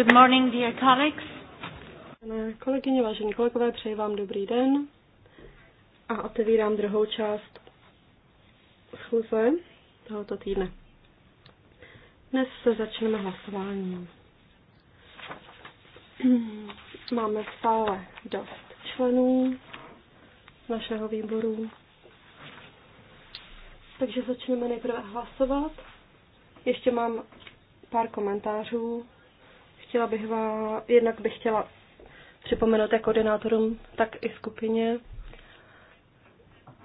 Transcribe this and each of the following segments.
Good morning, dear colleagues. Kolegyně, vážení kolegové, přeji vám dobrý den a otevírám druhou část schůze tohoto týdne. Dnes se začneme hlasováním. Máme stále dost členů našeho výboru, takže začneme nejprve hlasovat. Ještě mám pár komentářů chtěla bych vám, jednak bych chtěla připomenout jak koordinátorům, tak i skupině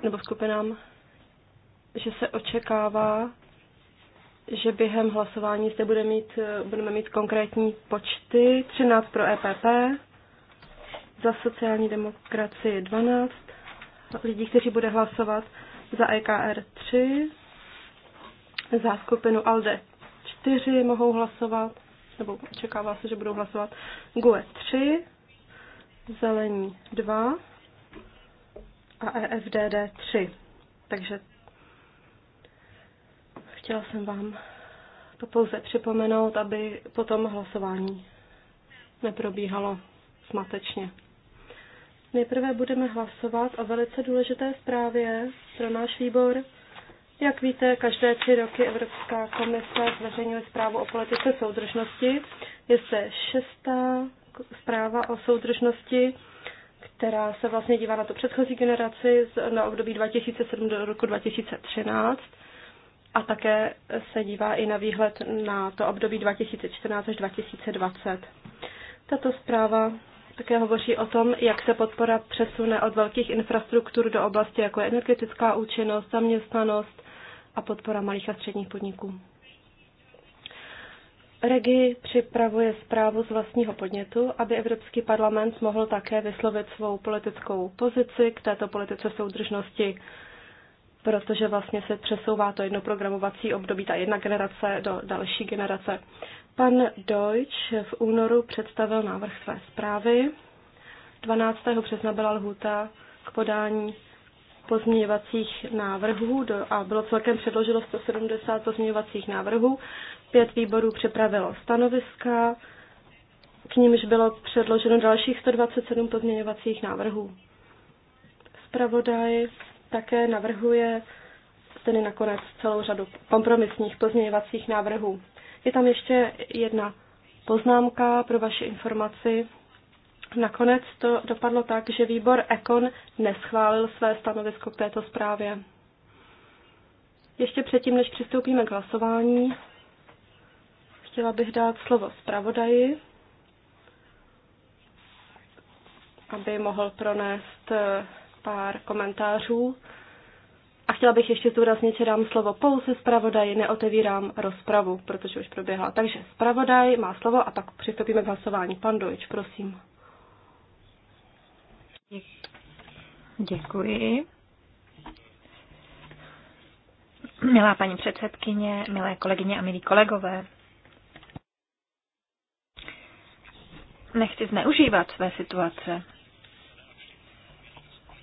nebo skupinám, že se očekává, že během hlasování zde bude mít, budeme mít konkrétní počty. 13 pro EPP, za sociální demokracii 12 lidí, kteří bude hlasovat, za EKR 3, za skupinu ALDE 4 mohou hlasovat, nebo očekává se, že budou hlasovat GUE 3, Zelení 2 a EFDD 3. Takže chtěla jsem vám to pouze připomenout, aby potom hlasování neprobíhalo smatečně. Nejprve budeme hlasovat o velice důležité zprávě pro náš výbor, jak víte, každé tři roky Evropská komise zveřejňuje zprávu o politice soudržnosti. Je to šestá zpráva o soudržnosti, která se vlastně dívá na tu předchozí generaci na období 2007 do roku 2013 a také se dívá i na výhled na to období 2014 až 2020. Tato zpráva také hovoří o tom, jak se podpora přesune od velkých infrastruktur do oblasti, jako je energetická účinnost, zaměstnanost a podpora malých a středních podniků. Regi připravuje zprávu z vlastního podnětu, aby Evropský parlament mohl také vyslovit svou politickou pozici k této politice soudržnosti, protože vlastně se přesouvá to jedno programovací období, ta jedna generace do další generace. Pan Deutsch v únoru představil návrh své zprávy. 12. března byla lhůta k podání pozměňovacích návrhů a bylo celkem předloženo 170 pozměňovacích návrhů. Pět výborů připravilo stanoviska, k nímž bylo předloženo dalších 127 pozměňovacích návrhů. Spravodaj také navrhuje tedy nakonec celou řadu kompromisních pozměňovacích návrhů. Je tam ještě jedna poznámka pro vaši informaci. Nakonec to dopadlo tak, že výbor Ekon neschválil své stanovisko k této zprávě. Ještě předtím, než přistoupíme k hlasování, chtěla bych dát slovo zpravodaji, aby mohl pronést eh, pár komentářů chtěla bych ještě zdůraznit, že dám slovo pouze zpravodaji, neotevírám rozpravu, protože už proběhla. Takže zpravodaj má slovo a pak přistoupíme k hlasování. Pan Dojč, prosím. Děkuji. Milá paní předsedkyně, milé kolegyně a milí kolegové, nechci zneužívat své situace,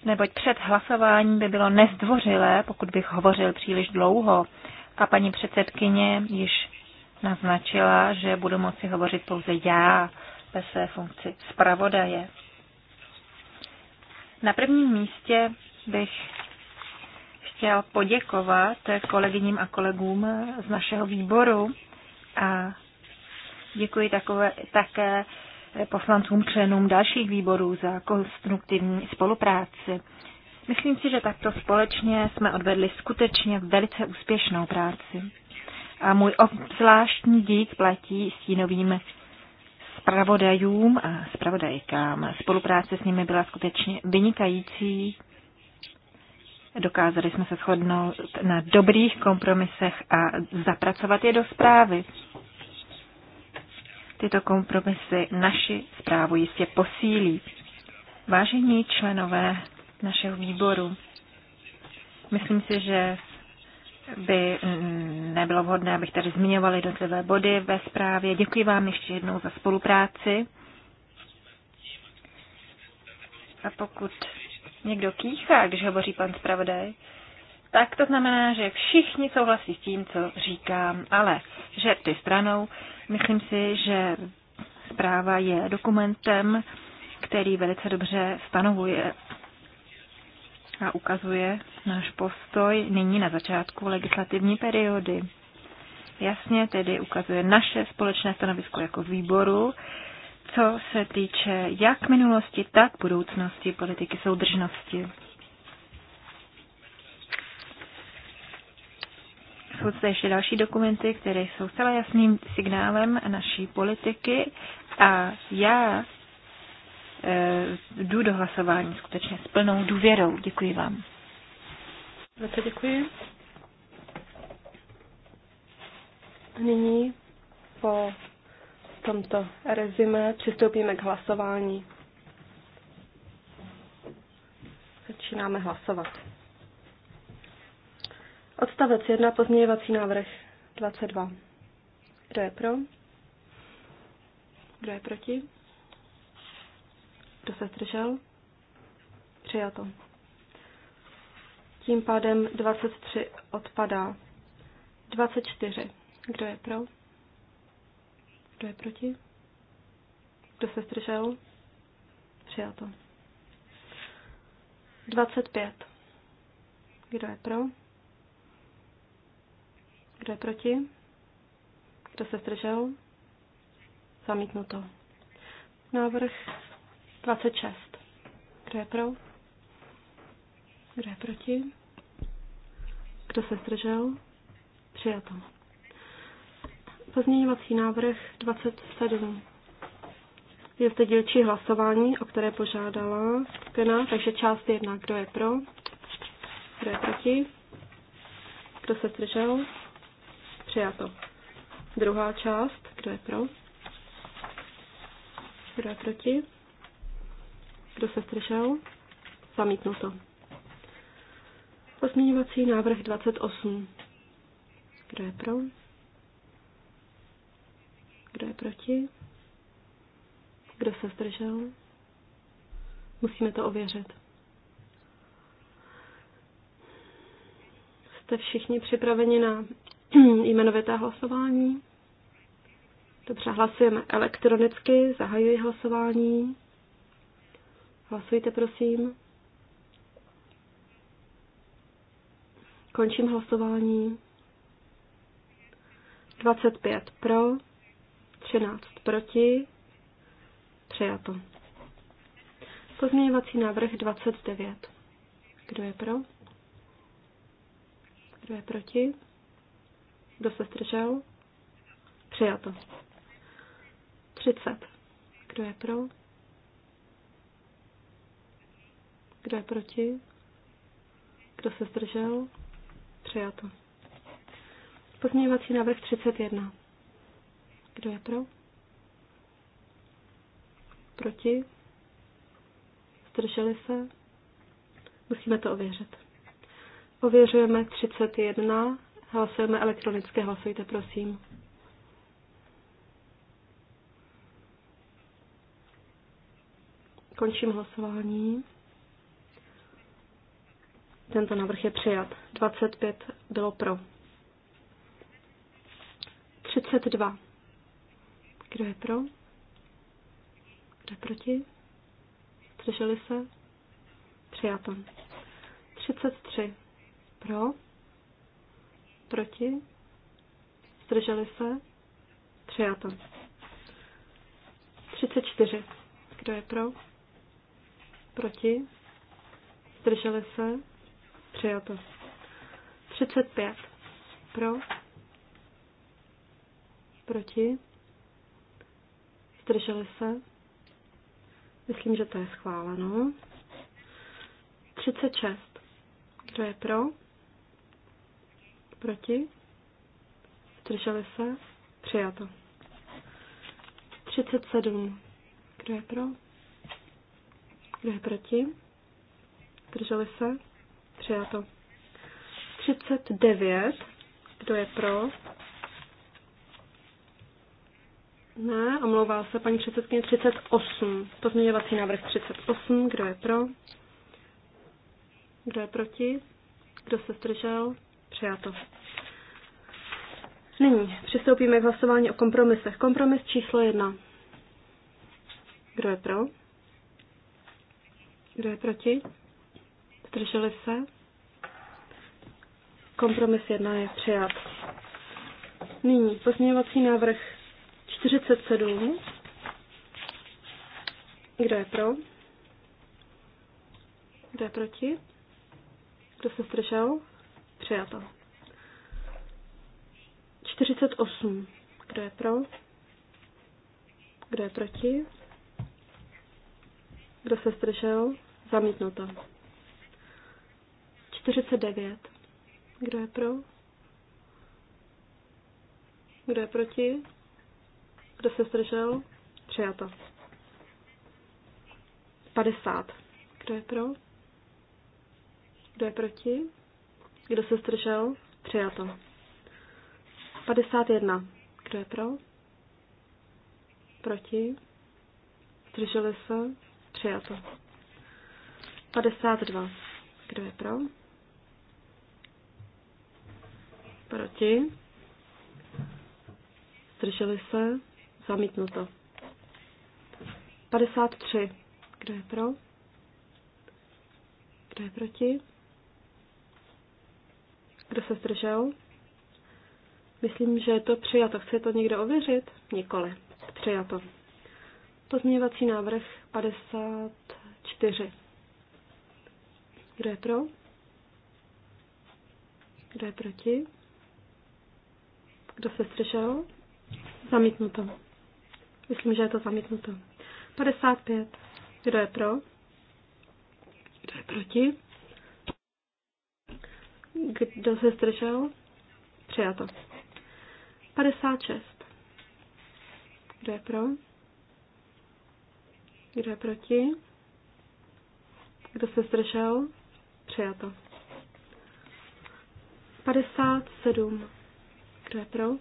neboť před hlasováním by bylo nezdvořilé, pokud bych hovořil příliš dlouho. A paní předsedkyně již naznačila, že budu moci hovořit pouze já ve své funkci zpravodaje. Na prvním místě bych chtěl poděkovat kolegyním a kolegům z našeho výboru a děkuji takové, také poslancům, členům dalších výborů za konstruktivní spolupráci. Myslím si, že takto společně jsme odvedli skutečně velice úspěšnou práci. A můj obzvláštní dík platí stínovým spravodajům a spravodajkám. Spolupráce s nimi byla skutečně vynikající. Dokázali jsme se shodnout na dobrých kompromisech a zapracovat je do zprávy. Tyto kompromisy naši zprávu jistě posílí. Vážení členové našeho výboru, myslím si, že by nebylo vhodné, abych tady zmiňoval jednotlivé body ve zprávě. Děkuji vám ještě jednou za spolupráci. A pokud někdo kýchá, když hovoří pan zpravodaj, tak to znamená, že všichni souhlasí s tím, co říkám, ale že ty stranou, myslím si, že zpráva je dokumentem, který velice dobře stanovuje a ukazuje náš postoj nyní na začátku legislativní periody. Jasně tedy ukazuje naše společné stanovisko jako výboru, co se týče jak minulosti, tak budoucnosti politiky soudržnosti. Jsou zde ještě další dokumenty, které jsou celé jasným signálem naší politiky a já e, jdu do hlasování skutečně s plnou důvěrou. Děkuji vám. Velice děkuji. nyní po tomto rezime přistoupíme k hlasování. Začínáme hlasovat. Odstavec 1, pozměňovací návrh 22. Kdo je pro? Kdo je proti? Kdo se zdržel? Přijato. Tím pádem 23 odpadá. 24. Kdo je pro? Kdo je proti? Kdo se zdržel? Přijato. 25. Kdo je pro? Kdo je proti? Kdo se zdržel? Zamítnuto. Návrh 26. Kdo je pro? Kdo je proti? Kdo se zdržel? Přijato. Pozměňovací návrh 27. Je zde dílčí hlasování, o které požádala skupina, takže část jedna. Kdo je pro? Kdo je proti? Kdo se zdržel? Přijato. Druhá část. Kdo je pro? Kdo je proti? Kdo se zdržel? Zamítnuto. Pozměňovací návrh 28. Kdo je pro? Kdo je proti? Kdo se zdržel? Musíme to ověřit. Jste všichni připraveni na Hmm, jmenovité hlasování. Dobře, hlasujeme elektronicky, zahajuji hlasování. Hlasujte, prosím. Končím hlasování. 25 pro, 13 proti, přijato. Pozměňovací návrh 29. Kdo je pro? Kdo je proti? Kdo se zdržel? Přijato. 30. Kdo je pro? Kdo je proti? Kdo se zdržel? Přijato. Pozměňovací návrh 31. Kdo je pro? Proti? Zdrželi se? Musíme to ověřit. Ověřujeme 31 Hlasujeme elektronicky, hlasujte prosím. Končím hlasování. Tento návrh je přijat. 25 bylo pro. 32. Kdo je pro? Kdo je proti? Zdrželi se? Přijato. 33. Pro. Proti? Zdrželi se? Přijato. 34. Kdo je pro? Proti? Zdrželi se? Přijato. 35. Pro? Proti? Zdrželi se? Myslím, že to je schváleno. 36. Kdo je pro? Proti? Zdrželi se? Přijato. 37. Kdo je pro? Kdo je proti? Zdrželi se? Přijato. 39. Kdo je pro? Ne, omlouvá se paní předsedkyně 38. Pozměňovací návrh 38. Kdo je pro? Kdo je proti? Kdo se zdržel? Přijato. Nyní přistoupíme k hlasování o kompromisech. Kompromis číslo jedna. Kdo je pro? Kdo je proti? Zdrželi se? Kompromis jedna je přijat. Nyní pozměňovací návrh 47. Kdo je pro? Kdo je proti? Kdo se zdržel? Přijato. 48. Kdo je pro? Kdo je proti? Kdo se zdržel? Zamítnuto. 49. Kdo je pro? Kdo je proti? Kdo se zdržel? Přijato. 50. Kdo je pro? Kdo je proti? Kdo se zdržel? Přijato. 51. Kdo je pro? Proti? Zdrželi se? Přijato. 52. Kdo je pro? Proti? Zdrželi se? Zamítnuto. 53. Kdo je pro? Kdo je proti? Kdo se zdržel? Myslím, že je to přijato. Chce to někdo ověřit? Nikoli. Přijato. Pozměňovací návrh 54. Kdo je pro? Kdo je proti? Kdo se zdržel? Zamítnuto. Myslím, že je to zamítnuto. 55. Kdo je pro? Kdo je proti? Kdo se zdržel? Přijato. 56. Kdo je pro? Kdo je proti? Kdo se zdržel? Přijato. 57. Kdo je pro?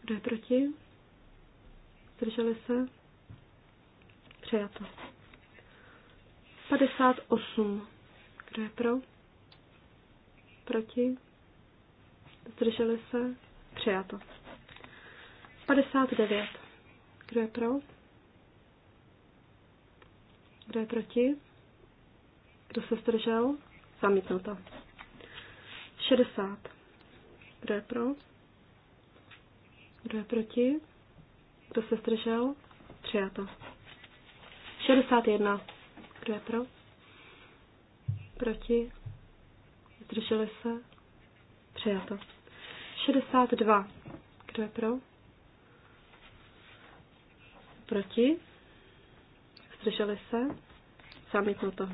Kdo je proti? Zdrželi se? Přijato. 58. Kdo je pro? proti, zdrželi se, přijato. 59. Kdo je pro? Kdo je proti? Kdo se zdržel? Zamítnuto. 60. Kdo je pro? Kdo je proti? Kdo se zdržel? Přijato. 61. Kdo je pro? Proti? Zdrželi se? Přijato. 62. Kdo je pro? Proti? Zdrželi se? Zamítnuto.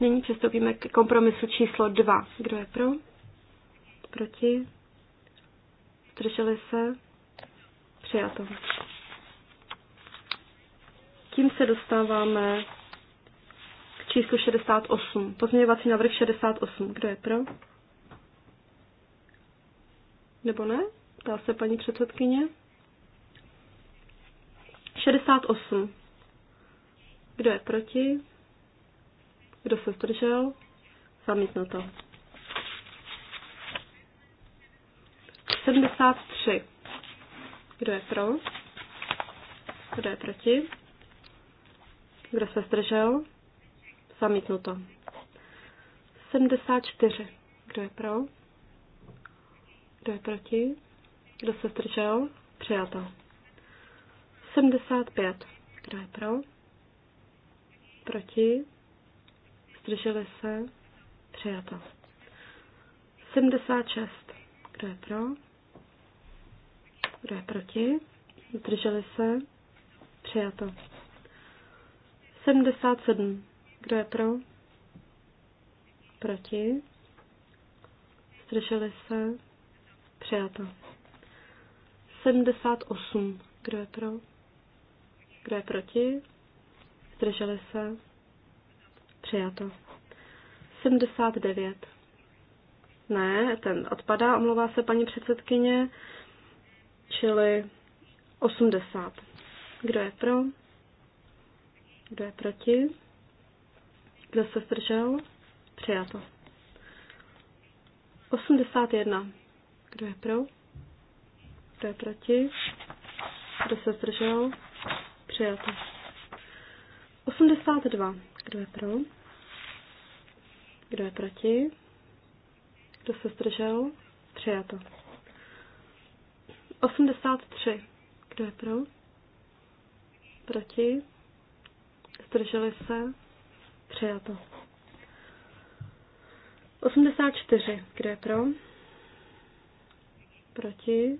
Nyní přistoupíme k kompromisu číslo 2. Kdo je pro? Proti? Zdrželi se? Přijato. Tím se dostáváme číslu 68. Pozměňovací návrh 68. Kdo je pro? Nebo ne? Ptá se paní předsedkyně. 68. Kdo je proti? Kdo se zdržel? Zamítnuto. 73. Kdo je pro? Kdo je proti? Kdo se zdržel? Zamítnuto. 74. Kdo je pro? Kdo je proti? Kdo se zdržel? Přijato. 75. Kdo je pro? Proti? Zdrželi se? Přijato. 76. Kdo je pro? Kdo je proti? Zdrželi se? Přijato. 77. Kdo je pro? Proti? Zdrželi se? Přijato. 78. Kdo je pro? Kdo je proti? Zdrželi se? Přijato. 79. Ne, ten odpadá, omlouvá se paní předsedkyně, čili 80. Kdo je pro? Kdo je proti? Kdo se zdržel? Přijato. 81. Kdo je pro? Kdo je proti? Kdo se zdržel? Přijato. 82. Kdo je pro? Kdo je proti? Kdo se zdržel? Přijato. 83. Kdo je pro? Proti? Zdrželi se? Přijato. 84. Kdo je pro? Proti?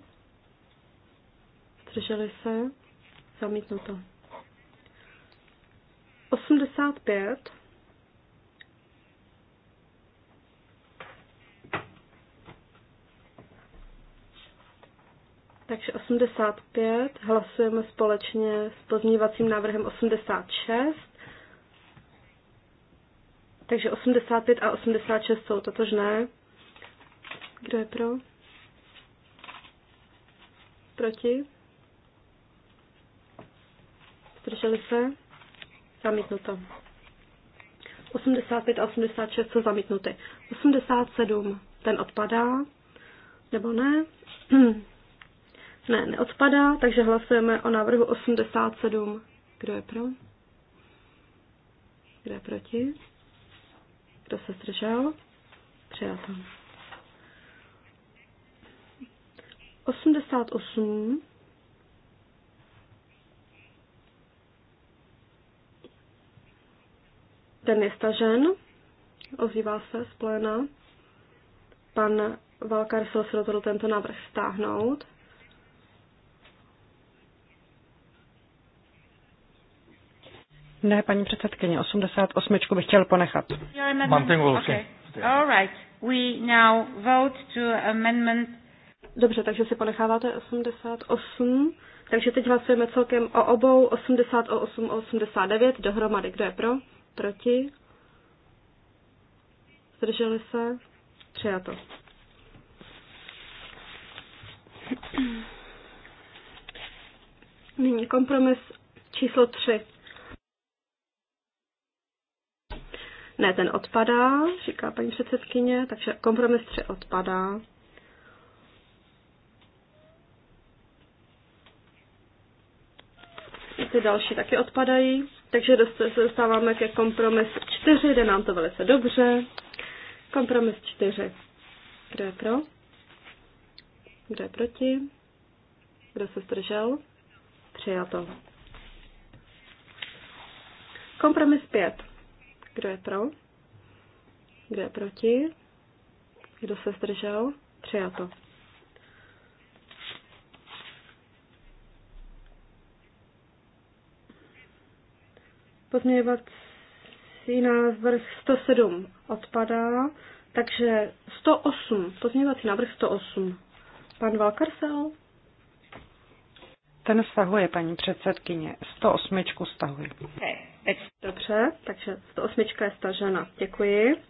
Zdrželi se? Zamítnuto. 85. Takže 85 hlasujeme společně s pozměňovacím návrhem 86. Takže 85 a 86 jsou totožné. Kdo je pro? Proti? Zdrželi se? Zamítnuto. 85 a 86 jsou zamítnuty. 87 ten odpadá, nebo ne? ne, neodpadá, takže hlasujeme o návrhu 87. Kdo je pro? Kdo je proti? Kdo se zdržel? Přijato. 88. Ten je stažen. Ozývá se z pléna. Pan Valkar se rozhodl tento návrh stáhnout. Ne, paní předsedkyně, 88 bych chtěl ponechat. Dobře, takže si ponecháváte 88. Takže teď hlasujeme celkem o obou 88, a 89 dohromady. Kdo je pro? Proti? Zdrželi se? Přijato. Nyní kompromis číslo 3. Ne, ten odpadá, říká paní předsedkyně, takže kompromis 3 odpadá. Ty další taky odpadají, takže se dostáváme ke kompromis 4, jde nám to velice dobře. Kompromis 4. Kdo je pro? Kdo je proti? Kdo se zdržel? Přijato. Kompromis 5. Kdo je pro? Kdo je proti? Kdo se zdržel? Přijato. Pozměňovací návrh 107 odpadá, takže 108, pozměňovací návrh 108. Pan Valkarsel? Ten stahuje, paní předsedkyně. 108 stahuje. Okay. Dobře, takže 108 je stažena. Děkuji.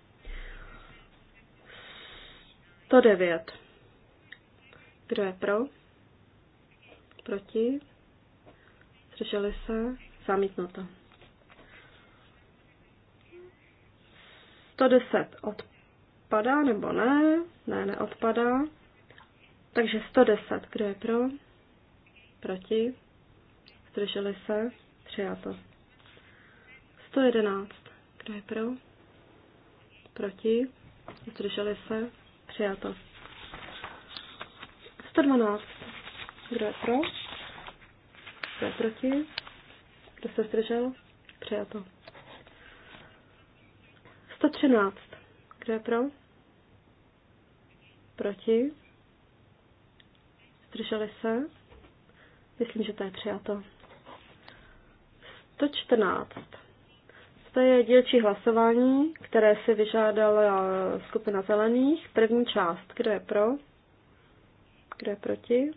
109. Kdo je pro? Proti? Zdrželi se? Zamítnuto. 110 odpadá nebo ne? Ne, neodpadá. Takže 110. Kdo je pro? Proti? Zdrželi se? Přijato. 111. Kdo je pro? Proti? Zdrželi se? Přijato. 112. Kdo je pro? Kdo je proti? Kdo se zdržel? Přijato. 113. Kdo je pro? Proti? Zdrželi se? Myslím, že to je přijato. 114 to je dílčí hlasování, které si vyžádala skupina zelených. První část, kdo je pro, kdo je proti,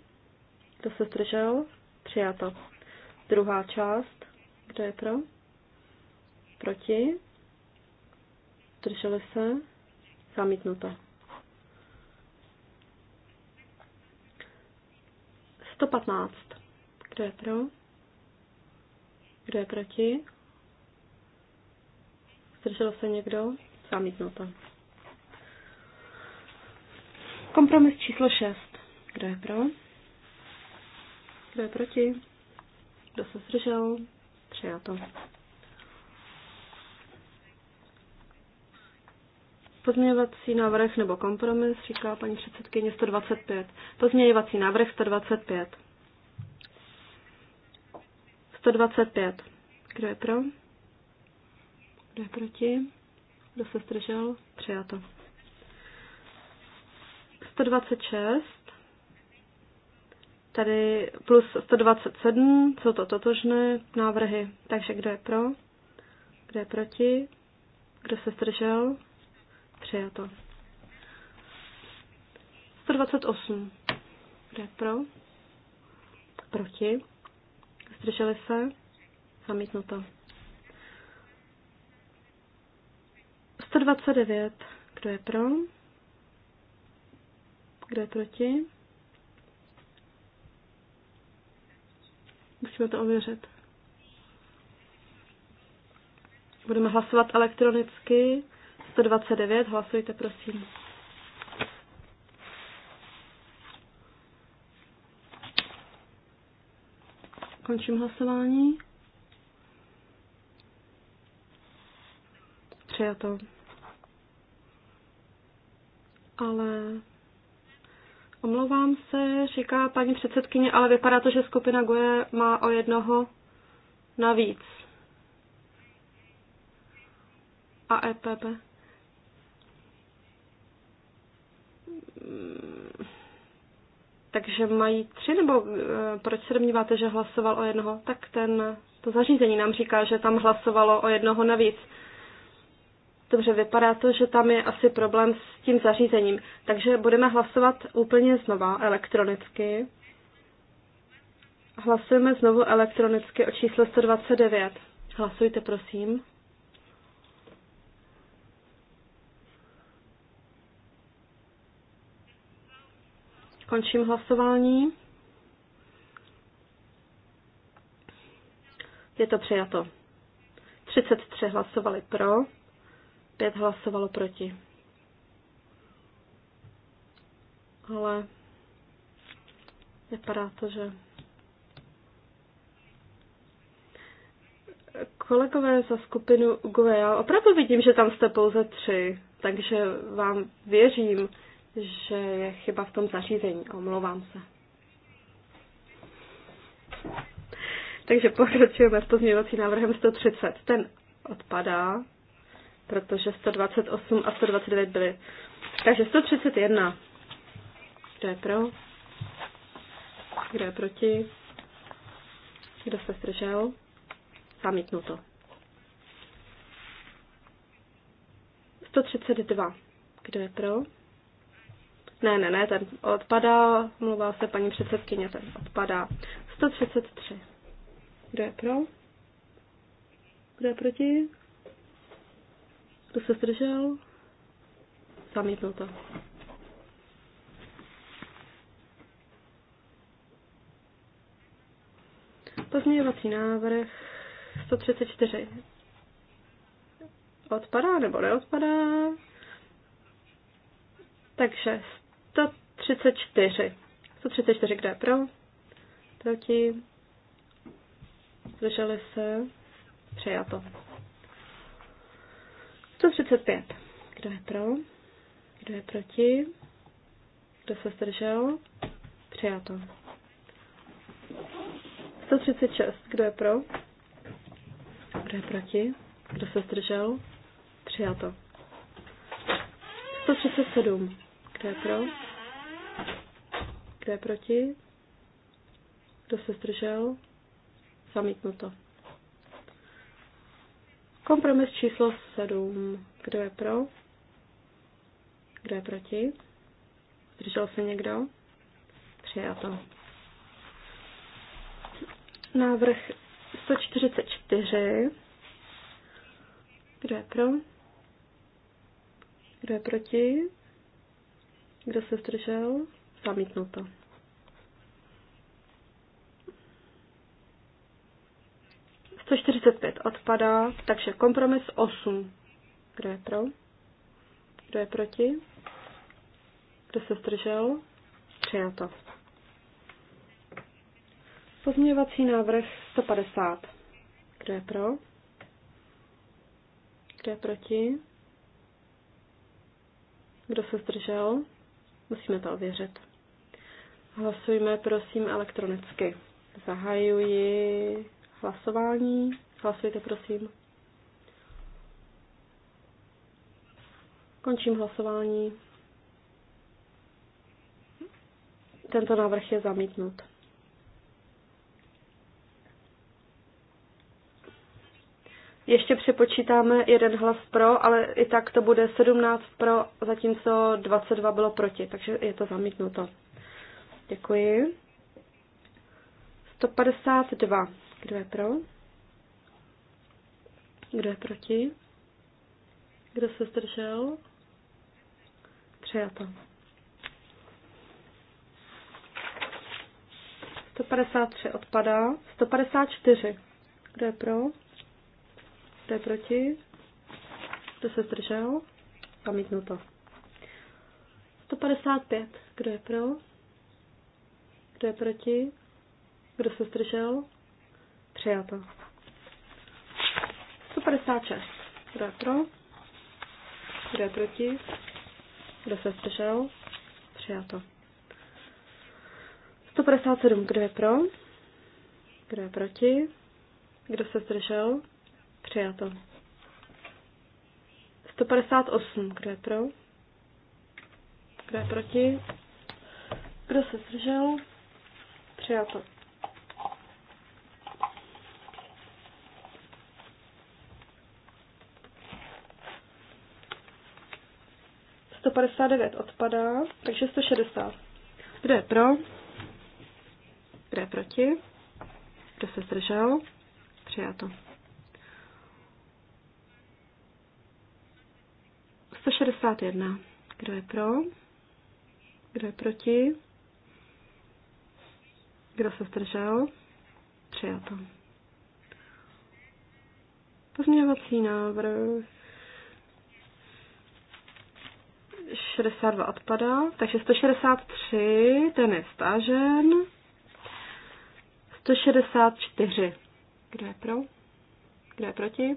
kdo se zdržel, přijato. Druhá část, kdo je pro, proti, zdrželi se, zamítnuto. 115. Kdo je pro? Kdo je proti? Zdržel se někdo? Zamítnuto. Kompromis číslo 6. Kdo je pro? Kdo je proti? Kdo se zdržel? Přijato. Pozměňovací návrh nebo kompromis, říká paní předsedkyně 125. Pozměňovací návrh 125. 125. Kdo je pro? Kdo je proti? Kdo se zdržel? Přijato. 126. Tady plus 127 jsou to totožné návrhy. Takže kdo je pro? Kdo je proti? Kdo se zdržel? Přijato. 128. Kdo je pro? Proti? Zdrželi se? Zamítnuto. 129. Kdo je pro? Kdo je proti? Musíme to ověřit. Budeme hlasovat elektronicky. 129, hlasujte prosím. Končím hlasování. Přijato ale omlouvám se, říká paní předsedkyně, ale vypadá to, že skupina Goje má o jednoho navíc. A EPP. Takže mají tři, nebo eh, proč se domníváte, že hlasoval o jednoho? Tak ten, to zařízení nám říká, že tam hlasovalo o jednoho navíc. Dobře, vypadá to, že tam je asi problém s tím zařízením. Takže budeme hlasovat úplně znova elektronicky. Hlasujeme znovu elektronicky o číslo 129. Hlasujte, prosím. Končím hlasování. Je to přijato. 33 hlasovali pro. Pět hlasovalo proti. Ale vypadá to, že kolegové za skupinu GUE, já opravdu vidím, že tam jste pouze tři, takže vám věřím, že je chyba v tom zařízení. Omlouvám se. Takže pokračujeme s pozměňovacím návrhem 130. Ten odpadá, protože 128 a 129 byly. Takže 131. Kdo je pro? Kdo je proti? Kdo se zdržel? Zamítnuto. 132. Kdo je pro? Ne, ne, ne, ten odpadá, mluvá se paní předsedkyně, ten odpadá. 133. Kdo je pro? Kdo je proti? Kdo se zdržel? Zamítnuto. Pozměňovací návrh 134. Odpadá nebo neodpadá? Takže 134. 134, kde je pro? Proti? Zdrželi se? Přijato. 135. Kdo je pro? Kdo je proti? Kdo se zdržel? Přijato. 136. Kdo je pro? Kdo je proti? Kdo se zdržel? Přijato. 137. Kdo je pro? Kdo je proti? Kdo se zdržel? Zamítnuto. Kompromis číslo 7. Kdo je pro? Kdo je proti? Zdržel se někdo? Přijato. Návrh 144. Kdo je pro? Kdo je proti? Kdo se zdržel? Zamítnuto. 145 odpadá, takže kompromis 8. Kdo je pro? Kdo je proti? Kdo se zdržel? Přijato. Pozměňovací návrh 150. Kdo je pro? Kdo je proti? Kdo se zdržel? Musíme to ověřit. Hlasujme prosím elektronicky. Zahajuji hlasování. Hlasujte, prosím. Končím hlasování. Tento návrh je zamítnut. Ještě přepočítáme jeden hlas pro, ale i tak to bude 17 pro, zatímco 22 bylo proti, takže je to zamítnuto. Děkuji. 152. Kdo je pro? Kdo je proti? Kdo se zdržel? Přijato. 153 odpadá. 154. Kdo je pro? Kdo je proti? Kdo se zdržel? Zamítnuto. 155. Kdo je pro? Kdo je proti? Kdo se zdržel? Přijato. 156. Kdo je pro? Kdo je proti? Kdo se zdržel? Přijato. 157. Kdo je pro? Kdo je proti? Kdo se zdržel? Přijato. 158. Kdo je pro? Kdo je proti? Kdo se zdržel? Přijato. 159 odpadá, takže 160. Kdo je pro? Kdo je proti? Kdo se zdržel? Přijato. 161. Kdo je pro? Kdo je proti? Kdo se zdržel? Přijato. Pozměňovací návrh 62 odpadá, takže 163, ten je stážen. 164, kdo je pro? Kdo je proti?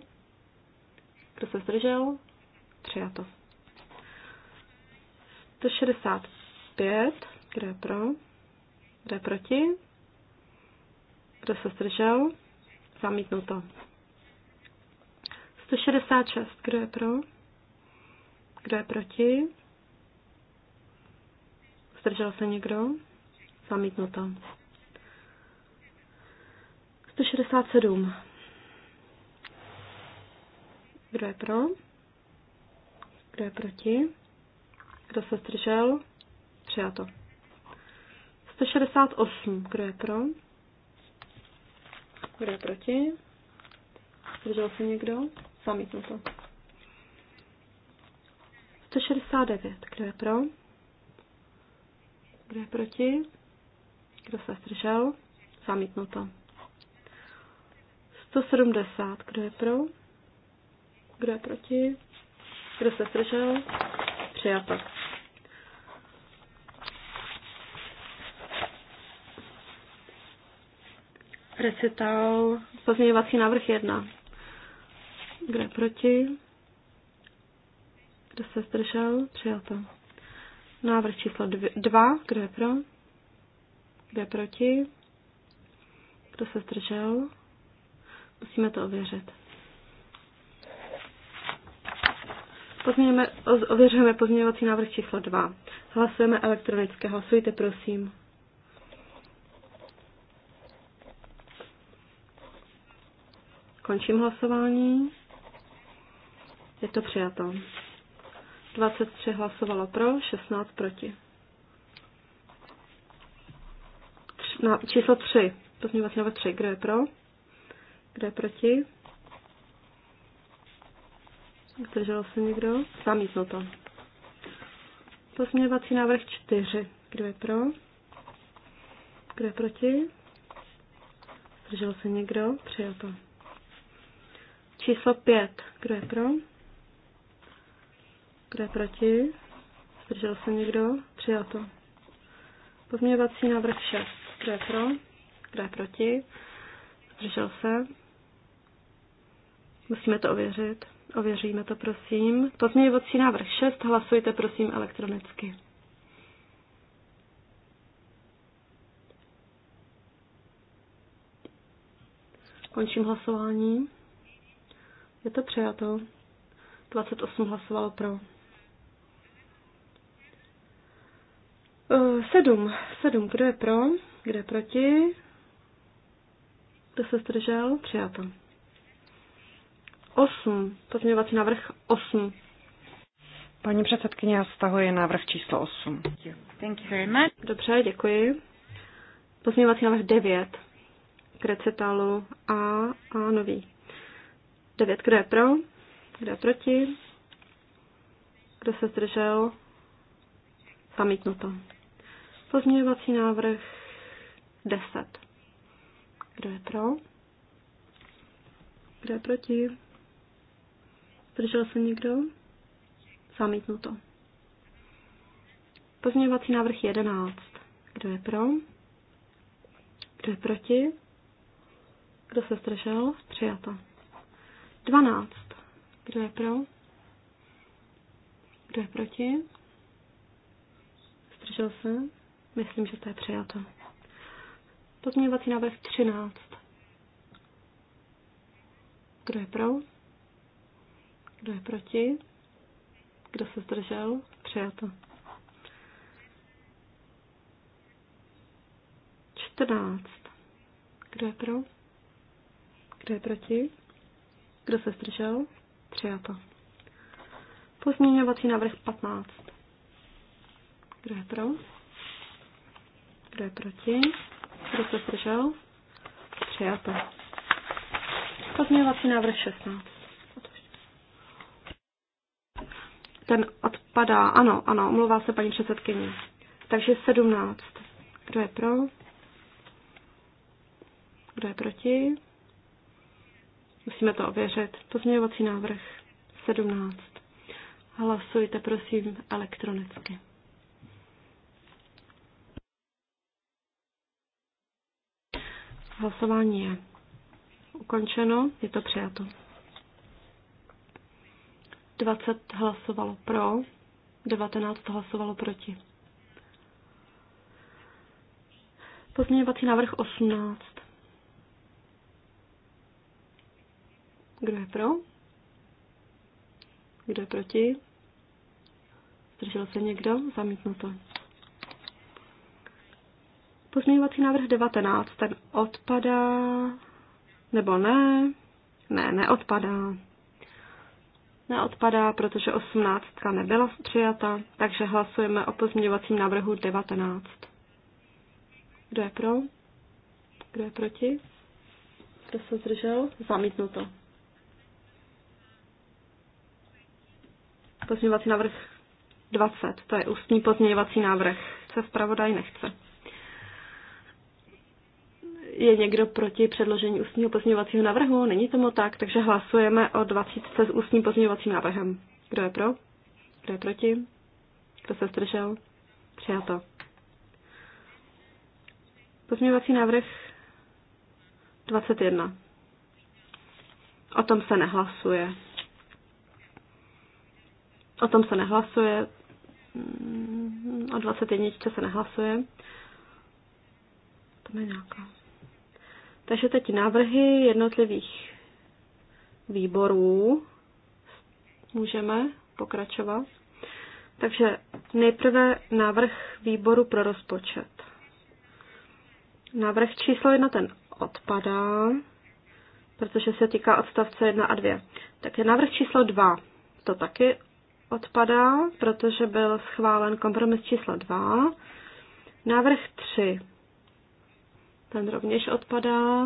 Kdo se zdržel? Přijato. 165, kdo je pro? Kdo je proti? Kdo se zdržel? Zamítnuto. 166, kdo je pro? Kdo je proti? Zdržel se někdo? Zamítnuto. 167. Kdo je pro? Kdo je proti? Kdo se zdržel? Přijato. 168. Kdo je pro? Kdo je proti? Zdržel se někdo? Zamítnuto. 169. Kdo je pro? Kdo je proti? Kdo se zdržel? Zamítnuto. 170. Kdo je pro? Kdo je proti? Kdo se zdržel? Přijato. Recital pozměňovací návrh 1. Kdo je proti? Kdo se zdržel? Přijato. Návrh číslo 2, kdo je pro? Kdo je proti? Kdo se zdržel? Musíme to ověřit. Pozměňujeme, ověřujeme pozměňovací návrh číslo 2. Hlasujeme elektronické. Hlasujte, prosím. Končím hlasování. Je to přijato. 23 hlasovalo pro, 16 proti. Na, číslo 3, pozměňovací návrh 3, kdo je pro? Kdo je proti? Zdržel se někdo? Zamítnuto. Pozměňovací návrh 4, kdo je pro? Kdo je proti? Zdržel se někdo? Přijato. Číslo 5, kdo je pro? Kdo je proti? Zdržel se někdo? Přijato. Pozměňovací návrh 6. Kdo je pro? Kdo je proti? Zdržel se? Musíme to ověřit. Ověříme to, prosím. Pozměňovací návrh 6. Hlasujte, prosím, elektronicky. Končím hlasování. Je to přijato. 28 hlasovalo pro. Eh, sedm. Sedm. Kdo je pro? Kdo je proti? Kdo se zdržel? Přijato. Osm. Pozměňovací návrh osm. Paní předsedkyně, já stahuji návrh číslo 8. Thank you very much. Dobře, děkuji. Pozměňovací návrh 9 k recitalu A a nový. 9, kdo je pro, kdo je proti, kdo se zdržel, zamítnuto. Pozměňovací návrh 10. Kdo je pro? Kdo je proti? Zdržel se někdo? Zamítnuto. Pozměňovací návrh 11. Kdo je pro? Kdo je proti? Kdo se zdržel? Přijato. 12. Kdo je pro? Kdo je proti? Zdržel se? Myslím, že to je přijato. Pozměňovací návrh 13. Kdo je pro? Kdo je proti? Kdo se zdržel? Přijato. 14. Kdo je pro? Kdo je proti? Kdo se zdržel? Přijato. Pozměňovací návrh 15. Kdo je pro? Kdo je proti? Kdo se zdržel? Přijato. Pozměňovací návrh 16. Ten odpadá. Ano, ano, omlouvá se paní předsedkyně. Takže 17. Kdo je pro? Kdo je proti? Musíme to ověřit. Pozměňovací návrh 17. Hlasujte prosím elektronicky. Hlasování je ukončeno, je to přijato. 20 hlasovalo pro, 19 hlasovalo proti. Pozměňovací návrh 18. Kdo je pro? Kdo je proti? Zdržel se někdo? Zamítnuto. Pozměňovací návrh 19, ten odpadá, nebo ne? Ne, neodpadá. Neodpadá, protože 18 nebyla přijata, takže hlasujeme o pozměňovacím návrhu 19. Kdo je pro? Kdo je proti? Kdo se zdržel? Zamítnuto. Pozměňovací návrh 20, to je ústní pozměňovací návrh. co zpravodaj, nechce je někdo proti předložení ústního pozměňovacího návrhu? Není tomu tak, takže hlasujeme o 20 s ústním pozměňovacím návrhem. Kdo je pro? Kdo je proti? Kdo se zdržel? Přijato. Pozměňovací návrh 21. O tom se nehlasuje. O tom se nehlasuje. Mm, o 21 se nehlasuje. To je nějaká takže teď návrhy jednotlivých výborů. Můžeme pokračovat. Takže nejprve návrh výboru pro rozpočet. Návrh číslo 1 ten odpadá, protože se týká odstavce 1 a 2. Tak je návrh číslo 2. To taky odpadá, protože byl schválen kompromis číslo 2. Návrh 3 ten rovněž odpadá.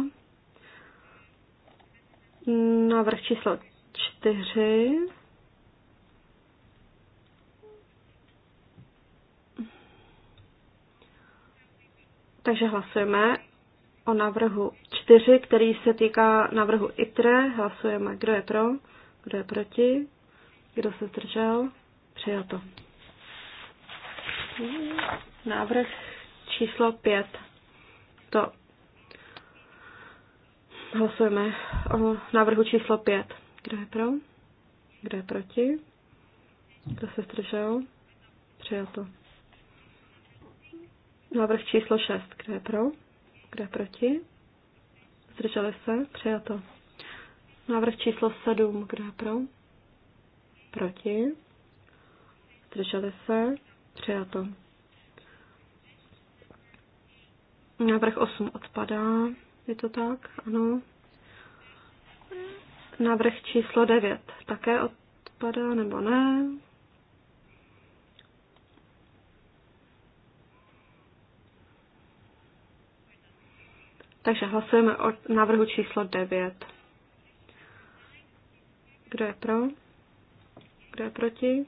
Návrh číslo čtyři. Takže hlasujeme o návrhu čtyři, který se týká návrhu ITRE. Hlasujeme, kdo je pro, kdo je proti, kdo se zdržel. Přijato. Návrh číslo pět to. Hlasujeme o návrhu číslo 5. Kdo je pro? Kdo je proti? Kdo se zdržel? Přijato. Návrh číslo 6. Kdo je pro? Kdo je proti? Zdrželi se? Přijato. Návrh číslo 7. Kdo je pro? Proti? Zdrželi se? Přijato. Návrh 8 odpadá, je to tak? Ano. Návrh číslo 9 také odpadá nebo ne? Takže hlasujeme o návrhu číslo 9. Kdo je pro? Kdo je proti?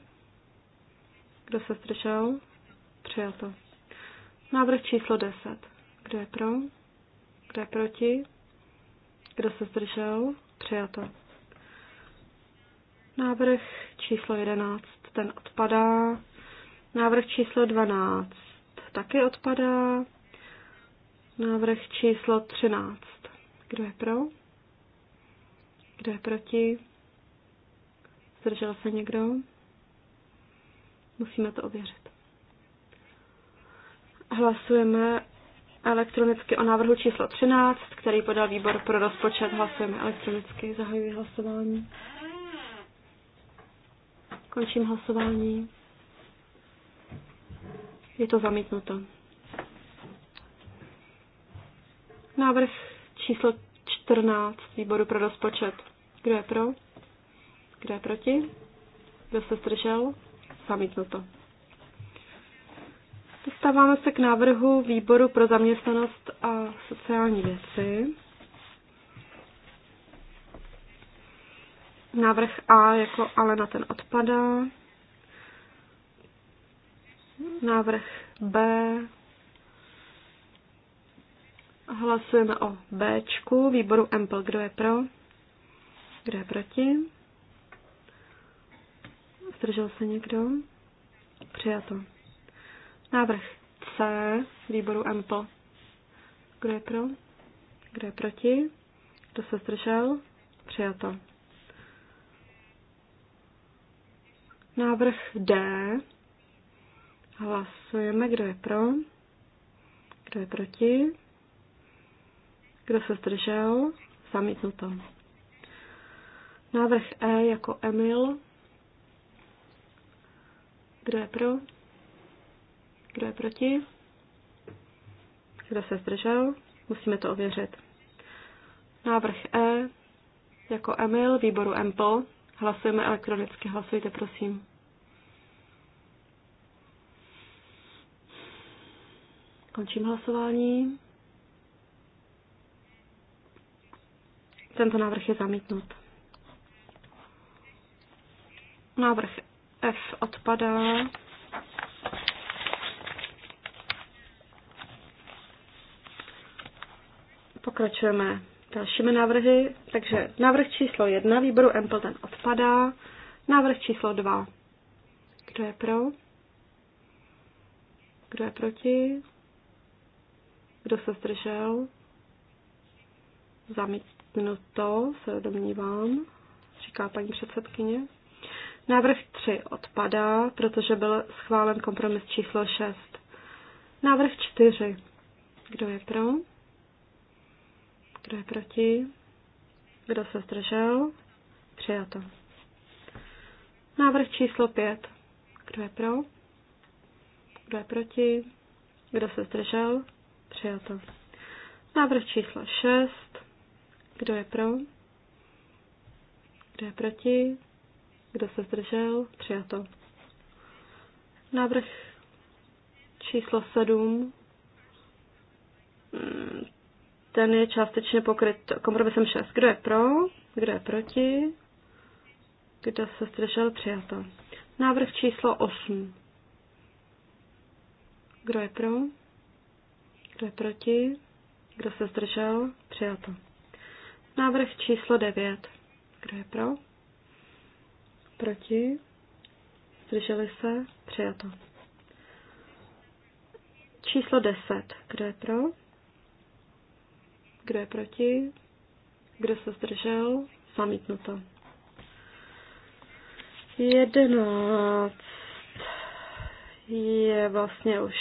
Kdo se zdržel? Přijato. Návrh číslo 10. Kdo je pro? Kdo je proti? Kdo se zdržel? Přijato. Návrh číslo 11, ten odpadá. Návrh číslo 12 taky odpadá. Návrh číslo 13. Kdo je pro? Kdo je proti? Zdržel se někdo? Musíme to ověřit. Hlasujeme elektronicky o návrhu číslo 13, který podal výbor pro rozpočet. Hlasujeme elektronicky. Zahajuji hlasování. Končím hlasování. Je to zamítnuto. Návrh číslo 14 výboru pro rozpočet. Kdo je pro? Kdo je proti? Kdo se zdržel? Zamítnuto. Dostáváme se k návrhu výboru pro zaměstnanost a sociální věci. Návrh A jako ale na ten odpadá. Návrh B. Hlasujeme o B. Výboru MPL. Kdo je pro? Kdo je proti? Zdržel se někdo? Přijato. Návrh C výboru MPO. Kdo je pro? Kdo je proti? Kdo se zdržel? Přijato. Návrh D. Hlasujeme, kdo je pro, kdo je proti, kdo se zdržel, zamítnuto. Návrh E jako Emil. Kdo je pro? Kdo je proti? Kdo se zdržel? Musíme to ověřit. Návrh E jako Emil výboru EMPL. Hlasujeme elektronicky. Hlasujte, prosím. Končím hlasování. Tento návrh je zamítnut. Návrh F odpadá. Pokračujeme dalšími návrhy. Takže návrh číslo jedna výboru Ample ten odpadá. Návrh číslo dva. Kdo je pro? Kdo je proti? Kdo se zdržel? Zamítnuto, se domnívám, říká paní předsedkyně. Návrh 3 odpadá, protože byl schválen kompromis číslo 6. Návrh 4. Kdo je pro? Kdo je proti? Kdo se zdržel? Přijato. Návrh číslo 5. Kdo je pro? Kdo je proti? Kdo se zdržel? Přijato. Návrh číslo 6. Kdo je pro? Kdo je proti? Kdo se zdržel? Přijato. Návrh číslo 7 ten je částečně pokryt kompromisem 6. Kdo je pro? Kdo je proti? Kdo se zdržel? Přijato. Návrh číslo 8. Kdo je pro? Kdo je proti? Kdo se zdržel? Přijato. Návrh číslo 9. Kdo je pro? Proti? Zdrželi se? Přijato. Číslo 10. Kdo je pro? Kdo je proti? Kdo se zdržel? Zamítnuto. Jedenáct je vlastně už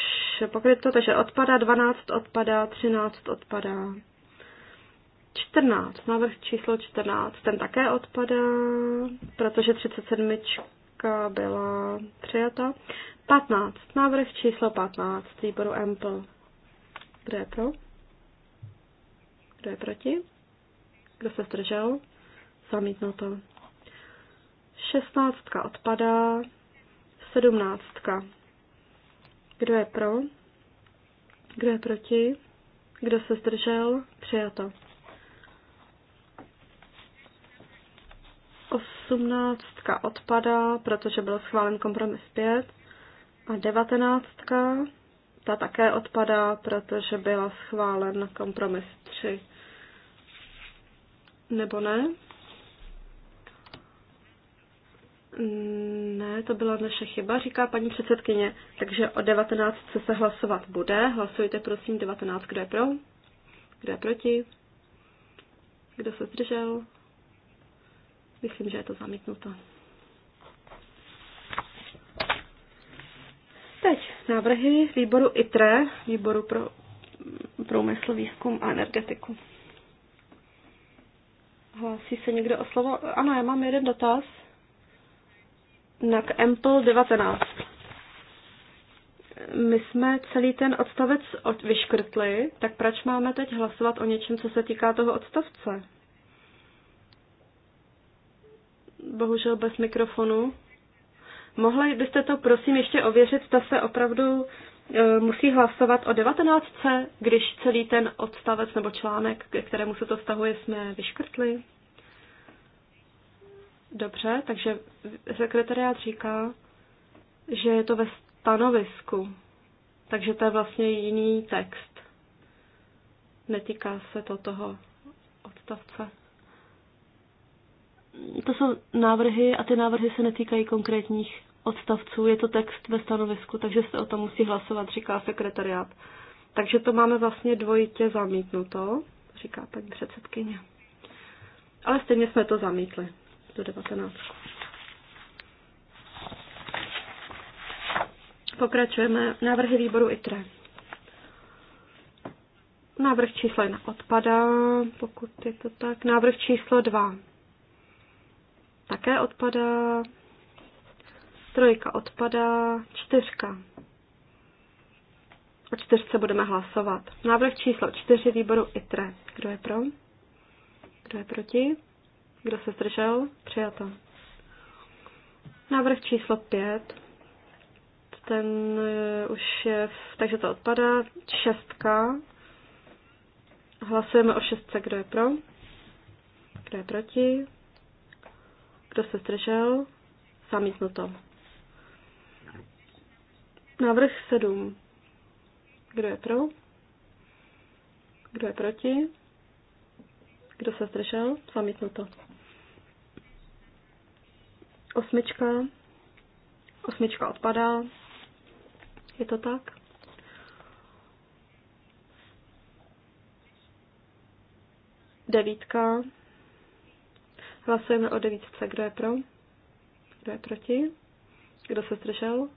pokryto, takže odpadá dvanáct odpadá třináct odpadá 14, návrh číslo 14, ten také odpadá, protože 37 byla přijata. 15, návrh číslo 15, výboru Ample. Kde je pro? Kdo je proti? Kdo se zdržel? to. Šestnáctka odpadá. Sedmnáctka. Kdo je pro? Kdo je proti? Kdo se zdržel? Přijato. Osmnáctka odpadá, protože byl schválen kompromis 5. A devatenáctka ta také odpadá, protože byla schválen kompromis 3. Nebo ne? Ne, to byla naše chyba, říká paní předsedkyně. Takže o 19 se hlasovat bude. Hlasujte prosím 19, kdo je pro, kdo je proti, kdo se zdržel. Myslím, že je to zamítnuto. Teď návrhy výboru ITRE, výboru pro průmysl, výzkum a energetiku. Hlásí se někdo o slovo? Ano, já mám jeden dotaz. Na Ample 19. My jsme celý ten odstavec vyškrtli, tak proč máme teď hlasovat o něčem, co se týká toho odstavce? Bohužel bez mikrofonu. Mohli byste to prosím ještě ověřit, zda se opravdu e, musí hlasovat o 19C, když celý ten odstavec nebo článek, k kterému se to vztahuje, jsme vyškrtli? Dobře, takže sekretariát říká, že je to ve stanovisku, takže to je vlastně jiný text. Netýká se to toho odstavce to jsou návrhy a ty návrhy se netýkají konkrétních odstavců, je to text ve stanovisku, takže se o tom musí hlasovat, říká sekretariát. Takže to máme vlastně dvojitě zamítnuto, říká paní předsedkyně. Ale stejně jsme to zamítli, do 19. Pokračujeme návrhy výboru ITRE. Návrh číslo 1 odpadá, pokud je to tak. Návrh číslo 2 také odpadá. Trojka odpadá. Čtyřka. O čtyřce budeme hlasovat. Návrh číslo čtyři výboru ITRE. Kdo je pro? Kdo je proti? Kdo se zdržel? Přijato. Návrh číslo pět. Ten eh, už je, v, takže to odpadá. Šestka. Hlasujeme o šestce. Kdo je pro? Kdo je proti? kdo se zdržel, to. Návrh 7. Kdo je pro? Kdo je proti? Kdo se střešel? zdržel? to. Osmička. Osmička odpadá. Je to tak? Devítka. Hlasujeme o devítce. Kdo je pro? Kdo je proti? Kdo se zdržel?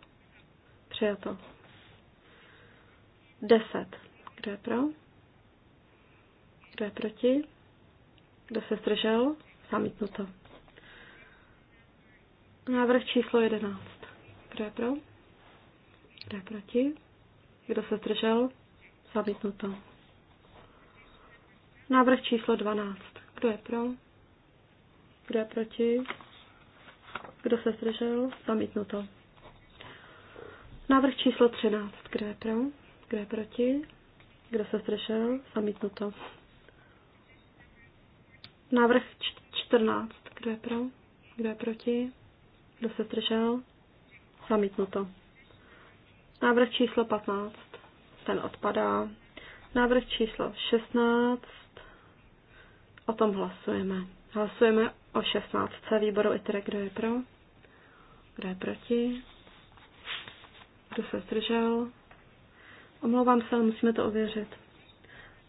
Přijato. Deset. Kdo je pro? Kdo je proti? Kdo se zdržel? Zamítnuto. Návrh číslo jedenáct. Kdo je pro? Kdo je proti? Kdo se zdržel? Zamítnuto. Návrh číslo 12. Kdo je pro? Kdo je proti? Kdo se zdržel? Zamítnuto. Návrh číslo 13. Kdo je pro? Kdo je proti? Kdo se zdržel? Zamítnuto. Návrh 14. Kdo je pro? Kdo je proti? Kdo se zdržel? Zamítnuto. Návrh číslo 15. Ten odpadá. Návrh číslo 16. O tom hlasujeme. Hlasujeme o 16. výboru ITRE, kdo je pro, kdo je proti, kdo se zdržel. Omlouvám se, ale musíme to ověřit.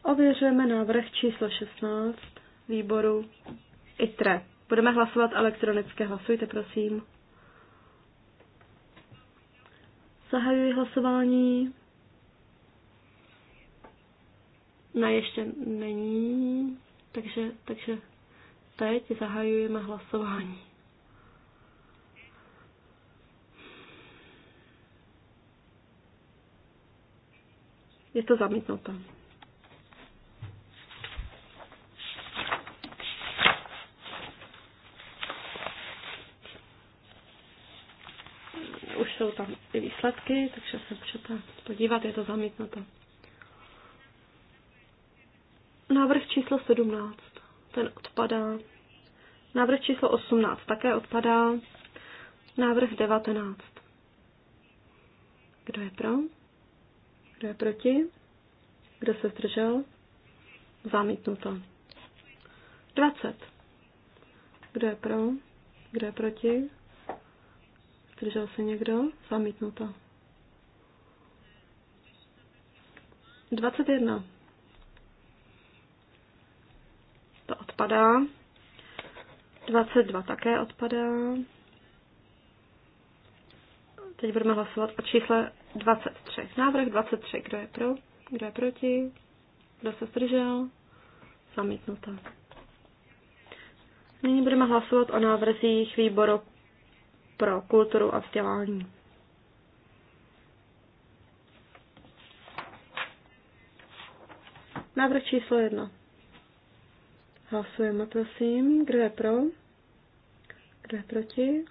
Ověřujeme návrh číslo 16 výboru ITRE. Budeme hlasovat elektronicky. Hlasujte, prosím. Zahajuji hlasování. Na ještě není, takže, takže teď zahajujeme hlasování. Je to zamítnuto. Už jsou tam i výsledky, takže se můžete podívat, je to zamítnuto. Návrh číslo 17 ten odpadá. Návrh číslo 18 také odpadá. Návrh 19. Kdo je pro? Kdo je proti? Kdo se zdržel? Zamítnuto. 20. Kdo je pro? Kdo je proti? Zdržel se někdo? Zamítnuto. 21. odpadá. 22 také odpadá. Teď budeme hlasovat o čísle 23. Návrh 23. Kdo je pro? Kdo je proti? Kdo se zdržel? zamítnuta Nyní budeme hlasovat o návrzích výboru pro kulturu a vzdělání. Návrh číslo 1. Hlasujeme, prosím. Kdo je pro? Kdo je proti?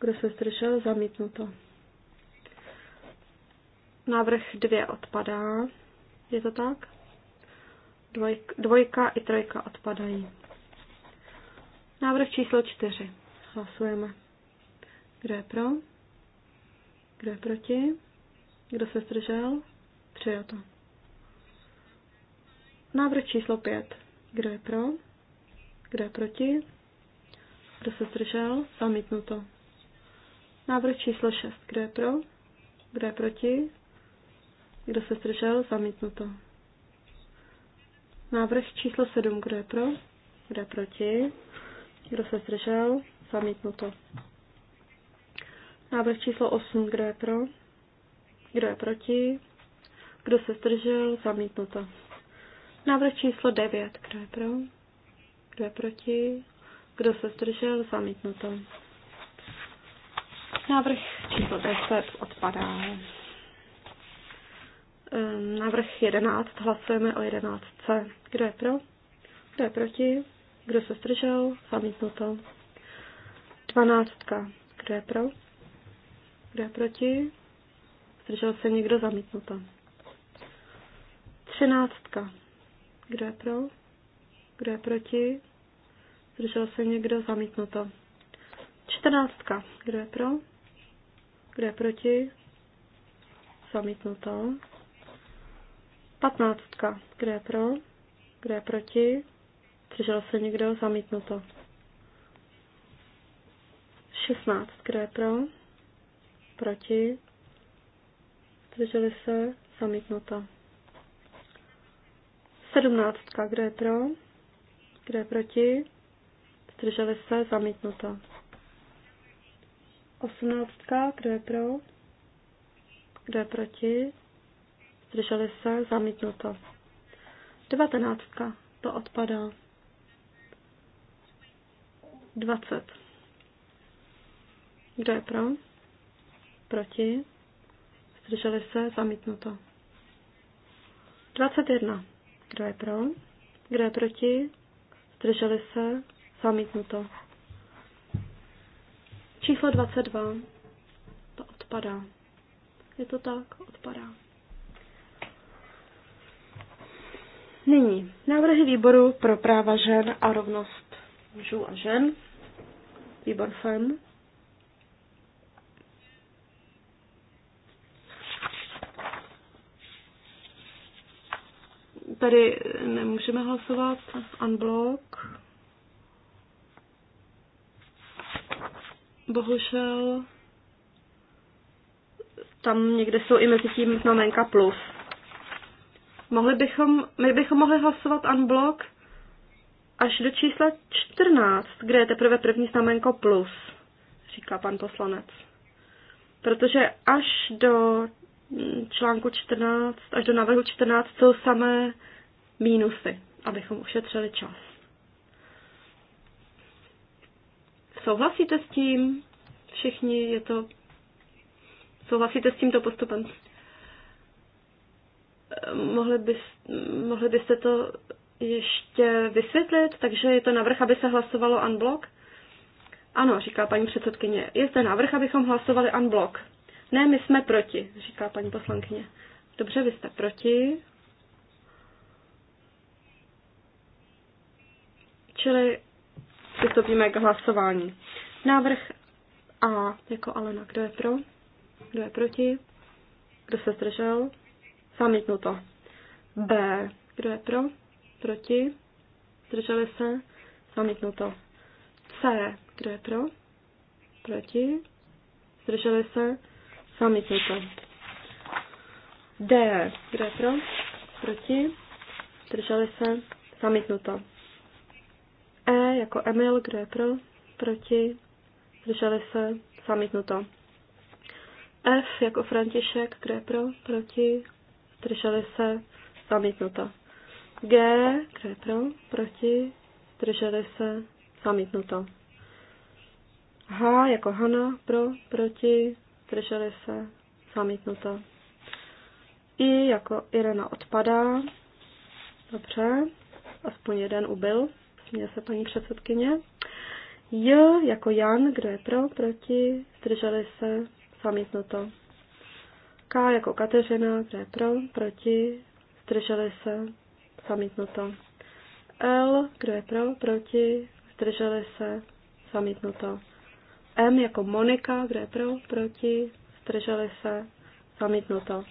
Kdo se zdržel? Zamítnuto. Návrh dvě odpadá. Je to tak? Dvojka, dvojka i trojka odpadají. Návrh číslo čtyři. Hlasujeme. Kdo je pro? Kdo je proti? Kdo se zdržel? Přijato. Návrh číslo pět. Kdo je pro? Kdo je proti? Kdo se zdržel? Zamítnuto. Návrh číslo 6. Kdo je pro? Kdo je proti? Kdo se zdržel? Zamítnuto. Návrh číslo 7. Kdo je pro? Kdo je proti? Kdo se zdržel? Zamítnuto. Návrh číslo 8. Kdo je pro? Kdo je proti? Kdo se zdržel? Zamítnuto. Návrh číslo 9. Kdo je pro? Kdo je proti? Kdo se zdržel? Zamítnuto. Návrh číslo 10 odpadá. Ehm, návrh 11. Hlasujeme o 11C. Kdo je pro? Kdo je proti? Kdo se zdržel? Zamítnuto. 12. Kdo je pro? Kdo je proti? Zdržel se někdo? Zamítnuto. 13. Kdo je pro? Kdo je proti? Zdržel se někdo? Zamítnuto. Čtrnáctka. Kdo je pro? Kdo je proti? Zamítnuto. Patnáctka. Kdo je pro? Kdo je proti? Zdržel se někdo? Zamítnuto. Šestnáct. Kdo je pro? Proti? Zdrželi se? Zamítnuto. Sedmnáctka, kdo je pro? Kdo je proti? Zdrželi se, zamítnuto. Osmnáctka, kdo je pro? Kdo je proti? Zdrželi se, zamítnuto. Devatenáctka, to odpadá. Dvacet. Kdo je pro? Proti? Zdrželi se, zamítnuto. jedna. Kdo je pro? Kdo je proti? Zdrželi se? Zamítnuto. Číslo 22. To odpadá. Je to tak? Odpadá. Nyní návrhy výboru pro práva žen a rovnost mužů a žen. Výbor FEM. Tady nemůžeme hlasovat unblock. Bohužel tam někde jsou i mezi tím znamenka no plus. Mohli bychom, my bychom mohli hlasovat unblock až do čísla 14, kde je teprve první znamenko plus, říká pan poslanec. Protože až do článku 14 až do návrhu 14 jsou samé mínusy, abychom ušetřili čas. Souhlasíte s tím? Všichni je to... Souhlasíte s tímto postupem? Mohli, bys, mohli byste to ještě vysvětlit, takže je to navrh, aby se hlasovalo unblock? Ano, říká paní předsedkyně. Je zde návrh, abychom hlasovali unblock. Ne, my jsme proti, říká paní poslankyně. Dobře, vy jste proti. Čili přistoupíme k hlasování. Návrh A jako Alena. Kdo je pro? Kdo je proti? Kdo se zdržel? Zamítnuto. B. Kdo je pro? Proti? Zdrželi se? Zamítnuto. C. Kdo je pro? Proti? Zdrželi se? to. D. Kdo je pro? Proti? Drželi se? Zamítnuto. E jako Emil, kdo je pro? Proti? Drželi se? Zamítnuto. F jako František, kdo je pro? Proti? Drželi se? Zamítnuto. G, kdo je pro? Proti? Drželi se? Zamítnuto. H jako Hana, pro, proti, zdrželi se, zamítnuto. I jako Irena odpadá, dobře, aspoň jeden ubyl, směje se paní předsedkyně. J jako Jan, kdo je pro, proti, zdrželi se, zamítnuto. K jako Kateřina, kdo je pro, proti, zdrželi se, zamítnuto. L, kdo je pro, proti, zdrželi se, zamítnuto. M jako Monika, kde je pro, proti, zdrželi se, zamítnuto.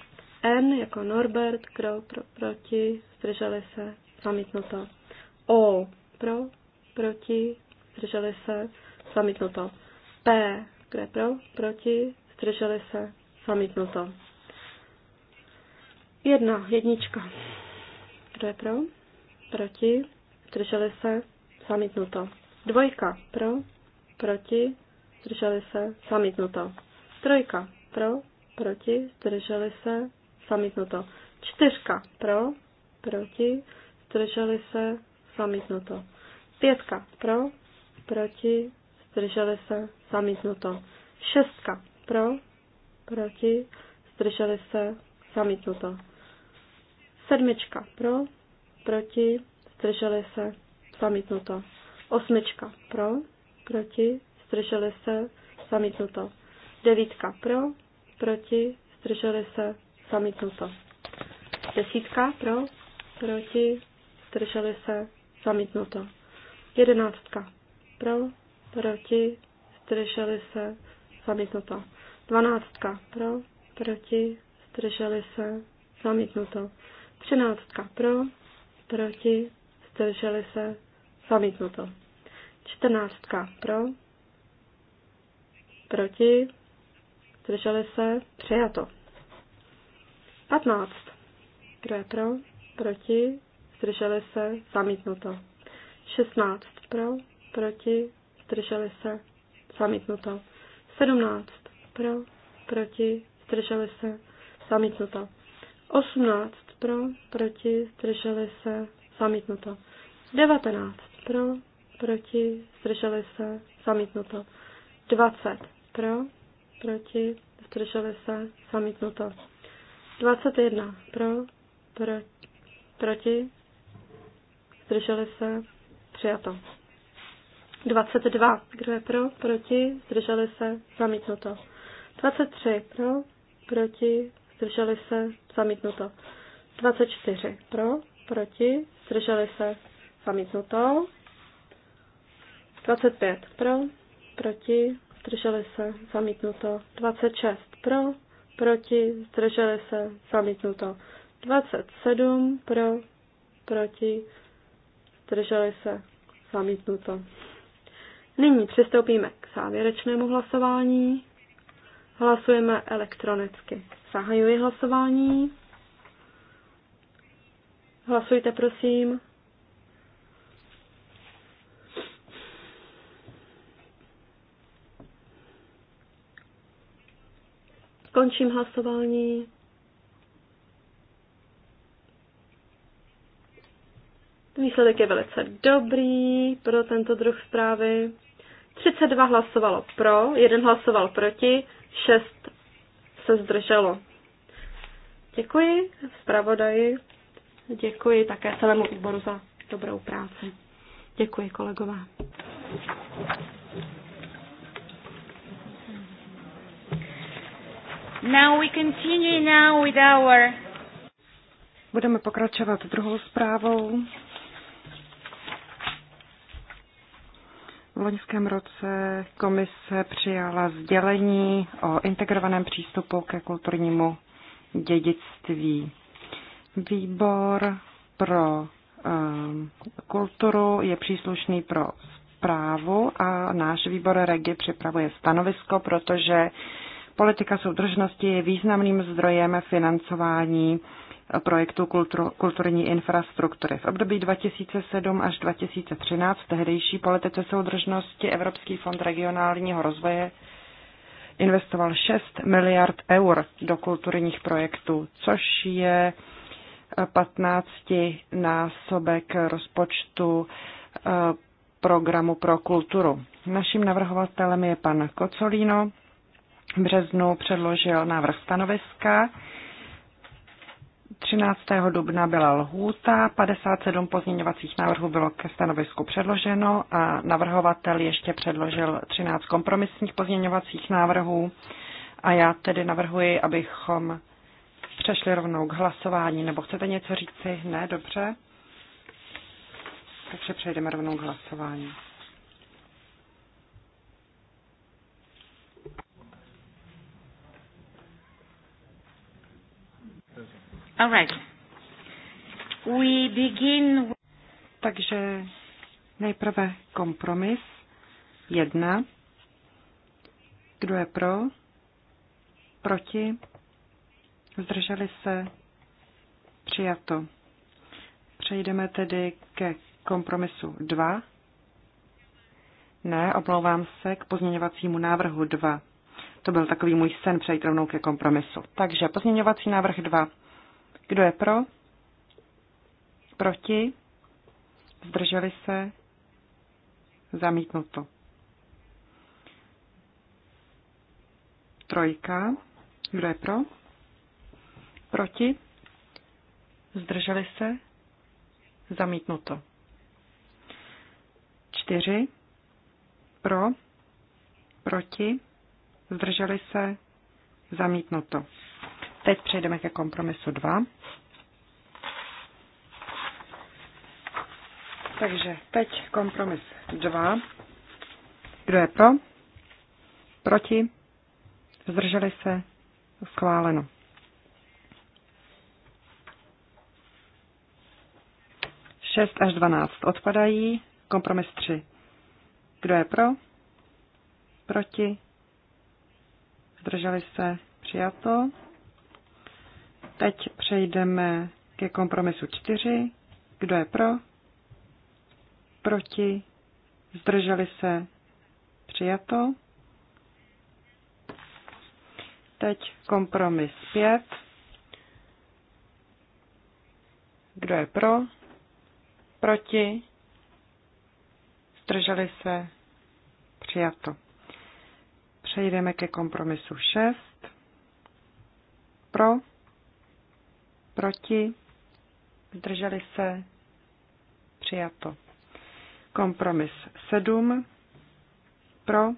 N jako Norbert, kdo pro, proti, zdrželi se, zamítnuto. O pro, proti, zdrželi se, zamítnuto. P, kde pro, proti, zdrželi se, zamítnuto. Jedna, jednička. Kdo je pro? Proti, zdrželi se, zamítnuto. Dvojka, pro, proti, zdrželi se, zamítnuto. Trojka pro, proti, zdrželi se, zamítnuto. Čtyřka pro, proti, zdrželi se, zamítnuto. Pětka pro, proti, zdrželi se, zamítnuto. Šestka pro, proti, zdrželi se, zamítnuto. Sedmička pro, proti, zdrželi se, zamítnuto. Osmička pro, proti, zdrželi se, zamítnuto. Devítka pro, proti, zdrželi se, zamítnuto. Desítka pro, proti, zdrželi se, zamítnuto. Jedenáctka pro, proti, zdrželi se, zamítnuto. Dvanáctka pro, proti, zdrželi se, zamítnuto. Třináctka pro, proti, zdrželi se, zamítnuto. Čtrnáctka pro, proti, zdrželi se, přijato. 15. Kdo je pro, proti, zdrželi se, zamítnuto. 16. Pro, proti, zdrželi se, zamítnuto. 17. Pro, proti, zdrželi se, zamítnuto. 18. Pro, proti, zdrželi se, zamítnuto. 19. Pro, proti, zdrželi se, zamítnuto. 20 pro, proti, zdrželi se, zamítnuto. 21 pro, pro proti, zdrželi se, přijato. 22. Kdo je pro? Proti? Zdrželi se? Zamítnuto. 23. Pro? Proti? Zdrželi se? Zamítnuto. 24. Pro? Proti? Zdrželi se? Zamítnuto. 25. Pro? Proti? zdrželi se, zamítnuto. 26 pro, proti, zdrželi se, zamítnuto. 27 pro, proti, zdrželi se, zamítnuto. Nyní přistoupíme k závěrečnému hlasování. Hlasujeme elektronicky. Zahajuji hlasování. Hlasujte, prosím. Končím hlasování. Výsledek je velice dobrý pro tento druh zprávy. 32 hlasovalo pro, jeden hlasoval proti, 6 se zdrželo. Děkuji zpravodaji, děkuji také celému výboru za dobrou práci. Děkuji kolegové. Now we continue now with our... Budeme pokračovat druhou zprávou. V loňském roce komise přijala sdělení o integrovaném přístupu ke kulturnímu dědictví. Výbor pro um, kulturu je příslušný pro zprávu a náš výbor Regi připravuje stanovisko, protože uh, Politika soudržnosti je významným zdrojem financování projektu kulturní infrastruktury. V období 2007 až 2013 tehdejší politice soudržnosti Evropský fond regionálního rozvoje investoval 6 miliard eur do kulturních projektů, což je 15 násobek rozpočtu eh, programu pro kulturu. Naším navrhovatelem je pan Kocolíno březnu předložil návrh stanoviska. 13. dubna byla lhůta, 57 pozměňovacích návrhů bylo ke stanovisku předloženo a navrhovatel ještě předložil 13 kompromisních pozměňovacích návrhů a já tedy navrhuji, abychom přešli rovnou k hlasování. Nebo chcete něco říci? Ne, dobře. Takže přejdeme rovnou k hlasování. All right. We begin... Takže nejprve kompromis. Jedna. Kdo je pro? Proti? Zdrželi se? Přijato. Přejdeme tedy ke kompromisu 2. Ne, oblouvám se, k pozměňovacímu návrhu 2. To byl takový můj sen přejít rovnou ke kompromisu. Takže pozměňovací návrh 2. Kdo je pro? Proti? Zdrželi se? Zamítnuto. Trojka. Kdo je pro? Proti? Zdrželi se? Zamítnuto. Čtyři. Pro? Proti? Zdrželi se? Zamítnuto. Teď přejdeme ke kompromisu 2. Takže teď kompromis 2. Kdo je pro? Proti? Zdrželi se? Schváleno. Šest až dvanáct odpadají. Kompromis tři. Kdo je pro? Proti? Zdrželi se? Přijato. Teď přejdeme ke kompromisu 4. Kdo je pro? Proti? Zdrželi se? Přijato. Teď kompromis 5. Kdo je pro? Proti? Zdrželi se? Přijato. Přejdeme ke kompromisu 6. Pro? proti, zdrželi se, přijato. Kompromis 7, pro,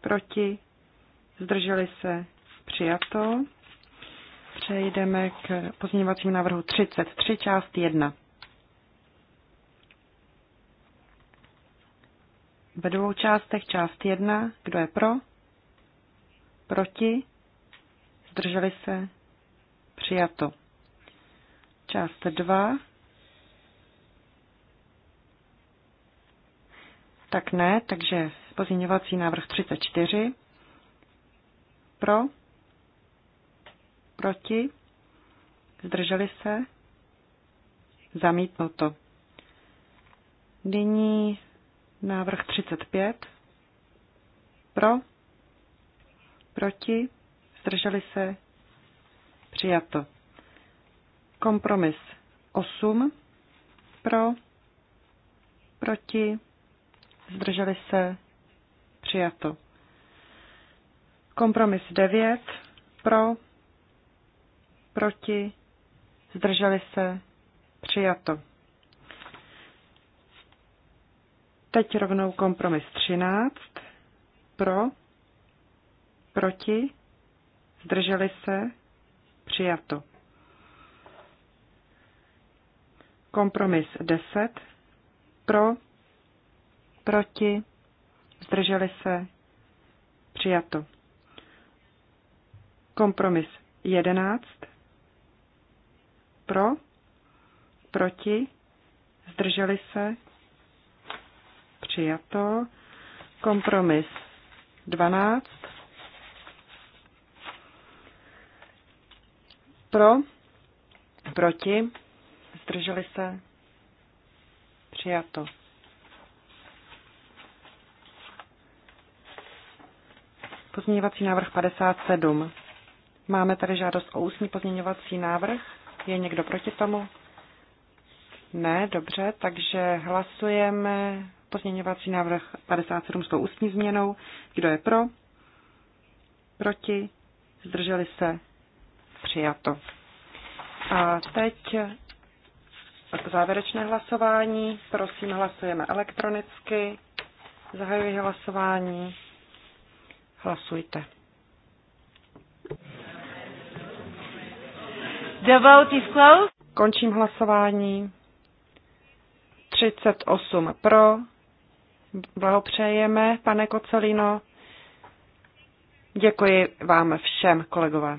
proti, zdrželi se, přijato. Přejdeme k pozměňovacímu návrhu 33, část 1. Ve dvou částech část 1, kdo je pro, proti, zdrželi se, Přijato. Část 2. Tak ne, takže pozměňovací návrh 34. Pro. Proti. Zdrželi se. Zamítnuto. Nyní návrh 35. Pro. Proti. Zdrželi se. Přijato. Kompromis 8 pro, proti, zdrželi se, přijato. Kompromis 9 pro, proti, zdrželi se, přijato. Teď rovnou kompromis 13 pro, proti, zdrželi se, Přijato. Kompromis 10. Pro, proti, zdrželi se, přijato. Kompromis 11. Pro, proti, zdrželi se, přijato. Kompromis 12 Pro, proti, zdrželi se, přijato. Pozměňovací návrh 57. Máme tady žádost o ústní pozměňovací návrh. Je někdo proti tomu? Ne, dobře, takže hlasujeme pozměňovací návrh 57 s tou ústní změnou. Kdo je pro? Proti? Zdrželi se? Přijato. A teď závěrečné hlasování. Prosím, hlasujeme elektronicky. Zahajuji hlasování. Hlasujte. The vote is closed. Končím hlasování. 38 pro. Blahopřejeme, pane Kocelino. Děkuji vám všem, kolegové.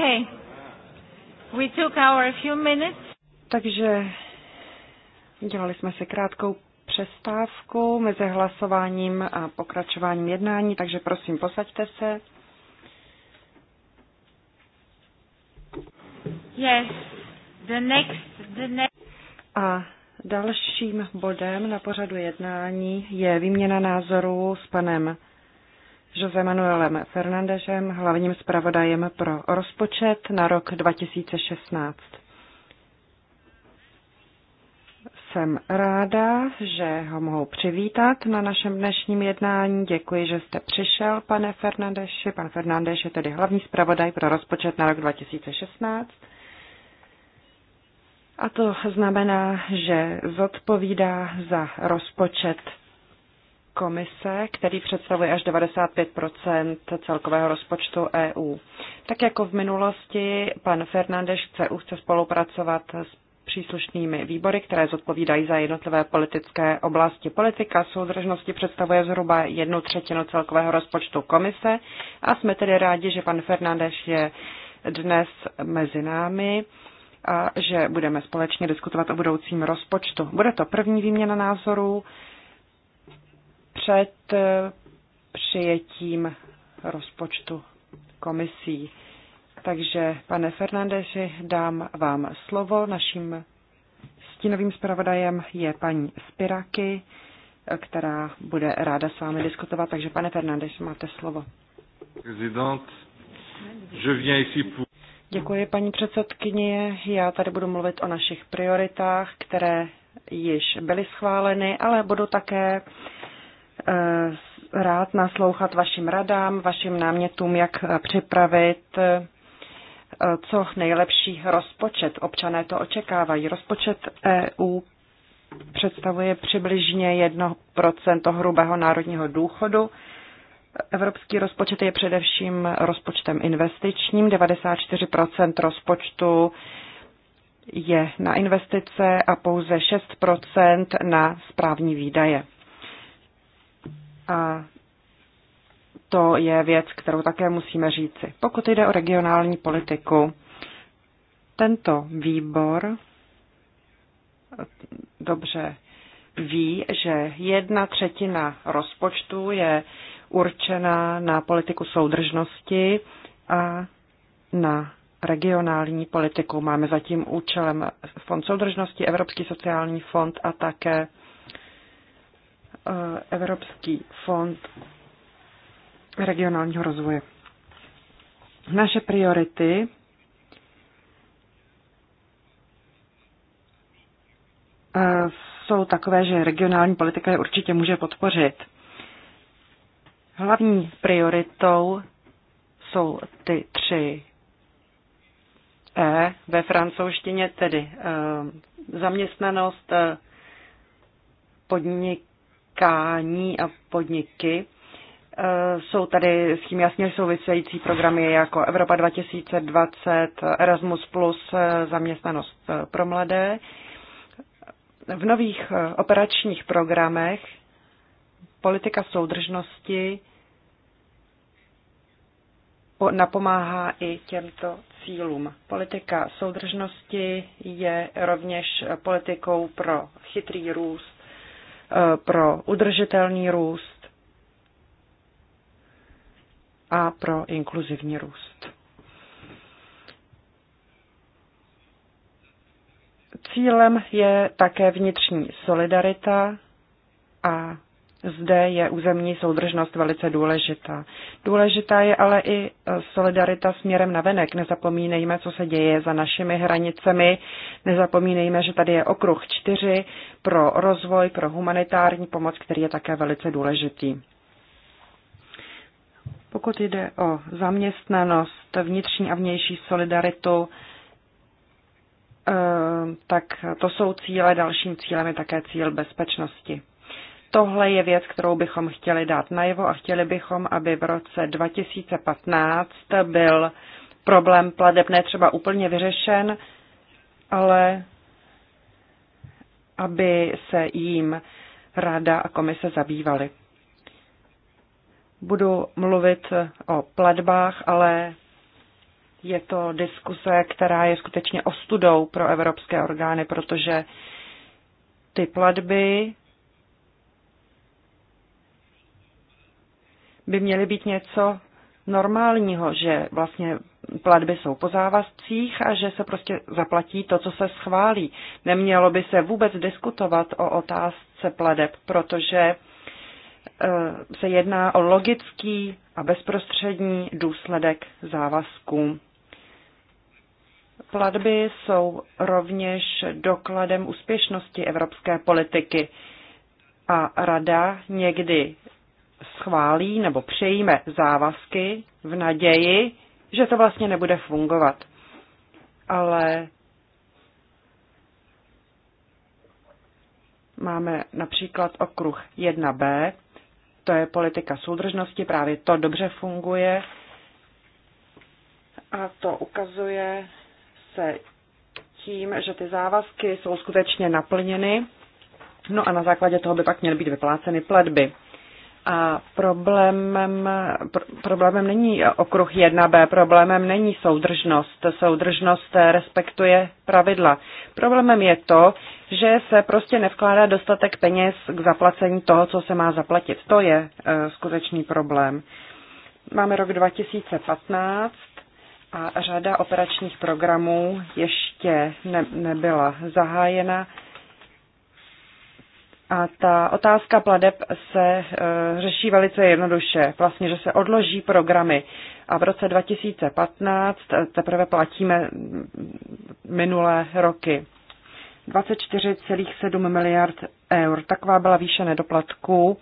Okay. We took our few minutes. Takže dělali jsme si krátkou přestávku mezi hlasováním a pokračováním jednání, takže prosím, posaďte se. Yes. The next, the next. A dalším bodem na pořadu jednání je výměna názorů s panem Jose Manuelem Fernandežem, hlavním zpravodajem pro rozpočet na rok 2016. Jsem ráda, že ho mohu přivítat na našem dnešním jednání. Děkuji, že jste přišel, pane Fernandeši. Pan Fernandeš je tedy hlavní zpravodaj pro rozpočet na rok 2016. A to znamená, že zodpovídá za rozpočet komise, který představuje až 95 celkového rozpočtu EU. Tak jako v minulosti, pan Fernandeš chce úzce spolupracovat s příslušnými výbory, které zodpovídají za jednotlivé politické oblasti. Politika soudržnosti představuje zhruba jednu třetinu celkového rozpočtu komise a jsme tedy rádi, že pan Fernandeš je dnes mezi námi a že budeme společně diskutovat o budoucím rozpočtu. Bude to první výměna názorů před eh, přijetím rozpočtu komisí. Takže, pane Fernandeši, dám vám slovo. Naším stínovým zpravodajem je paní Spiraky, která bude ráda s vámi diskutovat. Takže, pane Fernandeš, máte slovo. Děkuji, paní předsedkyně. Já tady budu mluvit o našich prioritách, které již byly schváleny, ale budu také uh, Eh, rád naslouchat vašim radám, vašim námětům, jak připravit eh, co nejlepší rozpočet. Občané to očekávají. Rozpočet EU představuje přibližně 1% hrubého národního důchodu. Evropský rozpočet je především rozpočtem investičním. 94% rozpočtu je na investice a pouze 6% na správní výdaje. A to je věc, kterou také musíme říci. Pokud jde o regionální politiku, tento výbor dobře ví, že jedna třetina rozpočtu je určena na politiku soudržnosti a na regionální politiku. Máme zatím účelem Fond soudržnosti, Evropský sociální fond a také Eh, Evropský fond regionálního rozvoje. Naše priority eh, jsou takové, že regionální politika je určitě může podpořit. Hlavní prioritou jsou ty tři E ve francouzštině, tedy eh, zaměstnanost, podnik, podnikání a podniky. E, jsou tady s tím jasně související programy jako Evropa 2020, Erasmus+, e, zaměstnanost e, pro mladé. V nových operačních programech politika soudržnosti napomáhá i těmto cílům. Politika soudržnosti je rovněž politikou pro chytrý růst Eh, pro udržitelný růst a pro inkluzivní růst. Cílem je také vnitřní solidarita a zde je územní soudržnost velice důležitá. Důležitá je ale i e, solidarita směrem na venek. Nezapomínejme, co se děje za našimi hranicemi. Nezapomínejme, že tady je okruh čtyři pro rozvoj, pro humanitární pomoc, který je také velice důležitý. Pokud jde o zaměstnanost, vnitřní a vnější solidaritu, e, tak to jsou cíle. Dalším cílem je také cíl bezpečnosti. Tohle je věc, kterou bychom chtěli dát najevo a chtěli bychom, aby v roce 2015 byl problém pladeb ne třeba úplně vyřešen, ale aby se jím rada a komise zabývaly. Budu mluvit o platbách, ale je to diskuse, která je skutečně ostudou pro evropské orgány, protože ty platby by měly být něco normálního, že vlastně platby jsou po závazcích a že se prostě zaplatí to, co se schválí. Nemělo by se vůbec diskutovat o otázce pladeb, protože e, se jedná o logický a bezprostřední důsledek závazků. Platby jsou rovněž dokladem úspěšnosti evropské politiky a rada někdy schválí nebo přejme závazky v naději, že to vlastně nebude fungovat. Ale máme například okruh 1b, to je politika soudržnosti, právě to dobře funguje a to ukazuje se tím, že ty závazky jsou skutečně naplněny, no a na základě toho by pak měly být vypláceny platby. A problémem, problémem není okruh 1b, problémem není soudržnost. Soudržnost respektuje pravidla. Problémem je to, že se prostě nevkládá dostatek peněz k zaplacení toho, co se má zaplatit. To je e, skutečný problém. Máme rok 2015 a řada operačních programů ještě ne, nebyla zahájena. A ta otázka pladeb se eh, řeší velice jednoduše, vlastně, že se odloží programy. A v roce 2015 eh, teprve platíme minulé roky. 24,7 miliard eur. Taková byla výše nedoplatků.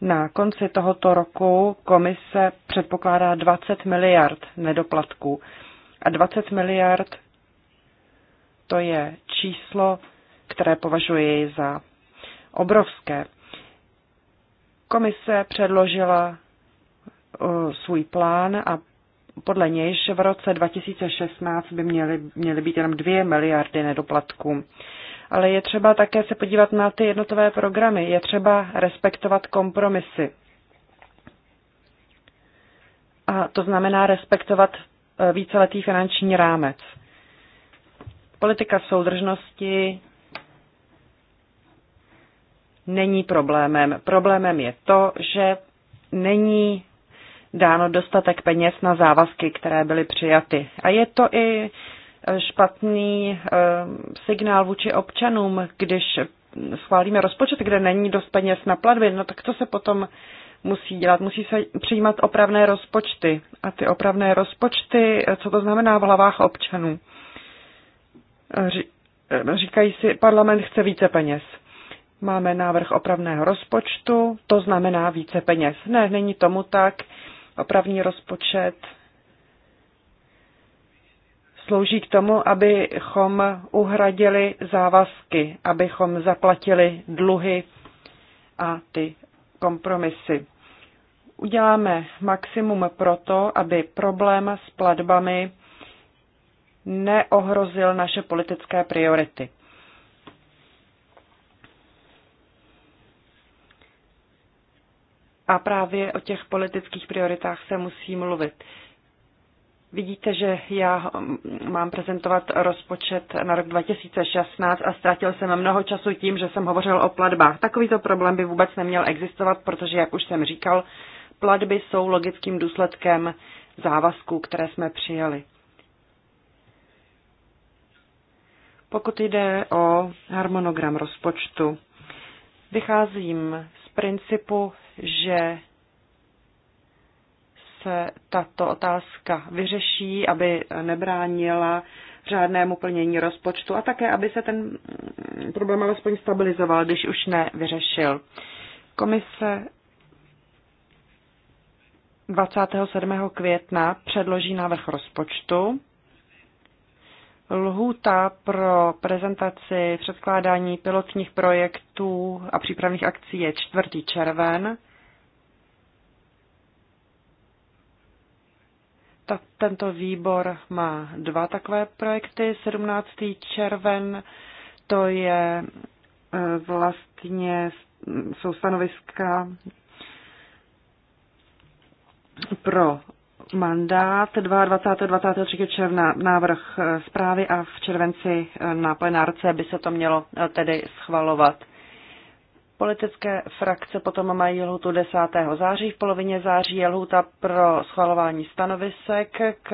Na konci tohoto roku komise předpokládá 20 miliard nedoplatků. A 20 miliard to je číslo, které považuji za obrovské. Komise předložila uh, svůj plán a podle nějž v roce 2016 by měly, měly být jenom 2 miliardy nedoplatků. Ale je třeba také se podívat na ty jednotové programy, je třeba respektovat kompromisy. A to znamená respektovat eh, víceletý finanční rámec. Politika soudržnosti není problémem. Problémem je to, že není dáno dostatek peněz na závazky, které byly přijaty. A je to i špatný eh, signál vůči občanům, když schválíme rozpočet, kde není dost peněz na platby, no tak co se potom musí dělat? Musí se přijímat opravné rozpočty. A ty opravné rozpočty, eh, co to znamená v hlavách občanů? Eh, říkají si, parlament chce více peněz. Máme návrh opravného rozpočtu, to znamená více peněz. Ne, není tomu tak. Opravní rozpočet slouží k tomu, abychom uhradili závazky, abychom zaplatili dluhy a ty kompromisy. Uděláme maximum proto, aby problém s platbami neohrozil naše politické priority. A právě o těch politických prioritách se musí mluvit. Vidíte, že já hm, mám prezentovat rozpočet na rok 2016 a ztratil jsem mnoho času tím, že jsem hovořil o platbách. Takovýto problém by vůbec neměl existovat, protože, jak už jsem říkal, platby jsou logickým důsledkem závazků, které jsme přijali. Pokud jde o harmonogram rozpočtu, vycházím z principu že se tato otázka vyřeší, aby nebránila řádnému plnění rozpočtu a také, aby se ten mm, problém alespoň stabilizoval, když už nevyřešil. Komise 27. května předloží návrh rozpočtu Lhůta pro prezentaci předkládání pilotních projektů a přípravných akcí je 4. červen. Ta, tento výbor má dva takové projekty. 17. červen to je eh, vlastně jsou stanoviska pro mandát 22. 23. června návrh eh, zprávy a v červenci eh, na plenárce by se to mělo eh, tedy schvalovat. Politické frakce potom mají lhutu 10. září. V polovině září je lhuta pro schvalování stanovisek k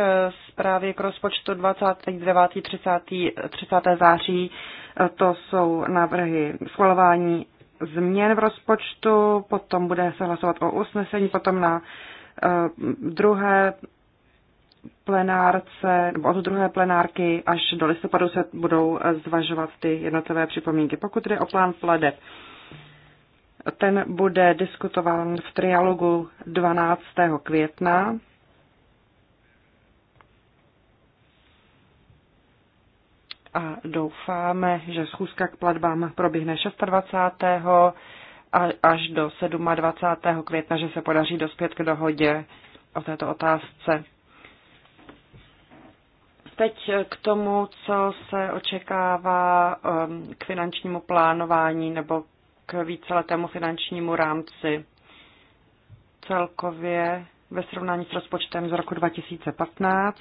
zprávě k rozpočtu 29. 30. 30. září. To jsou návrhy schvalování změn v rozpočtu, potom bude se hlasovat o usnesení, potom na Eh, druhé plenárce, nebo od druhé plenárky až do listopadu se budou eh, zvažovat ty jednotlivé připomínky. Pokud jde o plán plade, ten bude diskutován v trialogu 12. května. A doufáme, že schůzka k platbám proběhne 26 až do 27. května, že se podaří dospět k dohodě o této otázce. Teď k tomu, co se očekává um, k finančnímu plánování nebo k víceletému finančnímu rámci. Celkově ve srovnání s rozpočtem z roku 2015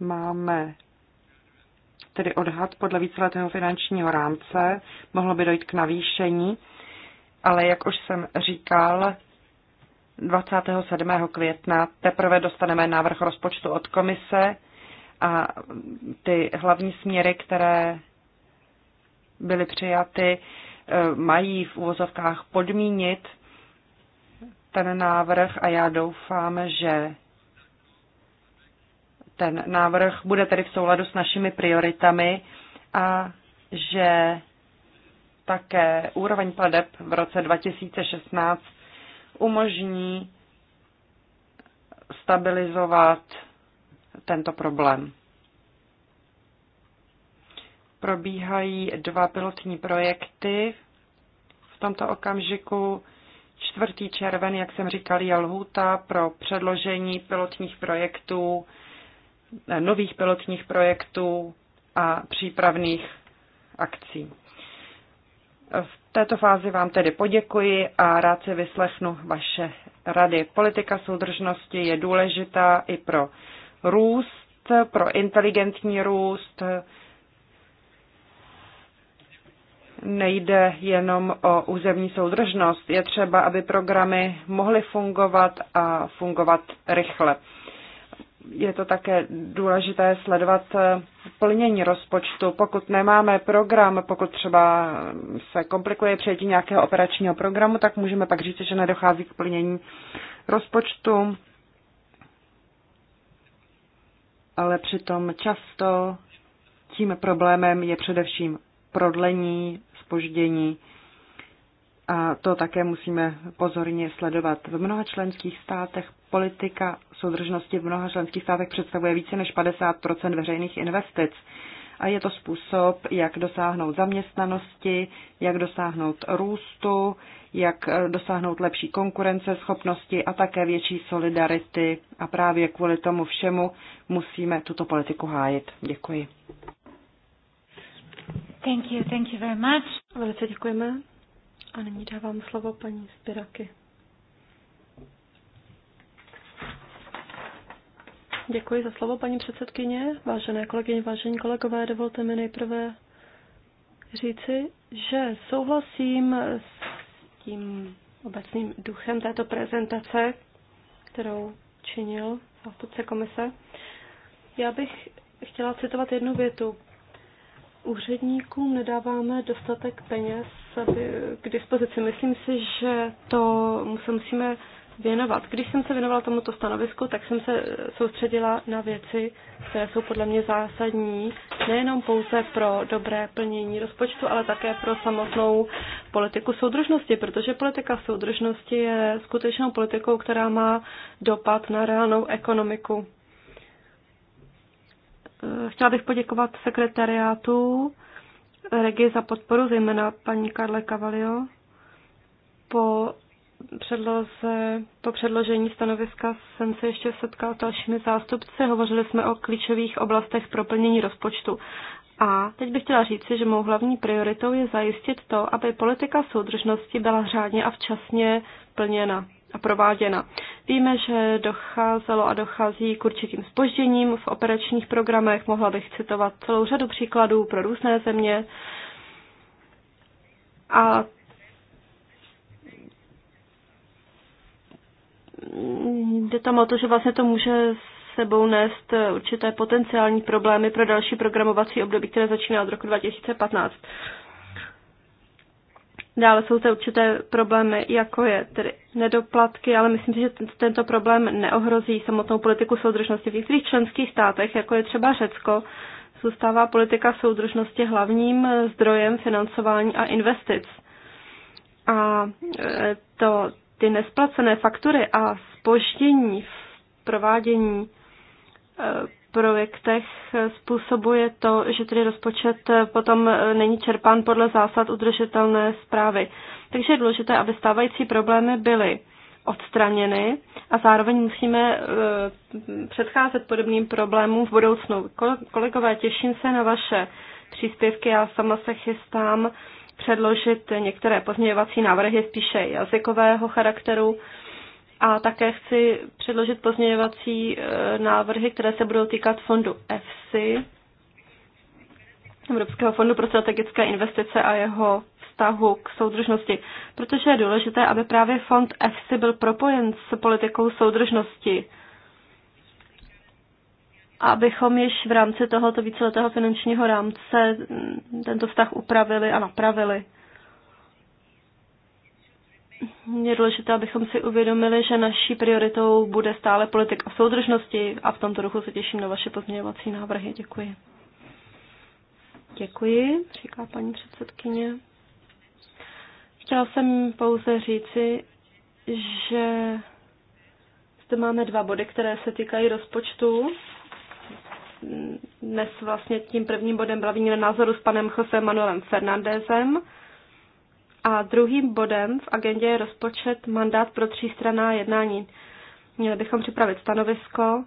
máme tedy odhad podle víceletého finančního rámce, mohlo by dojít k navýšení, ale jak už jsem říkal, 27. května teprve dostaneme návrh rozpočtu od komise a ty hlavní směry, které byly přijaty, eh, mají v uvozovkách podmínit ten návrh a já doufám, že ten návrh bude tedy v souladu s našimi prioritami a že také úroveň pladeb v roce 2016 umožní stabilizovat tento problém. Probíhají dva pilotní projekty. V tomto okamžiku 4. červen, jak jsem říkal, je lhůta pro předložení pilotních projektů Eh, nových pilotních projektů a přípravných akcí. V této fázi vám tedy poděkuji a rád si vyslechnu vaše rady. Politika soudržnosti je důležitá i pro růst, pro inteligentní růst. Nejde jenom o územní soudržnost, je třeba, aby programy mohly fungovat a fungovat rychle je to také důležité sledovat eh, plnění rozpočtu. Pokud nemáme program, pokud třeba se komplikuje přijetí nějakého operačního programu, tak můžeme pak říct, že nedochází k plnění rozpočtu. Ale přitom často tím problémem je především prodlení, spoždění a to také musíme pozorně sledovat. V mnoha členských státech politika soudržnosti v mnoha členských státech představuje více než 50 veřejných investic. A je to způsob, jak dosáhnout zaměstnanosti, jak dosáhnout růstu, jak dosáhnout lepší konkurenceschopnosti a také větší solidarity. A právě kvůli tomu všemu musíme tuto politiku hájit. Děkuji. Thank you, thank you very much. Velice děkujeme. A nyní dávám slovo paní Spiraky. Děkuji za slovo, paní předsedkyně. Vážené kolegyně, vážení kolegové, dovolte mi nejprve říci, že souhlasím s tím obecným duchem této prezentace, kterou činil zástupce komise. Já bych chtěla citovat jednu větu. Úředníkům nedáváme dostatek peněz k dispozici. Myslím si, že to se musíme věnovat. Když jsem se věnovala tomuto stanovisku, tak jsem se soustředila na věci, které jsou podle mě zásadní, nejenom pouze pro dobré plnění rozpočtu, ale také pro samotnou politiku soudržnosti, protože politika soudržnosti je skutečnou politikou, která má dopad na reálnou ekonomiku. Chtěla bych poděkovat sekretariátu Regi za podporu, zejména paní Karle Cavalio, po, předloze, po předložení stanoviska jsem se ještě setkal s dalšími zástupci. Hovořili jsme o klíčových oblastech pro plnění rozpočtu. A teď bych chtěla říci, že mou hlavní prioritou je zajistit to, aby politika soudržnosti byla řádně a včasně plněna prováděna. Víme, že docházelo a dochází k určitým spožděním v operačních programech. Mohla bych citovat celou řadu příkladů pro různé země. A jde tam o to, že vlastně to může sebou nést určité potenciální problémy pro další programovací období, které začíná od roku 2015. Dále jsou zde určité problémy, jako je tedy nedoplatky, ale myslím si, že tento problém neohrozí samotnou politiku soudržnosti. V některých členských státech, jako je třeba Řecko, zůstává politika soudržnosti hlavním zdrojem financování a investic. A e, to, ty nesplacené faktury a spoždění v provádění e, projektech způsobuje to, že tedy rozpočet potom není čerpán podle zásad udržitelné zprávy. Takže je důležité, aby stávající problémy byly odstraněny a zároveň musíme e, předcházet podobným problémům v budoucnu. Kolegové, těším se na vaše příspěvky. Já sama se chystám předložit některé pozměňovací návrhy spíše jazykového charakteru a také chci předložit pozměňovací e, návrhy, které se budou týkat fondu EFSI, Evropského fondu pro strategické investice a jeho vztahu k soudržnosti, protože je důležité, aby právě fond EFSI byl propojen s politikou soudržnosti, abychom již v rámci tohoto víceletého finančního rámce tento vztah upravili a napravili je důležité, abychom si uvědomili, že naší prioritou bude stále politika soudržnosti a v tomto duchu se těším na vaše pozměňovací návrhy. Děkuji. Děkuji, říká paní předsedkyně. Chtěla jsem pouze říci, že zde máme dva body, které se týkají rozpočtu. Dnes vlastně tím prvním bodem byla názoru s panem Josem Manuelem Fernandezem a druhým bodem v agendě je rozpočet mandát pro třístraná jednání. Měli bychom připravit stanovisko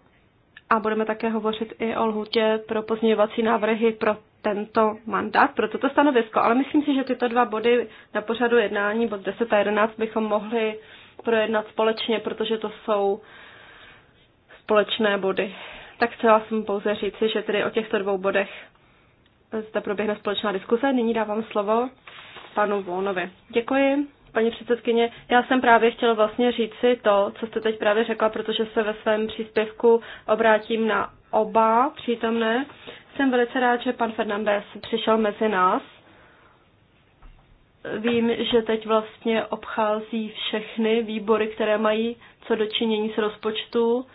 a budeme také hovořit i o lhutě pro pozměňovací návrhy pro tento mandát, pro toto stanovisko. Ale myslím si, že tyto dva body na pořadu jednání, bod 10 a 11, bychom mohli projednat společně, protože to jsou společné body. Tak chtěla jsem pouze říci, že tedy o těchto dvou bodech zde proběhne společná diskuse. Nyní dávám slovo panu Volnovi. Děkuji, paní předsedkyně. Já jsem právě chtěla vlastně říct si to, co jste teď právě řekla, protože se ve svém příspěvku obrátím na oba přítomné. Jsem velice rád, že pan Fernandez přišel mezi nás. Vím, že teď vlastně obchází všechny výbory, které mají co dočinění s rozpočtu.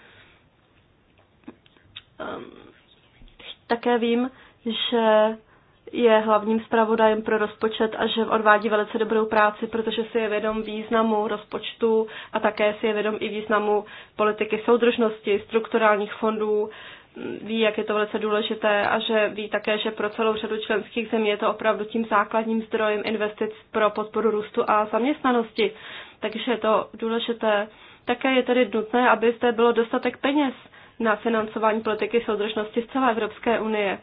Ehm, také vím, že je hlavním zpravodajem pro rozpočet a že odvádí velice dobrou práci, protože si je vědom významu rozpočtu a také si je vědom i významu politiky soudržnosti, strukturálních fondů, ví, jak je to velice důležité a že ví také, že pro celou řadu členských zemí je to opravdu tím základním zdrojem investic pro podporu růstu a zaměstnanosti. Takže je to důležité. Také je tedy nutné, aby zde bylo dostatek peněz na financování politiky soudržnosti z celé Evropské unie.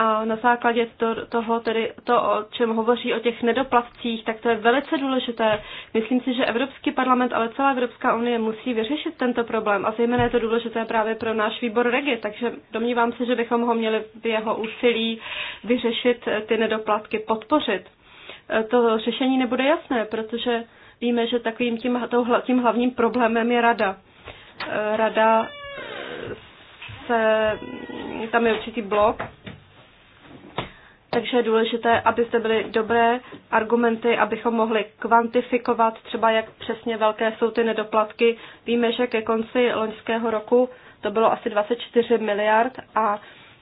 A na základě to, toho, tedy to, o čem hovoří o těch nedoplatcích, tak to je velice důležité. Myslím si, že Evropský parlament, ale celá Evropská unie musí vyřešit tento problém. A zejména je to důležité právě pro náš výbor Regi, takže domnívám se, že bychom ho měli v jeho úsilí vyřešit eh, ty nedoplatky, podpořit. Eh, to řešení nebude jasné, protože víme, že takovým tím, tím hlavním problémem je rada. Eh, rada se, tam je určitý blok takže je důležité, aby zde byly dobré argumenty, abychom mohli kvantifikovat třeba, jak přesně velké jsou ty nedoplatky. Víme, že ke konci loňského roku to bylo asi 24 miliard a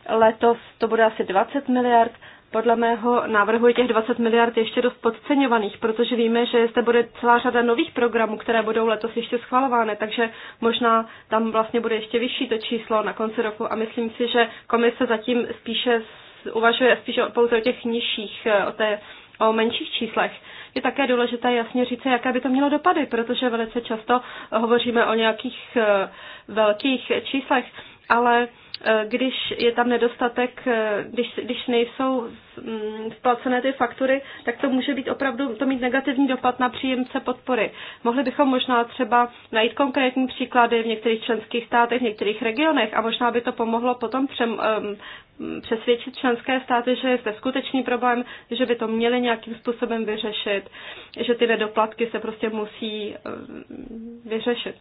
letos to bude asi 20 miliard. Podle mého návrhu je těch 20 miliard ještě dost podceňovaných, protože víme, že zde bude celá řada nových programů, které budou letos ještě schvalovány, takže možná tam vlastně bude ještě vyšší to číslo na konci roku a myslím si, že komise zatím spíše uvažuje spíš pouze o těch nižších, eh, o, té, o menších číslech. Je také důležité jasně říct, jaké by to mělo dopady, protože velice často hovoříme o nějakých eh, velkých číslech, ale Eh, když je tam nedostatek, eh, když, když nejsou mm, splacené ty faktury, tak to může být opravdu, to mít negativní dopad na příjemce podpory. Mohli bychom možná třeba najít konkrétní příklady v některých členských státech, v některých regionech a možná by to pomohlo potom přem, um, přesvědčit členské státy, že je zde skutečný problém, že by to měli nějakým způsobem vyřešit, že ty nedoplatky se prostě musí um, vyřešit.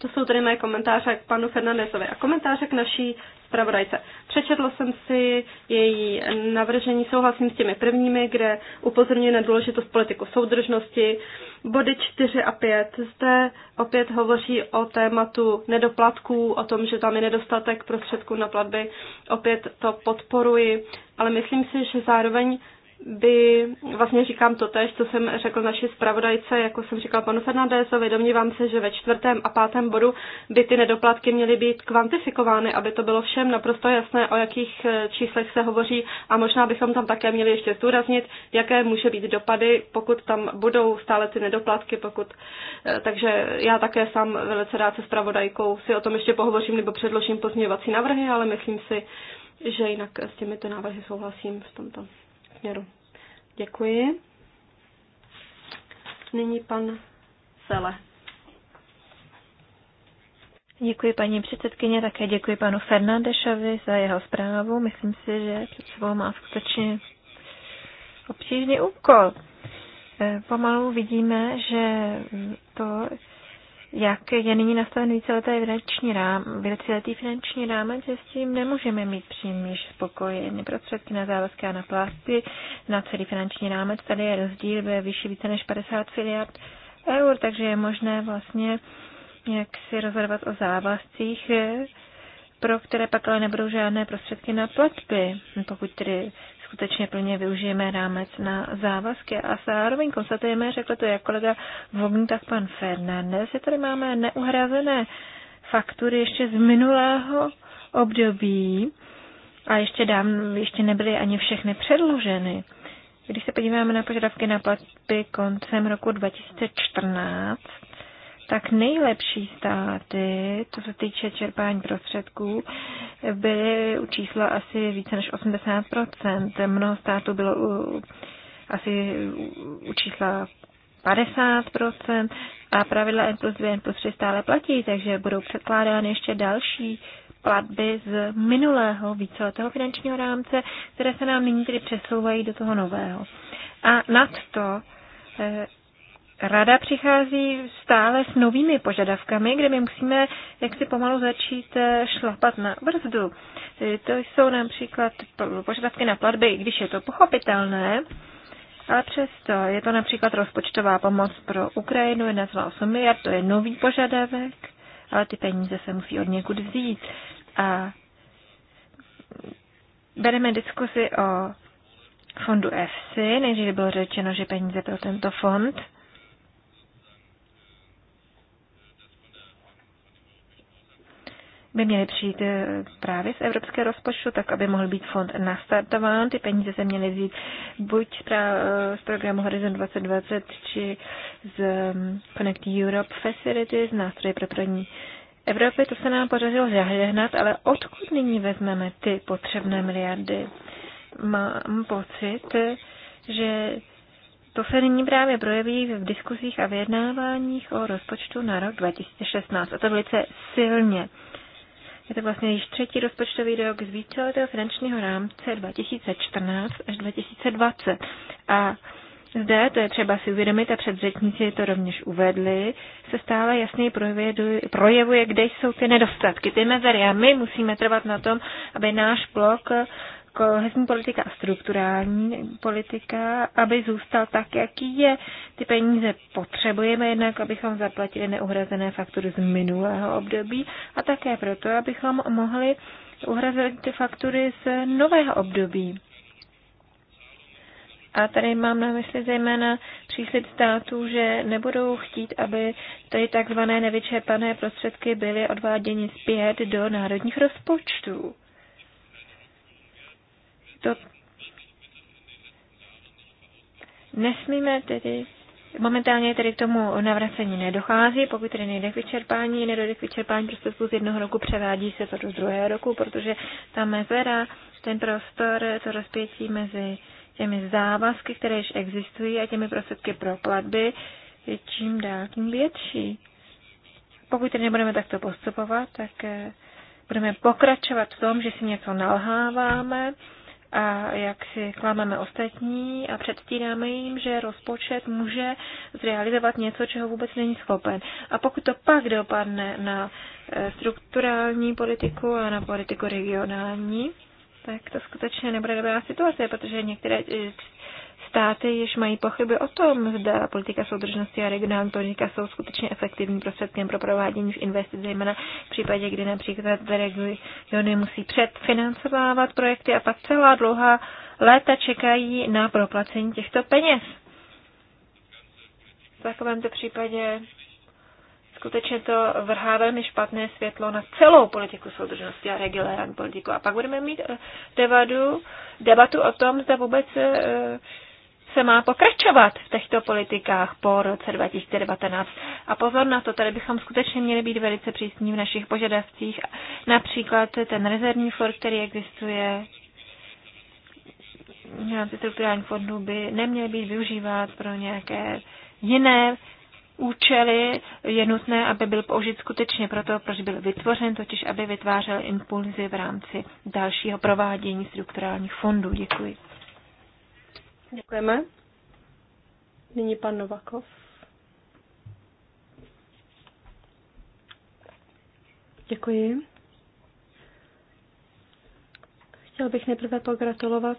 To jsou tedy moje komentáře k panu Fernandezovi a komentáře k naší zpravodajce. Přečetla jsem si její navržení, souhlasím s těmi prvními, kde upozorňuje na důležitost politiku soudržnosti. Body 4 a 5 zde opět hovoří o tématu nedoplatků, o tom, že tam je nedostatek prostředků na platby. Opět to podporuji, ale myslím si, že zároveň by, vlastně říkám to tež, co jsem řekl naší zpravodajce, jako jsem říkal panu Fernandézovi, domnívám se, že ve čtvrtém a pátém bodu by ty nedoplatky měly být kvantifikovány, aby to bylo všem naprosto jasné, o jakých eh, číslech se hovoří a možná bychom tam také měli ještě zdůraznit, jaké může být dopady, pokud tam budou stále ty nedoplatky, pokud, eh, takže já také sám velice rád se zpravodajkou si o tom ještě pohovořím nebo předložím pozměňovací návrhy, ale myslím si, že jinak s těmito návrhy souhlasím v tomto směru. Děkuji. Nyní pan Sele. Děkuji paní předsedkyně, také děkuji panu Fernandešovi za jeho zprávu. Myslím si, že před sebou má skutečně obtížný úkol. E, pomalu vidíme, že to, jak je nyní nastaven víceletý finanční, rám, víceletý finanční rámec, že s tím nemůžeme mít příliš spokojeny. Prostředky na závazky a na plásty, na celý finanční rámec, tady je rozdíl ve vyšší více než 50 miliard eur, takže je možné vlastně jak si rozhodovat o závazcích, pro které pak ale nebudou žádné prostředky na platby, pokud tedy skutečně plně využijeme rámec na závazky a zároveň konstatujeme, řekl to jak kolega Vogn, tak pan Fernandez, že tady máme neuhrazené faktury ještě z minulého období a ještě dám, ještě nebyly ani všechny předloženy. Když se podíváme na požadavky na platby koncem roku 2014, tak nejlepší státy, co se týče čerpání prostředků, byly u čísla asi více než 80%. Mnoho států bylo u, asi u čísla 50% a pravidla N plus 2, N plus 3 stále platí, takže budou předkládány ještě další platby z minulého víceletého finančního rámce, které se nám nyní tedy přesouvají do toho nového. A nad to eh, Rada přichází stále s novými požadavkami, kde my musíme jaksi pomalu začít eh, šlapat na brzdu. Eh, to jsou například požadavky na platby, když je to pochopitelné, ale přesto je to například rozpočtová pomoc pro Ukrajinu 1,8 miliard, to je nový požadavek, ale ty peníze se musí od někud vzít. A bereme diskusi o fondu EFSI, nejdříve bylo řečeno, že peníze pro tento fond by měly přijít eh, právě z evropského rozpočtu, tak aby mohl být fond nastartován. Ty peníze se měly vzít buď z eh, programu Horizon 2020, či z mm, Connect Europe Facility, z nástroje pro první Evropy. To se nám podařilo zahrnout, ale odkud nyní vezmeme ty potřebné miliardy? Mám pocit, že to se nyní právě projeví v diskuzích a vyjednáváních o rozpočtu na rok 2016, a to velice silně. Je to vlastně již třetí rozpočtový rok z víceletého finančního rámce 2014 až 2020. A zde, to je třeba si uvědomit a předřečníci to rovněž uvedli, se stále jasněji projevuje, projevuje, kde jsou ty nedostatky, ty mezery. A my musíme trvat na tom, aby náš blok kohezní politika a strukturální politika, aby zůstal tak, jaký je. Ty peníze potřebujeme jednak, abychom zaplatili neuhrazené faktury z minulého období a také proto, abychom mohli uhrazit ty faktury z nového období. A tady mám na mysli zejména příslip států, že nebudou chtít, aby ty takzvané nevyčerpané prostředky byly odváděny zpět do národních rozpočtů. To nesmíme tedy Momentálně tedy k tomu navracení nedochází, pokud tedy nejde k vyčerpání, nedojde k vyčerpání prostředků z jednoho roku, převádí se to do druhého roku, protože ta mezera, ten prostor, to rozpětí mezi těmi závazky, které již existují a těmi prostředky pro platby, je čím dál tím větší. Pokud tedy nebudeme takto postupovat, tak eh, budeme pokračovat v tom, že si něco nalháváme, a jak si klameme ostatní a předstíráme jim, že rozpočet může zrealizovat něco, čeho vůbec není schopen. A pokud to pak dopadne na eh, strukturální politiku a na politiku regionální, tak to skutečně nebude dobrá situace, protože některé eh, státy jež mají pochyby o tom, zda politika soudržnosti a regionální politika jsou skutečně efektivním prostředkem pro provádění investic, zejména v případě, kdy například regiony musí předfinancovávat projekty a pak celá dlouhá léta čekají na proplacení těchto peněz. V takovémto případě skutečně to vrhá velmi špatné světlo na celou politiku soudržnosti a regionální politiku. A pak budeme mít eh, debatu, debatu o tom, zda vůbec eh, se má pokračovat v těchto politikách po roce 2019. A pozor na to, tady bychom skutečně měli být velice přísní v našich požadavcích. Například ten rezervní fond, který existuje v rámci strukturálních fondů, by neměl být využívat pro nějaké jiné účely je nutné, aby byl použit skutečně proto, proč byl vytvořen, totiž aby vytvářel impulzy v rámci dalšího provádění strukturálních fondů. Děkuji. Děkujeme. Nyní pan Novakov. Děkuji. Chtěl bych nejprve pogratulovat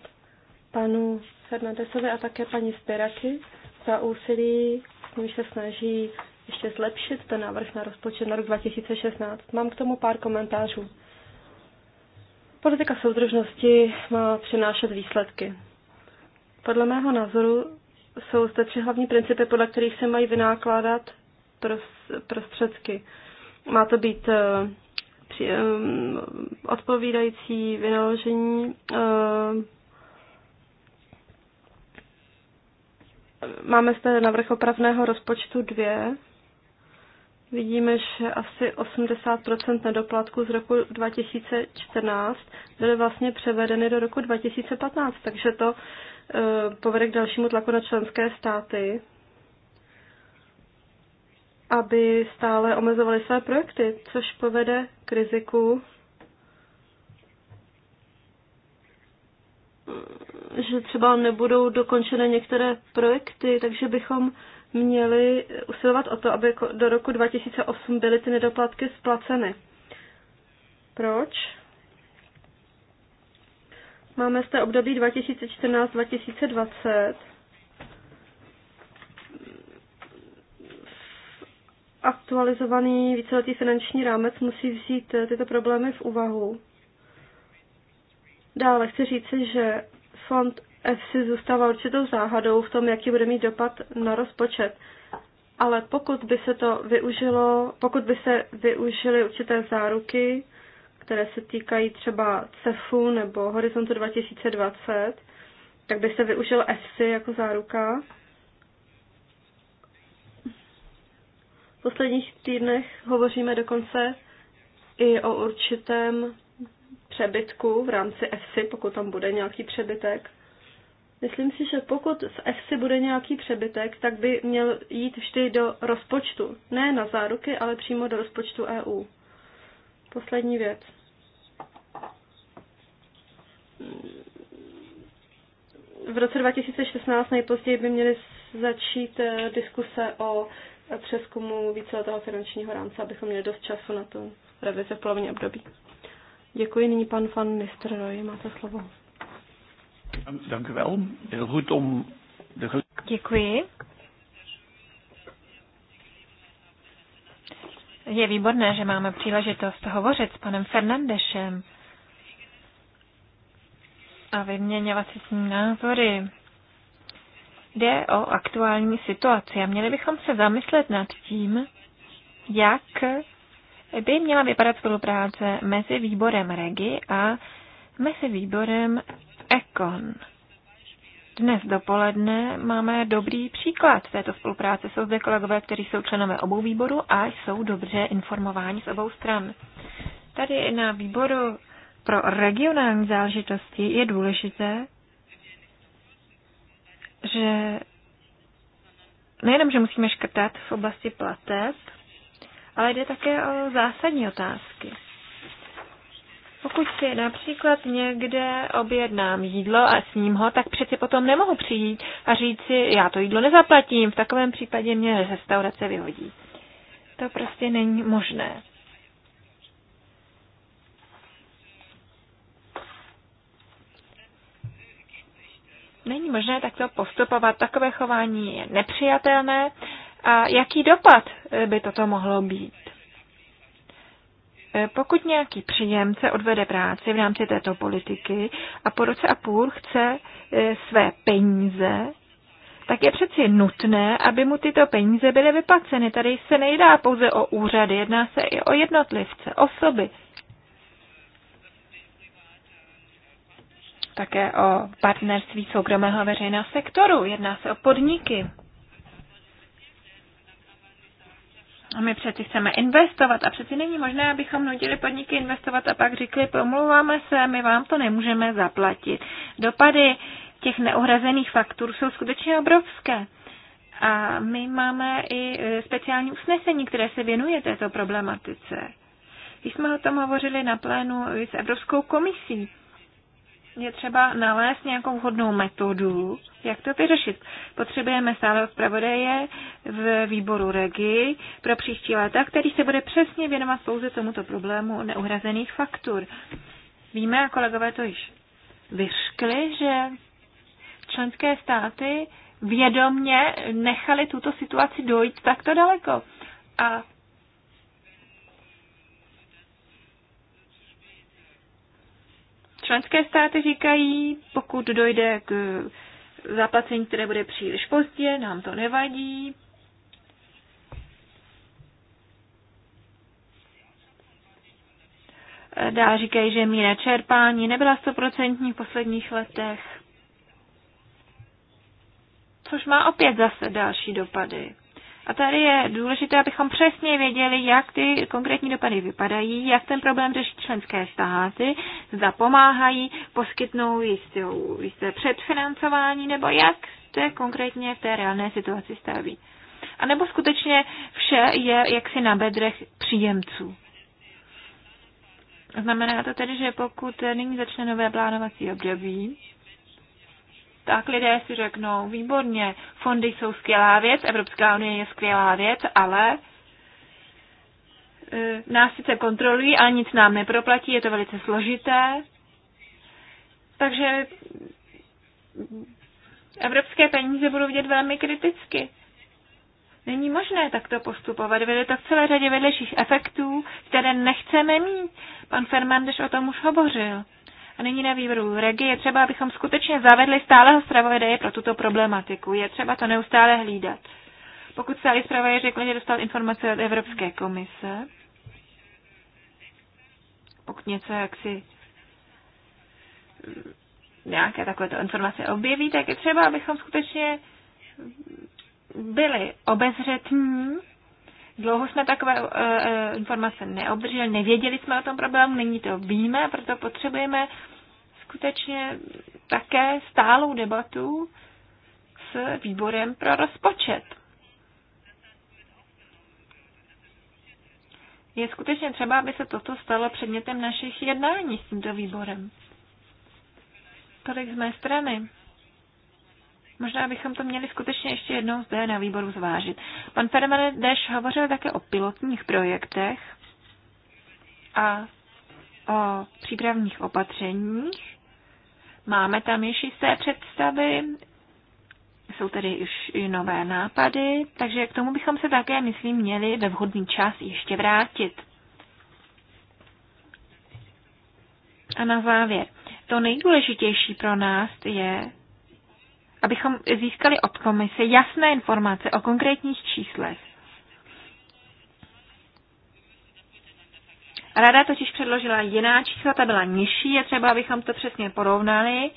panu Fernandesovi a také paní Spiraky za úsilí, s se snaží ještě zlepšit ten návrh na rozpočet na rok 2016. Mám k tomu pár komentářů. Politika soudržnosti má přinášet výsledky. Podle mého názoru jsou zde tři hlavní principy, podle kterých se mají vynákládat prostředky. Má to být eh, eh, odpovídající vynaložení eh, Máme zde navrh opravného rozpočtu dvě. Vidíme, že asi 80% nedoplatku z roku 2014 byly vlastně převedeny do roku 2015, takže to Eh, povede k dalšímu tlaku na členské státy, aby stále omezovaly své projekty, což povede k riziku, že třeba nebudou dokončené některé projekty, takže bychom měli usilovat o to, aby do roku 2008 byly ty nedoplatky splaceny. Proč? Máme zde období 2014-2020. Aktualizovaný víceletý finanční rámec musí vzít eh, tyto problémy v úvahu. Dále chci říci, že fond EFSI zůstává určitou záhadou v tom, jaký bude mít dopad na rozpočet. Ale pokud by se to využilo, pokud by se využily určité záruky, které se týkají třeba CEFu nebo Horizontu 2020, tak by se využil EFSI jako záruka. V posledních týdnech hovoříme dokonce i o určitém přebytku v rámci EFSI, pokud tam bude nějaký přebytek. Myslím si, že pokud z EFSI bude nějaký přebytek, tak by měl jít vždy do rozpočtu. Ne na záruky, ale přímo do rozpočtu EU. Poslední věc. V roce 2016 nejpozději by měly začít eh, diskuse o přeskumu víceletého finančního rámce, abychom měli dost času na tu revize v polovině období. Děkuji, nyní pan van Nistelrooy, máte slovo. Děkuji. Je výborné, že máme příležitost hovořit s panem Fernandešem a vyměňovat si s ním názory. Jde o aktuální situaci a měli bychom se zamyslet nad tím, jak by měla vypadat spolupráce mezi výborem Regi a mezi výborem Econ. Dnes dopoledne máme dobrý příklad této spolupráce. Jsou zde kolegové, kteří jsou členové obou výborů a jsou dobře informováni z obou stran. Tady na výboru pro regionální záležitosti je důležité, že nejenom, že musíme škrtat v oblasti plateb, ale jde také o zásadní otázky. Pokud si například někde objednám jídlo a s ním ho, tak přeci potom nemohu přijít a říct si, já to jídlo nezaplatím, v takovém případě mě restaurace vyhodí. To prostě není možné. Není možné takto postupovat. Takové chování je nepřijatelné. A jaký dopad by toto mohlo být? Eh, pokud nějaký příjemce odvede práci v rámci této politiky a po roce a půl chce eh, své peníze, tak je přeci nutné, aby mu tyto peníze byly vyplaceny. Tady se nejdá pouze o úřady, jedná se i o jednotlivce, osoby. Také o partnerství soukromého veřejného sektoru, jedná se o podniky. A my přeci chceme investovat a přeci není možné, abychom nutili podniky investovat a pak řekli, promluváme se, my vám to nemůžeme zaplatit. Dopady těch neohrazených faktur jsou skutečně obrovské. A my máme i e, speciální usnesení, které se věnuje této problematice. Když jsme o tom hovořili na plénu s Evropskou komisí, je třeba nalézt nějakou vhodnou metodu, jak to vyřešit. Potřebujeme stále zpravodaje v výboru REGI pro příští léta, který se bude přesně věnovat pouze tomuto problému neuhrazených faktur. Víme, a kolegové to již vyřkli, že členské státy vědomně nechali tuto situaci dojít takto daleko. A Členské státy říkají, pokud dojde k zaplacení, které bude příliš pozdě, nám to nevadí. Dál říkají, že míra čerpání nebyla stoprocentní v posledních letech. Což má opět zase další dopady. A tady je důležité, abychom přesně věděli, jak ty konkrétní dopady vypadají, jak ten problém řeší členské státy, zda pomáhají, poskytnou jistou, jisté předfinancování, nebo jak se konkrétně v té reálné situaci staví. A nebo skutečně vše je jaksi na bedrech příjemců. Znamená to tedy, že pokud nyní začne nové plánovací období, tak lidé si řeknou, výborně, fondy jsou skvělá věc, Evropská unie je skvělá věc, ale e, nás sice kontrolují, ale nic nám neproplatí, je to velice složité. Takže evropské peníze budou vidět velmi kriticky. Není možné takto postupovat. Vede to v celé řadě vedlejších efektů, které nechceme mít. Pan Fernandeš o tom už hovořil. A nyní na výboru Regi je třeba, abychom skutečně zavedli stáleho zpravodaje pro tuto problematiku. Je třeba to neustále hlídat. Pokud stálý zpravodaje řekl, že dostal informace od Evropské komise, pokud něco jaksi eh, nějaké takovéto informace objeví, tak je třeba, abychom skutečně byli obezřetní Dlouho jsme takové uh, informace neobdrželi, nevěděli jsme o tom problému, nyní to víme, proto potřebujeme skutečně také stálou debatu s výborem pro rozpočet. Je skutečně třeba, aby se toto stalo předmětem našich jednání s tímto výborem. Tolik z mé strany. Možná bychom to měli skutečně ještě jednou zde na výboru zvážit. Pan Fermane Deš hovořil také o pilotních projektech a o přípravných opatřeních. Máme tam již jisté představy, jsou tady už i nové nápady, takže k tomu bychom se také, myslím, měli ve vhodný čas ještě vrátit. A na závěr, to nejdůležitější pro nás je abychom získali od komise jasné informace o konkrétních číslech. Rada totiž předložila jiná čísla, ta byla nižší, je třeba, abychom to přesně porovnali.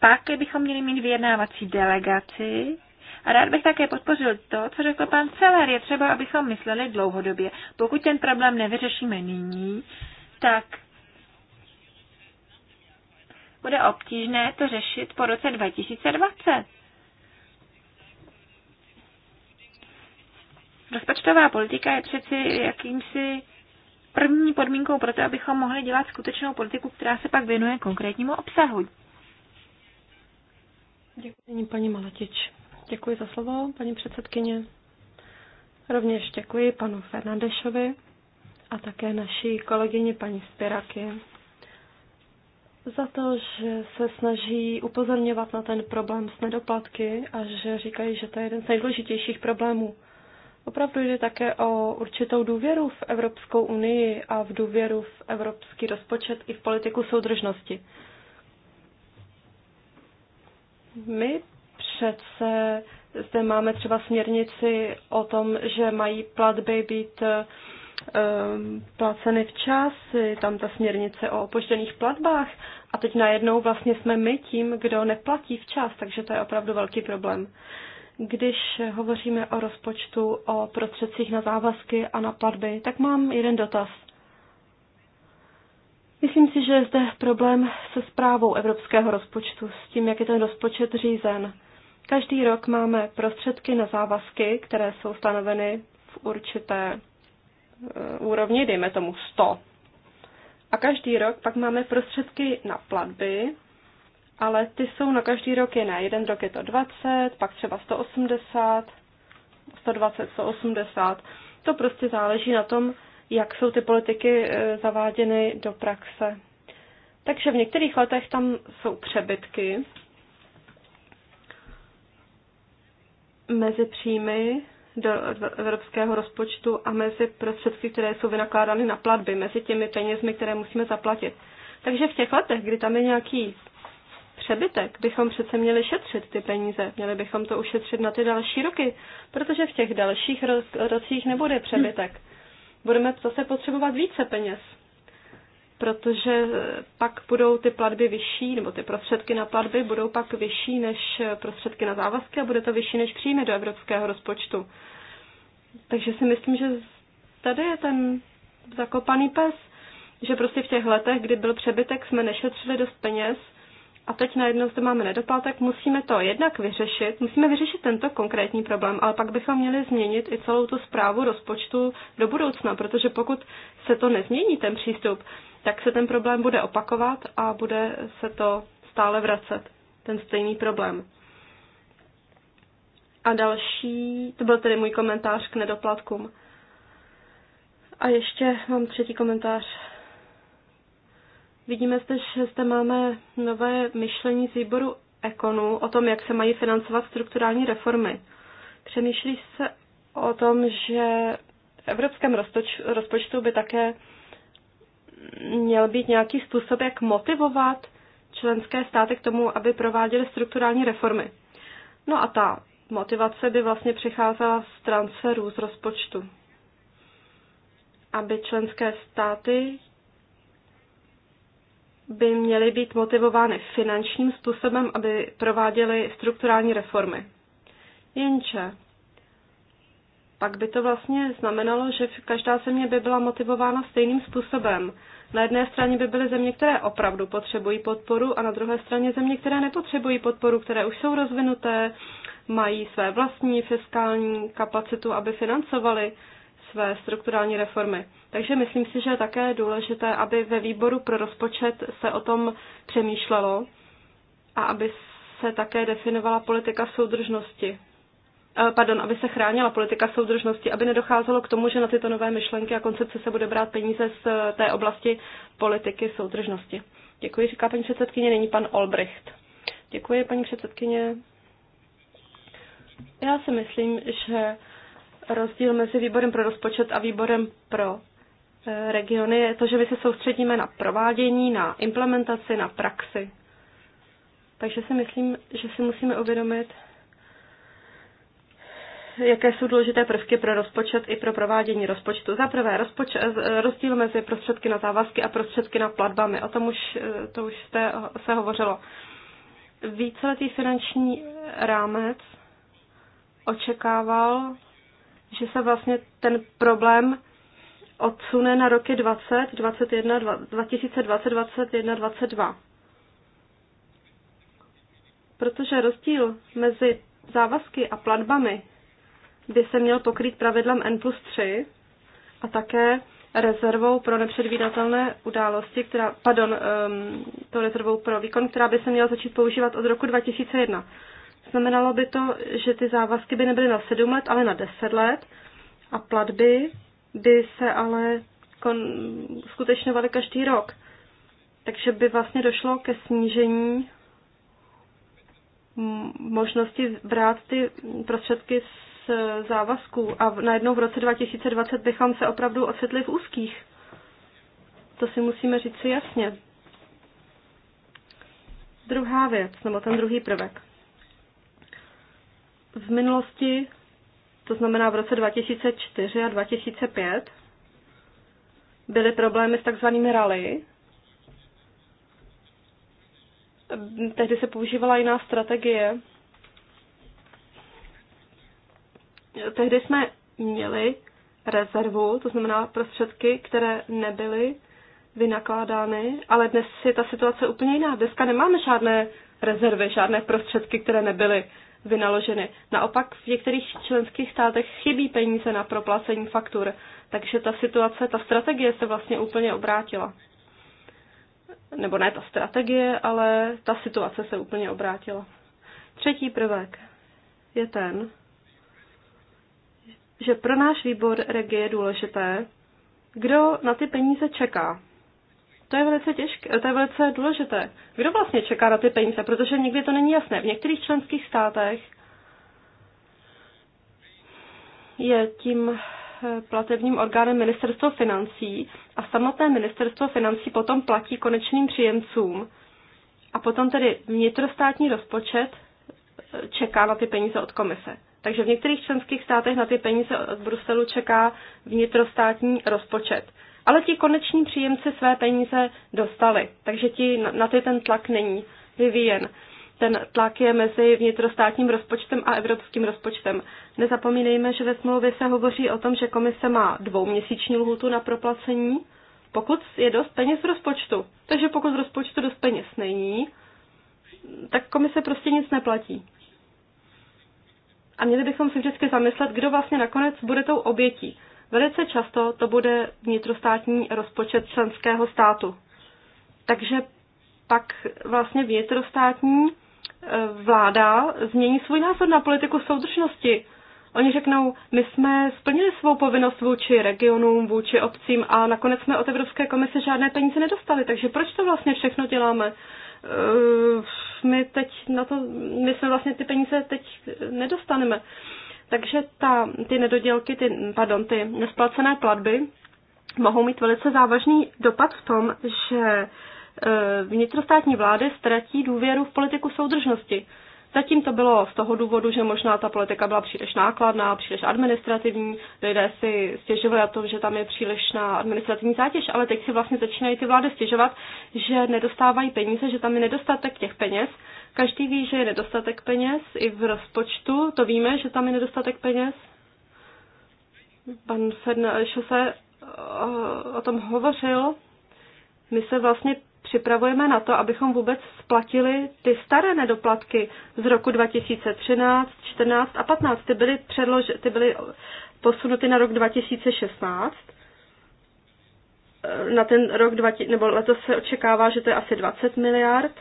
Pak bychom měli mít vyjednávací delegaci. A rád bych také podpořil to, co řekl pan Celer. Je třeba, abychom mysleli dlouhodobě. Pokud ten problém nevyřešíme nyní, tak bude obtížné to řešit po roce 2020. Rozpočtová politika je přeci jakýmsi první podmínkou pro to, abychom mohli dělat skutečnou politiku, která se pak věnuje konkrétnímu obsahu. Děkuji, paní Malatič. Děkuji za slovo, paní předsedkyně. Rovněž děkuji panu Fernandešovi a také naší kolegyni paní Spiraky za to, že se snaží upozorňovat na ten problém s nedoplatky a že říkají, že to je jeden z nejdůležitějších problémů. Opravdu jde také o určitou důvěru v Evropskou unii a v důvěru v evropský rozpočet i v politiku soudržnosti. My přece zde máme třeba směrnici o tom, že mají platby být Ehm, placeny včas, je tam ta směrnice o opožděných platbách a teď najednou vlastně jsme my tím, kdo neplatí včas, takže to je opravdu velký problém. Když hovoříme o rozpočtu, o prostředcích na závazky a na platby, tak mám jeden dotaz. Myslím si, že je zde problém se zprávou evropského rozpočtu, s tím, jak je ten rozpočet řízen. Každý rok máme prostředky na závazky, které jsou stanoveny v určité Eh, úrovni, dejme tomu 100. A každý rok pak máme prostředky na platby, ale ty jsou na každý rok jiné. Jeden rok je to 20, pak třeba 180, 120, 180. To prostě záleží na tom, jak jsou ty politiky eh, zaváděny do praxe. Takže v některých letech tam jsou přebytky mezi příjmy do evropského rozpočtu a mezi prostředky, které jsou vynakládány na platby, mezi těmi penězmi, které musíme zaplatit. Takže v těch letech, kdy tam je nějaký přebytek, bychom přece měli šetřit ty peníze. Měli bychom to ušetřit na ty další roky, protože v těch dalších rocích nebude přebytek. Budeme zase potřebovat více peněz protože pak budou ty platby vyšší, nebo ty prostředky na platby budou pak vyšší než prostředky na závazky a bude to vyšší než příjmy do evropského rozpočtu. Takže si myslím, že tady je ten zakopaný pes, že prostě v těch letech, kdy byl přebytek, jsme nešetřili dost peněz a teď najednou zde máme nedoplatek, musíme to jednak vyřešit, musíme vyřešit tento konkrétní problém, ale pak bychom měli změnit i celou tu zprávu rozpočtu do budoucna, protože pokud se to nezmění, ten přístup, tak se ten problém bude opakovat a bude se to stále vracet, ten stejný problém. A další, to byl tedy můj komentář k nedoplatkům. A ještě mám třetí komentář Vidíme zde, že zde máme nové myšlení z výboru ekonu o tom, jak se mají financovat strukturální reformy. Přemýšlí se o tom, že v evropském rozpočtu by také měl být nějaký způsob, jak motivovat členské státy k tomu, aby prováděly strukturální reformy. No a ta motivace by vlastně přicházela z transferů z rozpočtu, aby členské státy by měly být motivovány finančním způsobem, aby prováděly strukturální reformy. Jenže pak by to vlastně znamenalo, že každá země by byla motivována stejným způsobem. Na jedné straně by byly země, které opravdu potřebují podporu a na druhé straně země, které nepotřebují podporu, které už jsou rozvinuté, mají své vlastní fiskální kapacitu, aby financovaly své strukturální reformy. Takže myslím si, že je také důležité, aby ve výboru pro rozpočet se o tom přemýšlelo a aby se také definovala politika soudržnosti. Eh, pardon, aby se chránila politika soudržnosti, aby nedocházelo k tomu, že na tyto nové myšlenky a koncepce se bude brát peníze z eh, té oblasti politiky soudržnosti. Děkuji, říká paní předsedkyně, není pan Olbricht. Děkuji, paní předsedkyně. Já si myslím, že rozdíl mezi výborem pro rozpočet a výborem pro Eh, regiony, je to, že my se soustředíme na provádění, na implementaci, na praxi. Takže si myslím, že si musíme uvědomit, jaké jsou důležité prvky pro rozpočet i pro provádění rozpočtu. Za prvé, rozpoč, eh, rozdíl mezi prostředky na závazky a prostředky na platbami. O tom už, eh, to už jste, se hovořilo. Víceletý finanční rámec očekával, že se vlastně ten problém odsune na roky 20, 21, 2020, 2021, 2022 Protože rozdíl mezi závazky a platbami by se měl pokrýt pravidlem N plus 3 a také rezervou pro nepředvídatelné události, která, pardon, um, to rezervou pro výkon, která by se měla začít používat od roku 2001. Znamenalo by to, že ty závazky by nebyly na 7 let, ale na 10 let a platby by se ale kon- skutečňovaly každý rok. Takže by vlastně došlo ke snížení možnosti vrát ty prostředky z závazků a najednou v roce 2020 bychom se opravdu ocitli v úzkých. To si musíme říct si jasně. Druhá věc, nebo ten druhý prvek. V minulosti to znamená v roce 2004 a 2005, byly problémy s takzvanými rally. Tehdy se používala jiná strategie. Tehdy jsme měli rezervu, to znamená prostředky, které nebyly vynakládány, ale dnes je ta situace úplně jiná. Dneska nemáme žádné rezervy, žádné prostředky, které nebyly vynaloženy. Naopak v některých členských státech chybí peníze na proplacení faktur, takže ta situace, ta strategie se vlastně úplně obrátila. Nebo ne ta strategie, ale ta situace se úplně obrátila. Třetí prvek je ten, že pro náš výbor regie je důležité, kdo na ty peníze čeká, to je velice těžké, to je velice důležité. Kdo vlastně čeká na ty peníze, protože někdy to není jasné. V některých členských státech je tím eh, platebním orgánem ministerstvo financí a samotné ministerstvo financí potom platí konečným příjemcům. A potom tedy vnitrostátní rozpočet eh, čeká na ty peníze od komise. Takže v některých členských státech na ty peníze od Bruselu čeká vnitrostátní rozpočet ale ti koneční příjemci své peníze dostali, takže ti na ty ten tlak není vyvíjen. Ten tlak je mezi vnitrostátním rozpočtem a evropským rozpočtem. Nezapomínejme, že ve smlouvě se hovoří o tom, že komise má dvouměsíční lhutu na proplacení, pokud je dost peněz v rozpočtu. Takže pokud v rozpočtu dost peněz není, tak komise prostě nic neplatí. A měli bychom si vždycky zamyslet, kdo vlastně nakonec bude tou obětí. Velice často to bude vnitrostátní rozpočet členského státu. Takže pak vlastně vnitrostátní e, vláda změní svůj názor na politiku soudržnosti. Oni řeknou, my jsme splnili svou povinnost vůči regionům, vůči obcím a nakonec jsme od Evropské komise žádné peníze nedostali, takže proč to vlastně všechno děláme? E, my teď na to, my jsme vlastně ty peníze teď nedostaneme. Takže ta, ty nedodělky, ty, pardon, ty nesplacené platby mohou mít velice závažný dopad v tom, že eh, vnitrostátní vlády ztratí důvěru v politiku soudržnosti. Zatím to bylo z toho důvodu, že možná ta politika byla příliš nákladná, příliš administrativní, lidé si stěžovali na to, že tam je přílišná administrativní zátěž, ale teď si vlastně začínají ty vlády stěžovat, že nedostávají peníze, že tam je nedostatek těch peněz. Každý ví, že je nedostatek peněz i v rozpočtu, to víme, že tam je nedostatek peněz. Pan Fedna se eh, o tom hovořil. My se vlastně připravujeme na to, abychom vůbec splatili ty staré nedoplatky z roku 2013, 14 a 15. Ty byly, předlož, ty byly posunuty na rok 2016. Na ten rok, 20, nebo letos se očekává, že to je asi 20 miliard.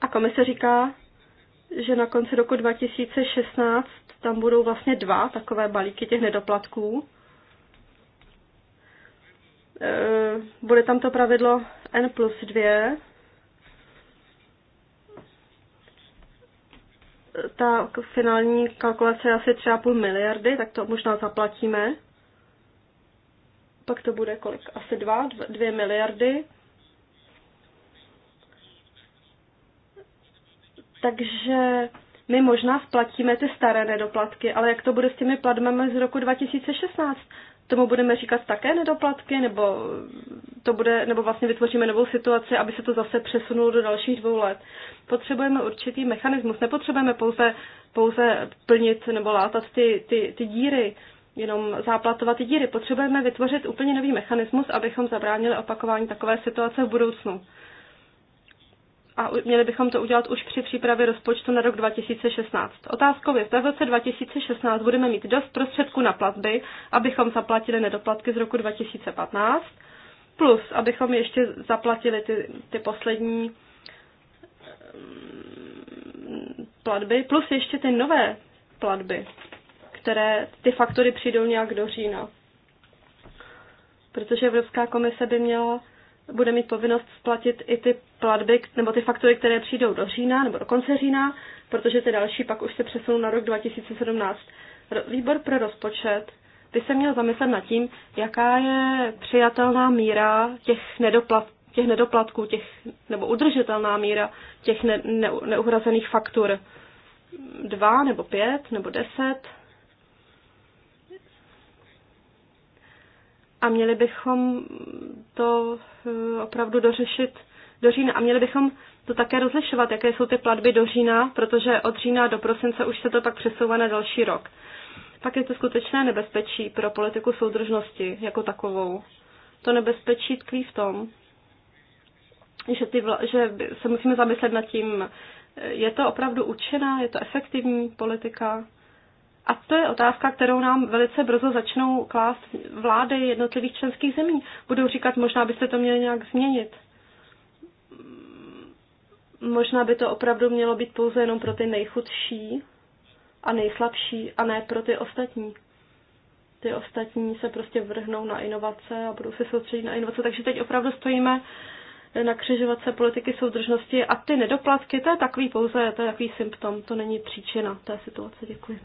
A komise říká, že na konci roku 2016 tam budou vlastně dva takové balíky těch nedoplatků. Eh, bude tam to pravidlo n plus 2. Ta finální kalkulace je asi půl miliardy, tak to možná zaplatíme. Pak to bude kolik? Asi 2, 2 miliardy. Takže my možná splatíme ty staré nedoplatky, ale jak to bude s těmi platbami z roku 2016? tomu budeme říkat také nedoplatky, nebo, to bude, nebo vlastně vytvoříme novou situaci, aby se to zase přesunulo do dalších dvou let. Potřebujeme určitý mechanismus, nepotřebujeme pouze, pouze plnit nebo látat ty, ty, ty díry, jenom záplatovat ty díry. Potřebujeme vytvořit úplně nový mechanismus, abychom zabránili opakování takové situace v budoucnu a měli bychom to udělat už při přípravě rozpočtu na rok 2016. Otázkou je, zda v roce 2016 budeme mít dost prostředků na platby, abychom zaplatili nedoplatky z roku 2015, plus abychom ještě zaplatili ty, ty poslední mm, platby, plus ještě ty nové platby, které ty faktory přijdou nějak do října. Protože Evropská komise by měla bude mít povinnost splatit i ty platby, nebo ty faktury, které přijdou do října nebo do konce října, protože ty další pak už se přesunou na rok 2017. Výbor pro rozpočet by se měl zamyslet nad tím, jaká je přijatelná míra těch, nedoplat, těch nedoplatků, těch, nebo udržitelná míra těch ne, ne, neuhrazených faktur. Dva nebo pět nebo deset a měli bychom to eh, opravdu dořešit do října. A měli bychom to také rozlišovat, jaké jsou ty platby do října, protože od října do prosince už se to pak přesouvá na další rok. Pak je to skutečné nebezpečí pro politiku soudržnosti jako takovou. To nebezpečí tkví v tom, že, ty vla, že se musíme zamyslet nad tím, eh, je to opravdu účinná, je to efektivní politika, a to je otázka, kterou nám velice brzo začnou klást vlády jednotlivých členských zemí. Budou říkat, možná byste to měli nějak změnit. Možná by to opravdu mělo být pouze jenom pro ty nejchudší a nejslabší a ne pro ty ostatní. Ty ostatní se prostě vrhnou na inovace a budou se soustředit na inovace. Takže teď opravdu stojíme na křižovatce politiky soudržnosti a ty nedoplatky, to je takový pouze, to je takový symptom, to není příčina té situace. Děkuji.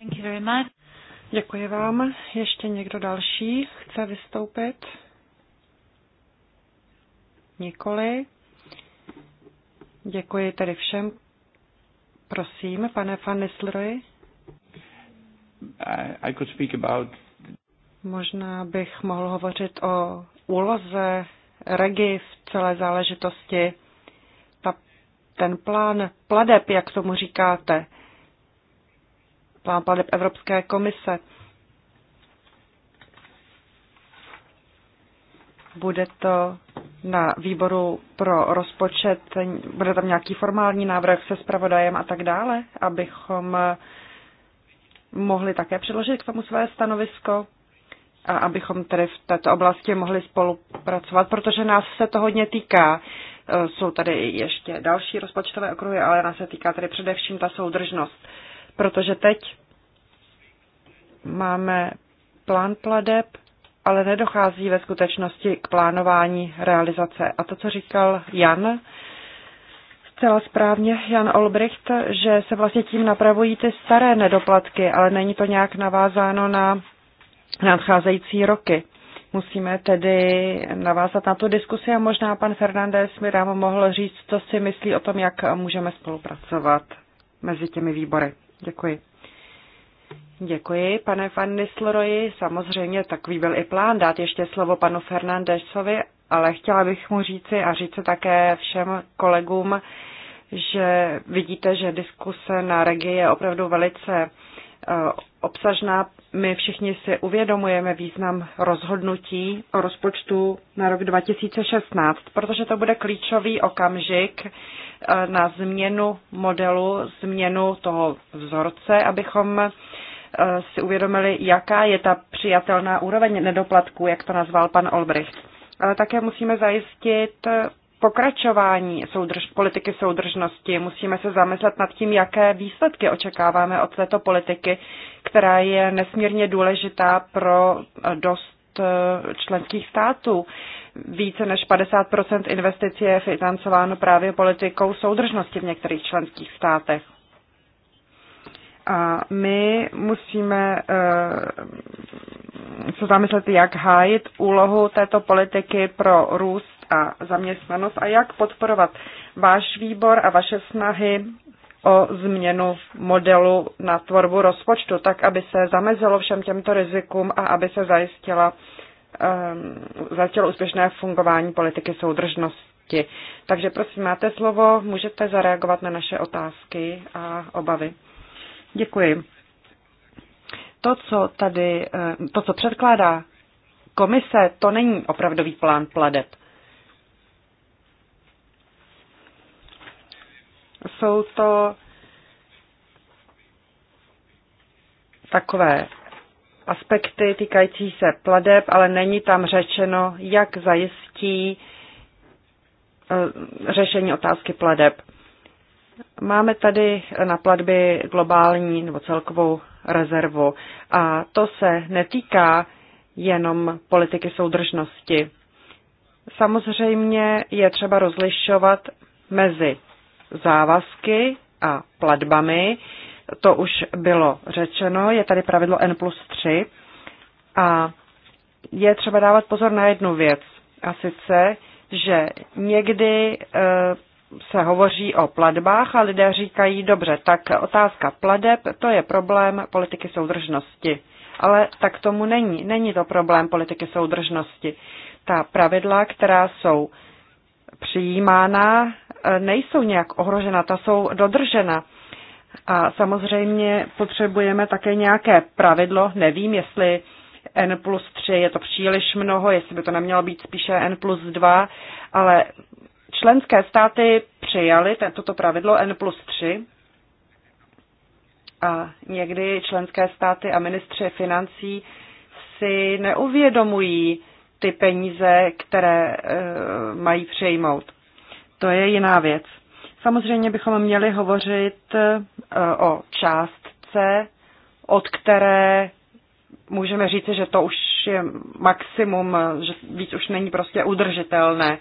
Thank you very much. Děkuji vám. Ještě někdo další chce vystoupit? Nikoli. Děkuji tedy všem. Prosím, pane Van I could speak about... Možná bych mohl hovořit o úloze regi v celé záležitosti. Ta, ten plán pladeb, jak tomu říkáte, plán plateb Evropské komise. Bude to na výboru pro rozpočet, bude tam nějaký formální návrh se spravodajem a tak dále, abychom mohli také předložit k tomu své stanovisko a abychom tedy v této oblasti mohli spolupracovat, protože nás se to hodně týká. Jsou tady ještě další rozpočtové okruhy, ale nás se týká tedy především ta soudržnost protože teď máme plán pladeb, ale nedochází ve skutečnosti k plánování realizace. A to, co říkal Jan, zcela správně Jan Olbricht, že se vlastně tím napravují ty staré nedoplatky, ale není to nějak navázáno na nadcházející roky. Musíme tedy navázat na tu diskusi a možná pan Fernandez mi nám mohl říct, co si myslí o tom, jak můžeme spolupracovat mezi těmi výbory. Děkuji. Děkuji, pane Van Nisleroy. Samozřejmě takový byl i plán dát ještě slovo panu Fernandesovi, ale chtěla bych mu říci a říci také všem kolegům, že vidíte, že diskuse na regie je opravdu velice eh, obsažná. My všichni si uvědomujeme význam rozhodnutí o rozpočtu na rok 2016, protože to bude klíčový okamžik Eh, na změnu modelu, změnu toho vzorce, abychom eh, si uvědomili, jaká je ta přijatelná úroveň nedoplatku, jak to nazval pan Olbricht. Ale také musíme zajistit eh, pokračování soudrž, politiky soudržnosti. Musíme se zamyslet nad tím, jaké výsledky očekáváme od této politiky, která je nesmírně důležitá pro dost členských států více než 50 investic je financováno právě politikou soudržnosti v některých členských státech. A my musíme eh, se zamyslet, jak hájit úlohu této politiky pro růst a zaměstnanost a jak podporovat váš výbor a vaše snahy o změnu modelu na tvorbu rozpočtu, tak aby se zamezilo všem těmto rizikům a aby se zajistila Ehm, zajistilo úspěšné fungování politiky soudržnosti. Takže prosím, máte slovo, můžete zareagovat na naše otázky a obavy. Děkuji. To, co tady, ehm, to, co předkládá komise, to není opravdový plán pladeb. Jsou to takové aspekty týkající se pladeb, ale není tam řečeno, jak zajistí eh, řešení otázky pladeb. Máme tady na platby globální nebo celkovou rezervu a to se netýká jenom politiky soudržnosti. Samozřejmě je třeba rozlišovat mezi závazky a platbami to už bylo řečeno, je tady pravidlo N plus 3 a je třeba dávat pozor na jednu věc, a sice, že někdy eh, se hovoří o platbách a lidé říkají, dobře, tak otázka pladeb, to je problém politiky soudržnosti. Ale tak tomu není. Není to problém politiky soudržnosti. Ta pravidla, která jsou přijímána, eh, nejsou nějak ohrožena, ta jsou dodržena. A samozřejmě potřebujeme také nějaké pravidlo, nevím, jestli N plus 3 je to příliš mnoho, jestli by to nemělo být spíše N plus 2, ale členské státy přijaly toto pravidlo N plus 3 a někdy členské státy a ministři financí si neuvědomují ty peníze, které e, mají přejmout. To je jiná věc. Samozřejmě bychom měli hovořit e, o částce, od které můžeme říci, že to už je maximum, že víc už není prostě udržitelné,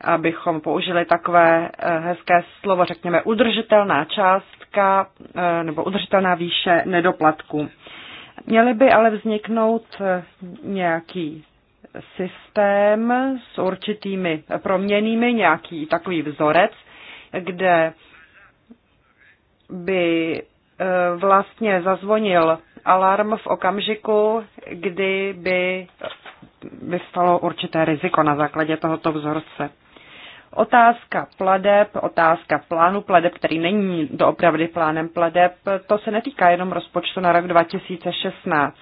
abychom použili takové e, hezké slovo, řekněme udržitelná částka e, nebo udržitelná výše nedoplatku. Měly by ale vzniknout nějaký systém s určitými proměnými, nějaký takový vzorec, kde by eh, vlastně zazvonil alarm v okamžiku, kdy by vystalo určité riziko na základě tohoto vzorce. Otázka pladeb, otázka plánu pladeb, který není doopravdy plánem pladeb, to se netýká jenom rozpočtu na rok 2016,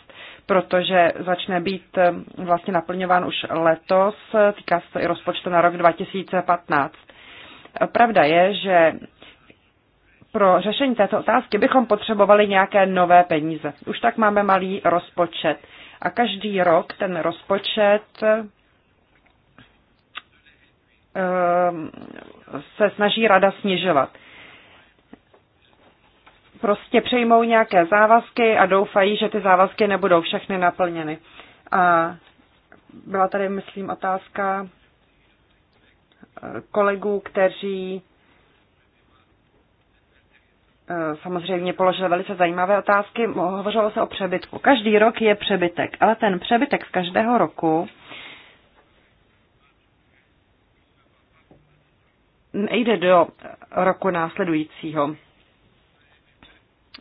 protože začne být eh, vlastně naplňován už letos, týká se to i rozpočtu na rok 2015. Pravda je, že pro řešení této otázky bychom potřebovali nějaké nové peníze. Už tak máme malý rozpočet a každý rok ten rozpočet ehm, se snaží rada snižovat. Prostě přejmou nějaké závazky a doufají, že ty závazky nebudou všechny naplněny. A byla tady, myslím, otázka kolegů, kteří eh, samozřejmě položili velice zajímavé otázky. Hovořilo se o přebytku. Každý rok je přebytek, ale ten přebytek z každého roku nejde do roku následujícího.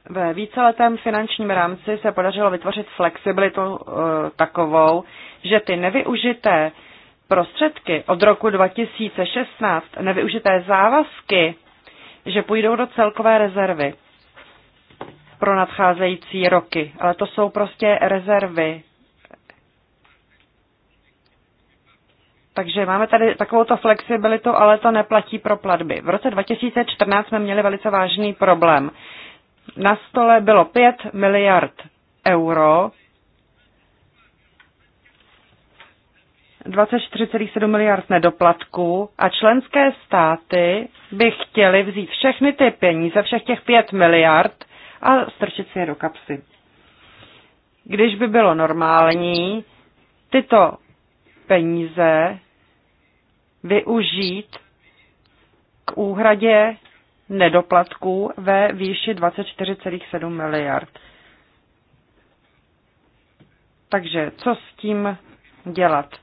Ve víceletém finančním rámci se podařilo vytvořit flexibilitu eh, takovou, že ty nevyužité prostředky od roku 2016, nevyužité závazky, že půjdou do celkové rezervy pro nadcházející roky. Ale to jsou prostě rezervy. Takže máme tady takovouto flexibilitu, ale to neplatí pro platby. V roce 2014 jsme měli velice vážný problém. Na stole bylo 5 miliard euro 24,7 miliard nedoplatků a členské státy by chtěly vzít všechny ty peníze, všech těch 5 miliard a strčit si je do kapsy. Když by bylo normální tyto peníze využít k úhradě nedoplatků ve výši 24,7 miliard. Takže co s tím dělat?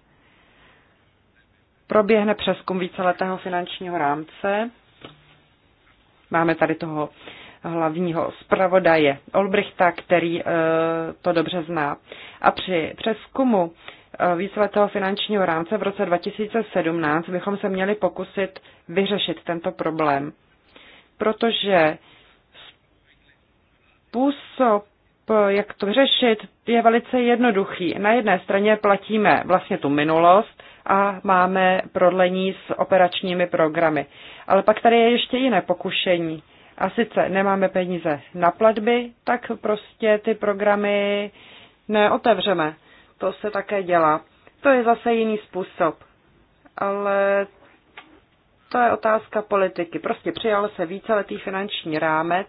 proběhne přeskum víceletého finančního rámce. Máme tady toho hlavního zpravodaje Olbrichta, který eh, to dobře zná. A při přeskumu eh, víceletého finančního rámce v roce 2017 bychom se měli pokusit vyřešit tento problém, protože způsob, jak to řešit, je velice jednoduchý. Na jedné straně platíme vlastně tu minulost, a máme prodlení s operačními programy. Ale pak tady je ještě jiné pokušení. A sice nemáme peníze na platby, tak prostě ty programy neotevřeme. To se také dělá. To je zase jiný způsob. Ale to je otázka politiky. Prostě přijal se víceletý finanční rámec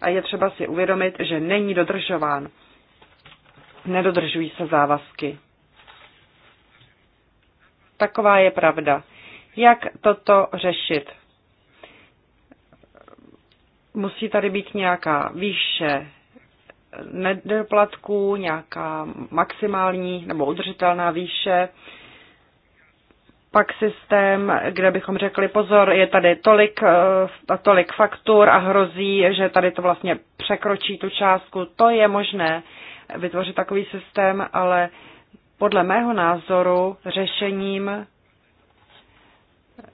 a je třeba si uvědomit, že není dodržován. Nedodržují se závazky. Taková je pravda. Jak toto řešit? Musí tady být nějaká výše nedoplatků, nějaká maximální nebo udržitelná výše, pak systém, kde bychom řekli, pozor, je tady tolik eh, a tolik faktur a hrozí, že tady to vlastně překročí tu částku. To je možné vytvořit takový systém, ale podle mého názoru řešením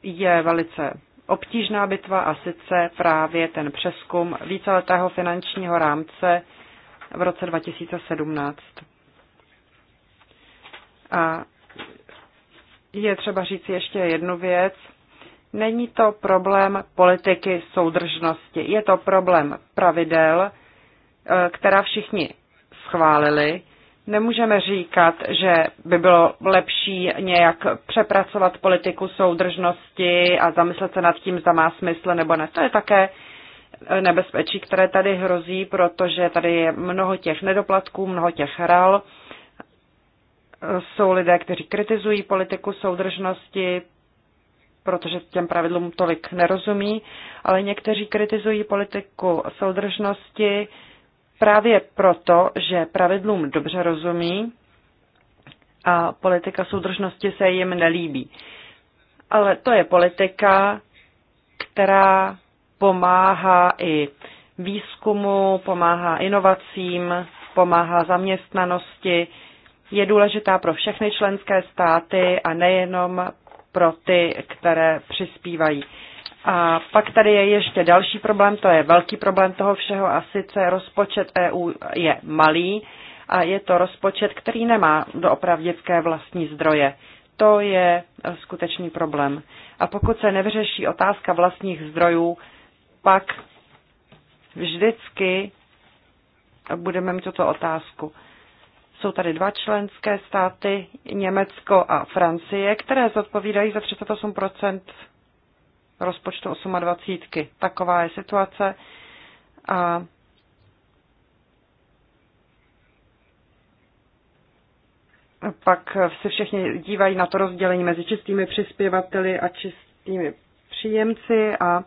je velice obtížná bitva a sice právě ten přeskum víceletého finančního rámce v roce 2017. A je třeba říct ještě jednu věc. Není to problém politiky soudržnosti, je to problém pravidel, eh, která všichni schválili Nemůžeme říkat, že by bylo lepší nějak přepracovat politiku soudržnosti a zamyslet se nad tím, zda má smysl nebo ne. To je také nebezpečí, které tady hrozí, protože tady je mnoho těch nedoplatků, mnoho těch hral. Jsou lidé, kteří kritizují politiku soudržnosti, protože těm pravidlům tolik nerozumí, ale někteří kritizují politiku soudržnosti, právě proto, že pravidlům dobře rozumí a politika soudržnosti se jim nelíbí. Ale to je politika, která pomáhá i výzkumu, pomáhá inovacím, pomáhá zaměstnanosti, je důležitá pro všechny členské státy a nejenom pro ty, které přispívají. A pak tady je ještě další problém, to je velký problém toho všeho a sice rozpočet EU je malý a je to rozpočet, který nemá doopravdické vlastní zdroje. To je eh, skutečný problém. A pokud se nevyřeší otázka vlastních zdrojů, pak vždycky budeme mít tuto otázku. Jsou tady dva členské státy, Německo a Francie, které zodpovídají za 38 rozpočtu 28. Taková je situace. A pak se všichni dívají na to rozdělení mezi čistými přispěvateli a čistými příjemci a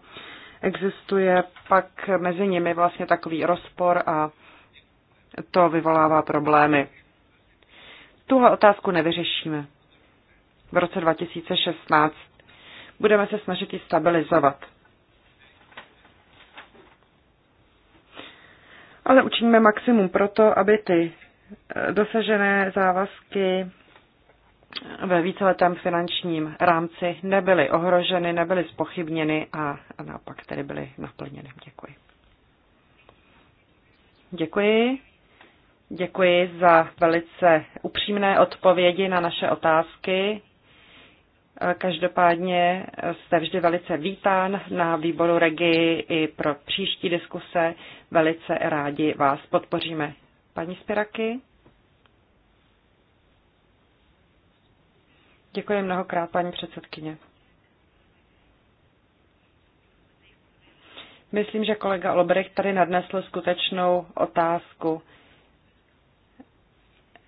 existuje pak mezi nimi vlastně takový rozpor a to vyvolává problémy. Tuhle otázku nevyřešíme v roce 2016 budeme se snažit ji stabilizovat. Ale učiníme maximum pro to, aby ty eh, dosažené závazky ve víceletém finančním rámci nebyly ohroženy, nebyly spochybněny a, a naopak tedy byly naplněny. Děkuji. Děkuji. Děkuji za velice upřímné odpovědi na naše otázky. Každopádně jste vždy velice vítán na výboru Regi i pro příští diskuse. Velice rádi vás podpoříme. Paní Spiraky? Děkuji mnohokrát, paní předsedkyně. Myslím, že kolega Olbrecht tady nadnesl skutečnou otázku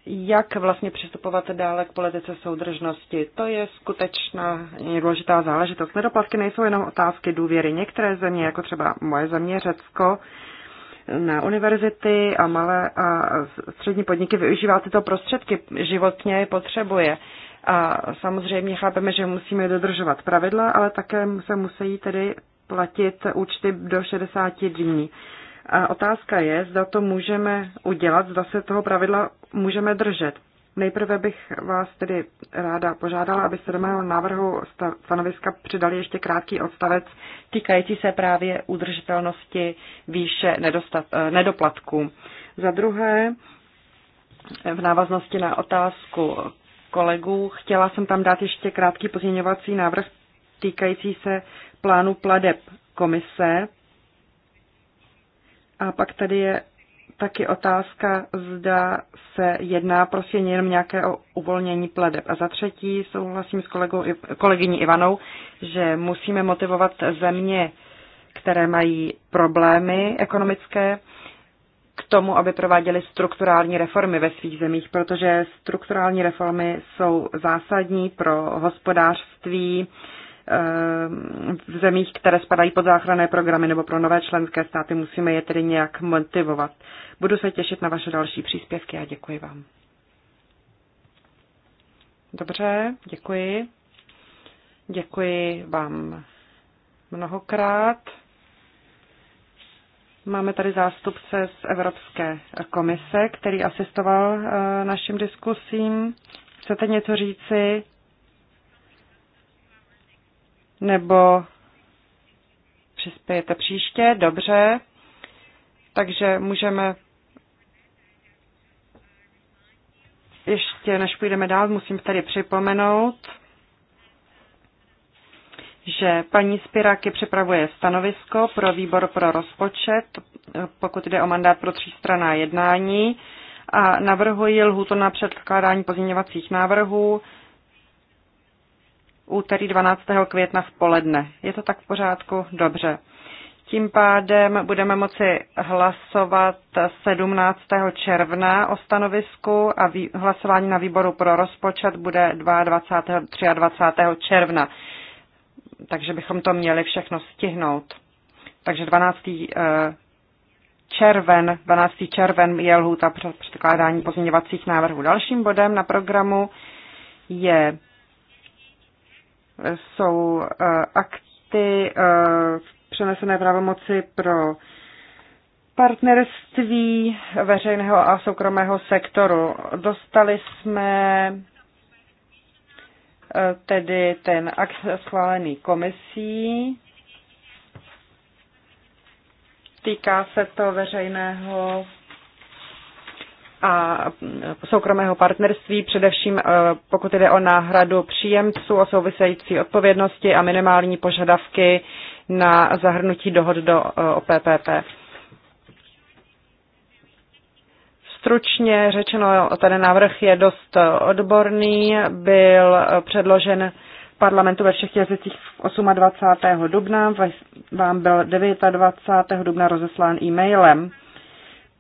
jak vlastně přistupovat dále k politice soudržnosti. To je skutečná důležitá záležitost. Nedoplatky nejsou jenom otázky důvěry. Některé země, jako třeba moje země Řecko, na univerzity a malé a střední podniky využívá tyto prostředky, životně je potřebuje. A samozřejmě chápeme, že musíme dodržovat pravidla, ale také se musí tedy platit účty do 60 dní. A otázka je, zda to můžeme udělat, zda se toho pravidla můžeme držet. Nejprve bych vás tedy ráda požádala, abyste do mého návrhu stanoviska přidali ještě krátký odstavec týkající se právě udržitelnosti výše nedostat, eh, nedoplatku. Za druhé, v návaznosti na otázku kolegů, chtěla jsem tam dát ještě krátký pozměňovací návrh týkající se plánu pladeb komise a pak tady je taky otázka, zda se jedná prostě jenom nějaké o uvolnění pladeb. A za třetí souhlasím s kolegou, kolegyní Ivanou, že musíme motivovat země, které mají problémy ekonomické, k tomu, aby prováděly strukturální reformy ve svých zemích, protože strukturální reformy jsou zásadní pro hospodářství, v zemích, které spadají pod záchranné programy nebo pro nové členské státy, musíme je tedy nějak motivovat. Budu se těšit na vaše další příspěvky a děkuji vám. Dobře, děkuji. Děkuji vám mnohokrát. Máme tady zástupce z Evropské komise, který asistoval eh, našim diskusím. Chcete něco říci? nebo přispějete příště, dobře. Takže můžeme ještě, než půjdeme dál, musím tady připomenout, že paní Spiráky připravuje stanovisko pro výbor pro rozpočet, pokud jde o mandát pro třístraná jednání a navrhuji lhutu na předkládání pozměňovacích návrhů úterý 12. května v poledne. Je to tak v pořádku? Dobře. Tím pádem budeme moci hlasovat 17. června o stanovisku a hlasování na výboru pro rozpočet bude 22. 23. června. Takže bychom to měli všechno stihnout. Takže 12. Eh, červen, 12. červen je lhůta předkládání pozměňovacích návrhů. Dalším bodem na programu je jsou eh, akty eh, přenesené pravomoci pro partnerství veřejného a soukromého sektoru. Dostali jsme eh, tedy ten akt schválený komisí. Týká se to veřejného a soukromého partnerství, především eh, pokud jde o náhradu příjemců, o související odpovědnosti a minimální požadavky na zahrnutí dohod do eh, OPPP. Stručně řečeno, ten návrh je dost eh, odborný, byl předložen parlamentu ve všech jazycích 28. dubna, vám byl 29. dubna rozeslán e-mailem.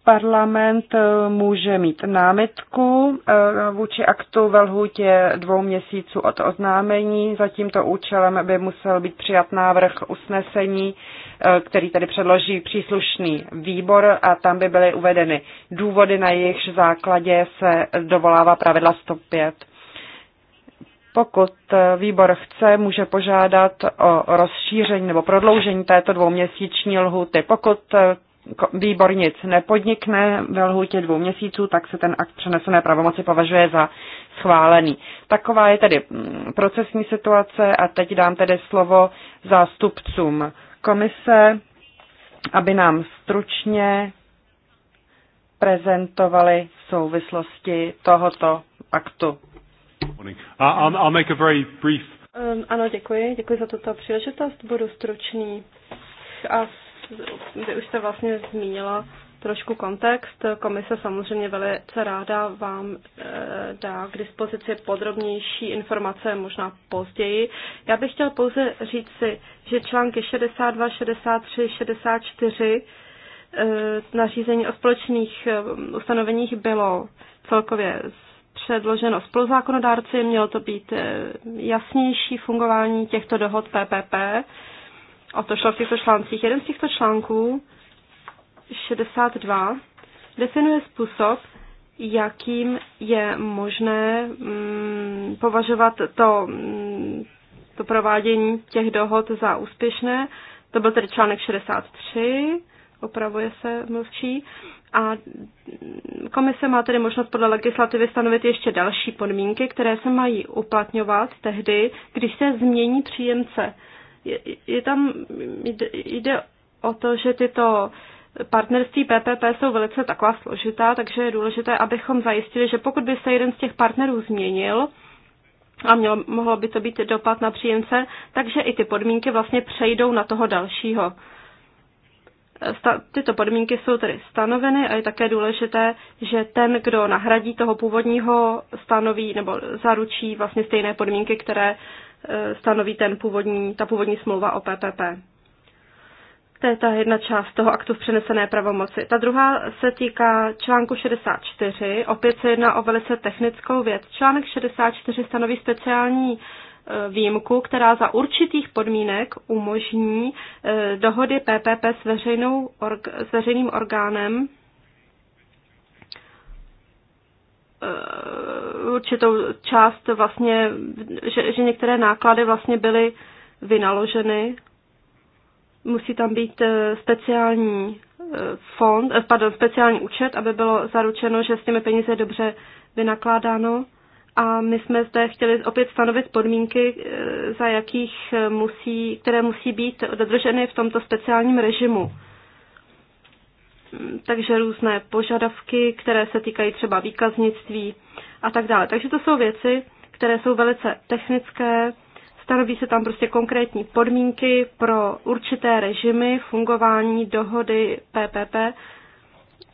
Parlament eh, může mít námitku eh, vůči aktu ve lhůtě dvou měsíců od oznámení. Za tímto účelem by musel být přijat návrh usnesení, eh, který tedy předloží příslušný výbor a tam by byly uvedeny důvody, na jejichž základě se dovolává pravidla 105. Pokud výbor chce, může požádat o rozšíření nebo prodloužení této dvouměsíční lhuty. Pokud výbor nic nepodnikne ve lhůtě dvou měsíců, tak se ten akt přenesené pravomoci považuje za schválený. Taková je tedy mm, procesní situace a teď dám tedy slovo zástupcům komise, aby nám stručně prezentovali souvislosti tohoto aktu. I'll make a very brief... Ehm, ano, děkuji. Děkuji za tuto příležitost. Budu stručný a vy už jste vlastně zmínila trošku kontext. Komise samozřejmě velice ráda vám eh, dá k dispozici podrobnější informace, možná později. Já bych chtěl pouze říct si, že články 62, 63, 64 nařízení o společných eh, ustanoveních bylo celkově předloženo spoluzákonodárci, mělo to být eh, jasnější fungování těchto dohod PPP a to šlo v těchto článcích. Jeden z těchto článků, 62, definuje způsob, jakým je možné mm, považovat to, mm, to provádění těch dohod za úspěšné. To byl tedy článek 63, opravuje se mluvčí. A komise má tedy možnost podle legislativy stanovit ještě další podmínky, které se mají uplatňovat tehdy, když se změní příjemce je, je tam, jde, jde o to, že tyto partnerství PPP jsou velice taková složitá, takže je důležité, abychom zajistili, že pokud by se jeden z těch partnerů změnil, a mělo, mohlo by to být dopad na příjemce, takže i ty podmínky vlastně přejdou na toho dalšího. Sta- tyto podmínky jsou tedy stanoveny a je také důležité, že ten, kdo nahradí toho původního, stanoví nebo zaručí vlastně stejné podmínky, které Eh, stanoví ten původní, ta původní smlouva o PPP. To je ta jedna část toho aktu v přenesené pravomoci. Ta druhá se týká článku 64. Opět se jedná o velice technickou věc. Článek 64 stanoví speciální eh, výjimku, která za určitých podmínek umožní eh, dohody PPP s, veřejnou, s veřejným orgánem Eh, určitou část vlastně, že, že některé náklady vlastně byly vynaloženy. Musí tam být eh, speciální eh, fond, pardon, speciální účet, aby bylo zaručeno, že s těmi peníze je dobře vynakládáno. A my jsme zde chtěli opět stanovit podmínky, za jakých musí, které musí být dodrženy v tomto speciálním režimu takže různé požadavky, které se týkají třeba výkaznictví a tak dále. Takže to jsou věci, které jsou velice technické, stanoví se tam prostě konkrétní podmínky pro určité režimy fungování dohody PPP.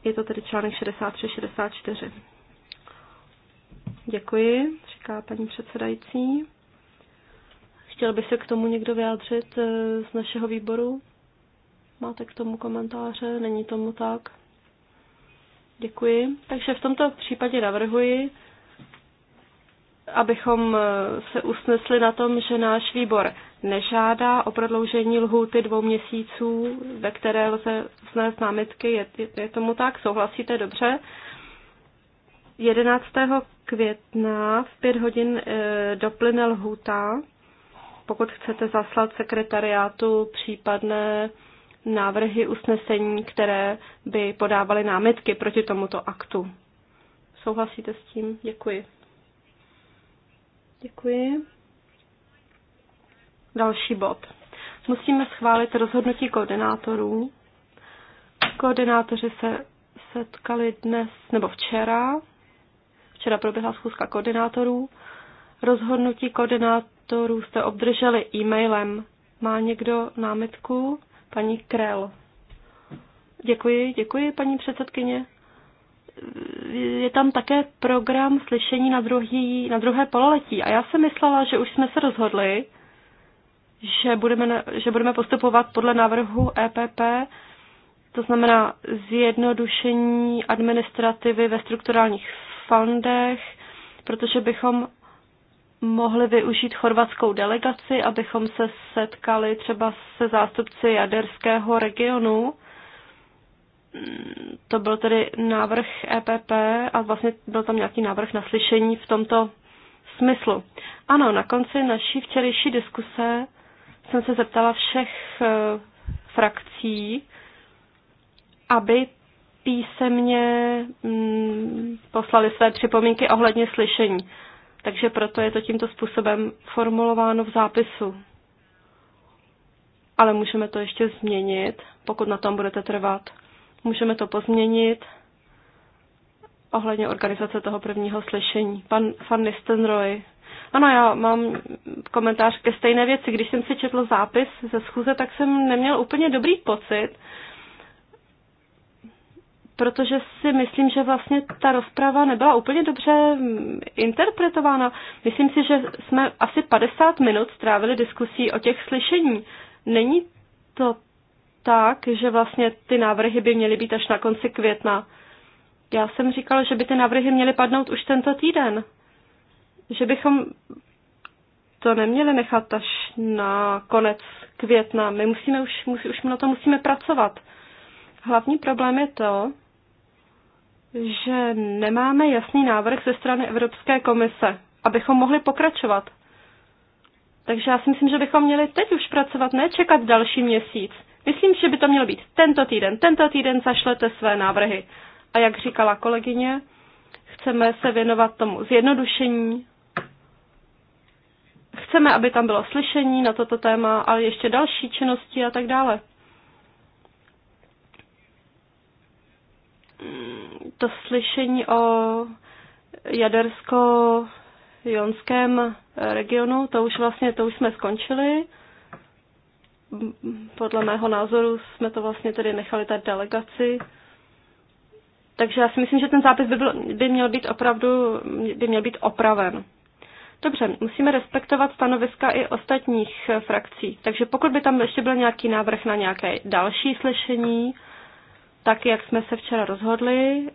Je to tedy článek 63-64. Děkuji, říká paní předsedající. Chtěl by se k tomu někdo vyjádřit eh, z našeho výboru? Máte k tomu komentáře? Není tomu tak? Děkuji. Takže v tomto případě navrhuji, abychom eh, se usnesli na tom, že náš výbor nežádá o prodloužení lhůty dvou měsíců, ve které lze vznést námitky. Je, je, je tomu tak? Souhlasíte? Dobře. 11. května v 5 hodin e, doplyne lhůta, pokud chcete zaslat sekretariátu případné návrhy usnesení, které by podávaly námitky proti tomuto aktu. Souhlasíte s tím? Děkuji. Děkuji. Další bod. Musíme schválit rozhodnutí koordinátorů. Koordinátoři se setkali dnes nebo včera. Včera proběhla schůzka koordinátorů. Rozhodnutí koordinátorů jste obdrželi e-mailem. Má někdo námitku? Paní Krel. Děkuji, děkuji, paní předsedkyně. Je tam také program slyšení na, druhý, na druhé pololetí a já jsem myslela, že už jsme se rozhodli, že budeme, že budeme postupovat podle návrhu EPP, to znamená zjednodušení administrativy ve strukturálních fondech, protože bychom mohli využít chorvatskou delegaci, abychom se setkali třeba se zástupci jaderského regionu. To byl tedy návrh EPP a vlastně byl tam nějaký návrh na slyšení v tomto smyslu. Ano, na konci naší včerejší diskuse jsem se zeptala všech eh, frakcí, aby písemně mm, poslali své připomínky ohledně slyšení takže proto je to tímto způsobem formulováno v zápisu. Ale můžeme to ještě změnit, pokud na tom budete trvat. Můžeme to pozměnit ohledně organizace toho prvního slyšení. Pan, Van Nistenroy. Ano, já mám komentář ke stejné věci. Když jsem si četl zápis ze schůze, tak jsem neměl úplně dobrý pocit, protože si myslím, že vlastně ta rozprava nebyla úplně dobře mm, interpretována. Myslím si, že jsme asi 50 minut strávili diskusí o těch slyšení. Není to tak, že vlastně ty návrhy by měly být až na konci května. Já jsem říkala, že by ty návrhy měly padnout už tento týden. Že bychom to neměli nechat až na konec května. My musíme už, musí, už na to musíme pracovat. Hlavní problém je to, že nemáme jasný návrh ze strany Evropské komise, abychom mohli pokračovat. Takže já si myslím, že bychom měli teď už pracovat, ne čekat další měsíc. Myslím, že by to mělo být tento týden. Tento týden zašlete své návrhy. A jak říkala kolegyně, chceme se věnovat tomu zjednodušení. Chceme, aby tam bylo slyšení na toto téma, ale ještě další činnosti a tak dále to slyšení o jadersko-jonském regionu, to už vlastně, to už jsme skončili. Podle mého názoru jsme to vlastně tedy nechali té delegaci. Takže já si myslím, že ten zápis by, byl, by měl být opravdu, by měl být opraven. Dobře, musíme respektovat stanoviska i ostatních frakcí. Takže pokud by tam ještě byl nějaký návrh na nějaké další slyšení, tak jak jsme se včera rozhodli,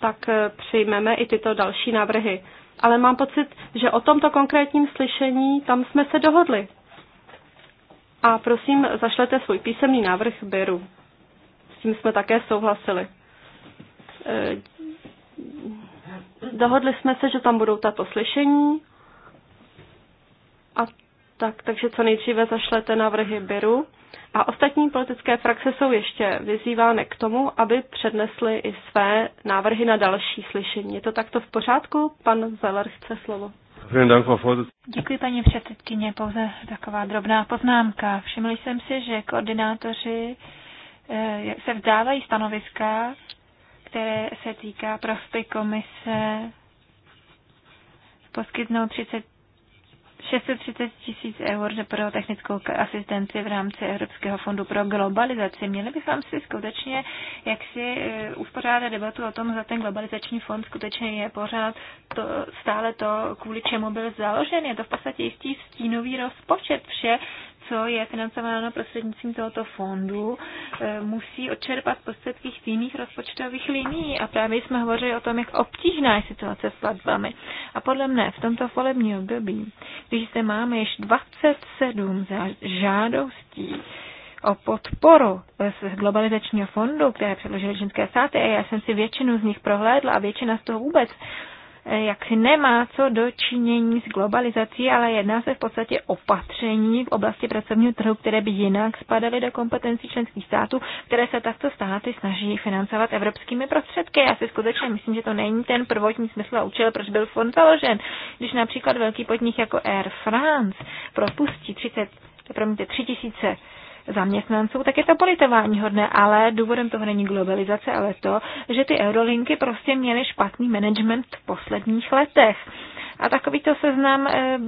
tak eh, přijmeme i tyto další návrhy. Ale mám pocit, že o tomto konkrétním slyšení tam jsme se dohodli. A prosím, zašlete svůj písemný návrh Beru. S tím jsme také souhlasili. Eh, dohodli jsme se, že tam budou tato slyšení a tak, takže co nejdříve zašlete návrhy Biru. A ostatní politické frakce jsou ještě vyzývány k tomu, aby přednesly i své návrhy na další slyšení. Je to takto v pořádku? Pan Zeller chce slovo. Děkuji, paní předsedkyně. Pouze taková drobná poznámka. Všiml jsem si, že koordinátoři eh, se vzdávají stanoviska, které se týká prosby komise poskytnout 30 630 tisíc eur pro technickou asistenci v rámci Evropského fondu pro globalizaci. Měli bychom si skutečně jak si eh, uspořádat debatu o tom, za ten globalizační fond skutečně je pořád to, stále to, kvůli čemu byl založen. Je to v podstatě jistý stínový rozpočet. Vše co je financováno prostřednictvím tohoto fondu, eh, musí odčerpat prostředky z jiných rozpočtových linií. A právě jsme hovořili o tom, jak obtížná je situace s platbami. A podle mne v tomto volebním období, když zde máme již 27 žádostí, o podporu eh, z globalizačního fondu, které předložily ženské státy, a já jsem si většinu z nich prohlédla a většina z toho vůbec jaksi nemá co dočinění s globalizací, ale jedná se v podstatě opatření v oblasti pracovního trhu, které by jinak spadaly do kompetencí členských států, které se takto státy snaží financovat evropskými prostředky. Já si skutečně myslím, že to není ten prvotní smysl a účel, proč byl fond založen. Když například velký podnik jako Air France propustí 30, promiňte, 3000 zaměstnanců, tak je to politování hodné, ale důvodem toho není globalizace, ale to, že ty eurolinky prostě měly špatný management v posledních letech. A takovýto seznam, eh,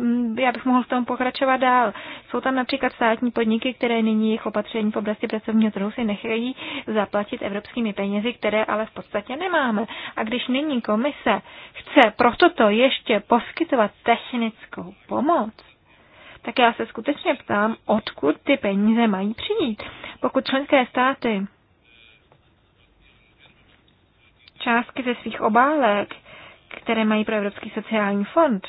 já bych mohl v tom pokračovat dál. Jsou tam například státní podniky, které nyní jejich opatření v oblasti pracovního trhu si nechají zaplatit evropskými penězi, které ale v podstatě nemáme. A když nyní komise chce pro toto ještě poskytovat technickou pomoc, tak já se skutečně ptám, odkud ty peníze mají přijít. Pokud členské státy částky ze svých obálek, které mají pro Evropský sociální fond,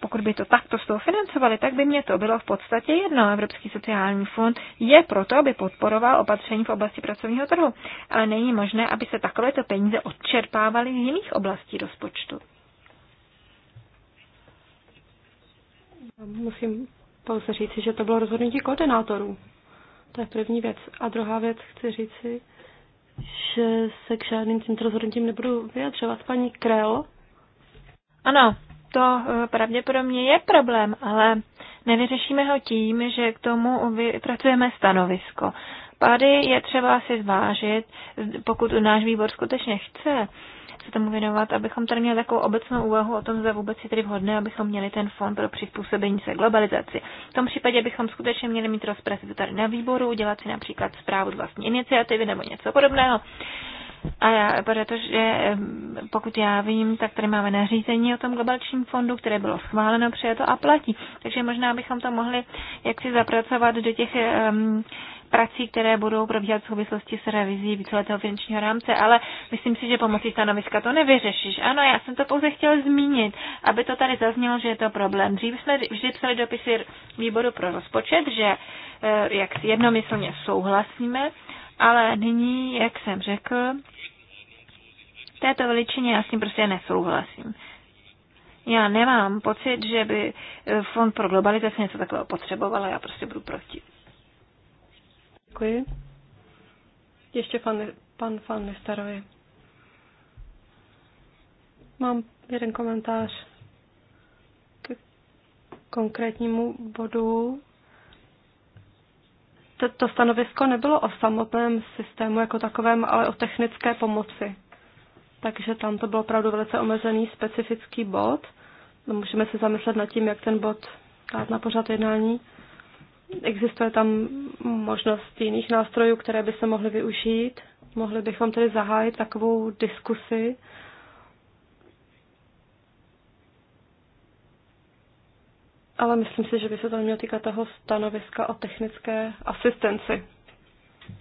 pokud by to takto z toho financovali, tak by mě to bylo v podstatě jedno. Evropský sociální fond je proto, aby podporoval opatření v oblasti pracovního trhu, ale není možné, aby se takovéto peníze odčerpávaly z jiných oblastí rozpočtu. Musím pouze říci, že to bylo rozhodnutí koordinátorů. To je první věc. A druhá věc chci říci, že se k žádným tímto rozhodnutím nebudu vyjadřovat. Paní Krell? Ano, to eh, pravděpodobně je problém, ale nevyřešíme ho tím, že k tomu vypracujeme stanovisko. Pády je třeba si zvážit, pokud náš výbor skutečně chce se tomu věnovat, abychom tady měli takovou obecnou úvahu o tom, zda vůbec je tedy vhodné, abychom měli ten fond pro přizpůsobení se globalizaci. V tom případě bychom skutečně měli mít rozpravu tady na výboru, udělat si například zprávu z vlastní iniciativy nebo něco podobného. A já, protože pokud já vím, tak tady máme nařízení o tom globalčním fondu, které bylo schváleno, přijato a platí. Takže možná bychom to mohli jaksi zapracovat do těch um, prací, které budou probíhat v souvislosti s revizí víceletého finančního rámce, ale myslím si, že pomocí stanoviska to nevyřešíš. Ano, já jsem to pouze chtěl zmínit, aby to tady zaznělo, že je to problém. Dřív jsme vždy psali dopisy výboru pro rozpočet, že eh, jak jednomyslně souhlasíme ale nyní, jak jsem řekl, této veličině já s tím prostě nesouhlasím. Já nemám pocit, že by eh, Fond pro globalizaci něco takového potřeboval a já prostě budu proti. Děkuji. Ještě pan, pan, pan Nestarovi. Mám jeden komentář k konkrétnímu bodu to stanovisko nebylo o samotném systému jako takovém, ale o technické pomoci. Takže tam to byl opravdu velice omezený specifický bod. No, můžeme se zamyslet nad tím, jak ten bod dát na pořad jednání. Existuje tam možnost jiných nástrojů, které by se mohly využít. Mohli bychom tedy zahájit takovou diskusi ale myslím si, že by se to mělo týkat toho stanoviska o technické asistenci.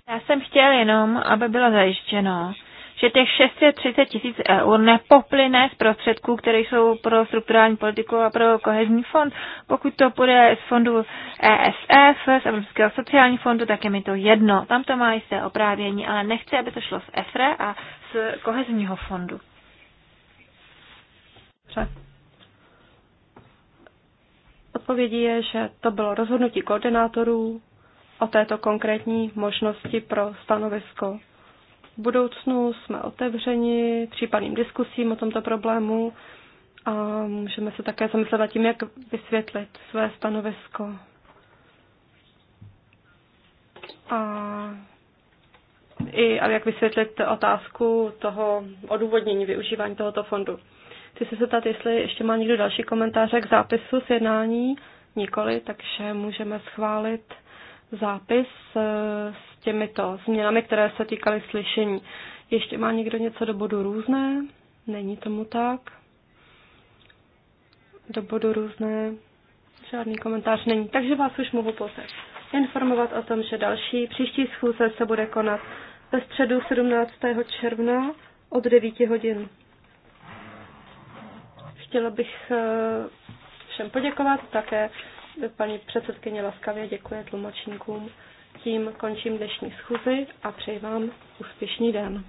Já jsem chtěl jenom, aby bylo zajištěno, že těch 630 tisíc eur nepoplyne z prostředků, které jsou pro strukturální politiku a pro kohezní fond. Pokud to půjde z fondu ESF, z Evropského sociálního fondu, tak je mi to jedno. Tam to má jisté oprávění, ale nechci, aby to šlo z EFRE a z kohezního fondu. Dobře odpovědi je, že to bylo rozhodnutí koordinátorů o této konkrétní možnosti pro stanovisko. V budoucnu jsme otevřeni případným diskusím o tomto problému a můžeme se také zamyslet nad tím, jak vysvětlit své stanovisko. A i jak vysvětlit otázku toho odůvodnění využívání tohoto fondu. Chci se zeptat, jestli ještě má někdo další komentáře k zápisu s jednání. Nikoli, takže můžeme schválit zápis eh, s těmito změnami, které se týkaly slyšení. Ještě má někdo něco do bodu různé? Není tomu tak. Do bodu různé žádný komentář není, takže vás už mohu pouze informovat o tom, že další příští schůze se bude konat ve středu 17. června od 9 hodin. Chtěla bych eh, všem poděkovat, také paní předsedkyně laskavě děkuje tlumočníkům. Tím končím dnešní schůzi a přeji vám úspěšný den.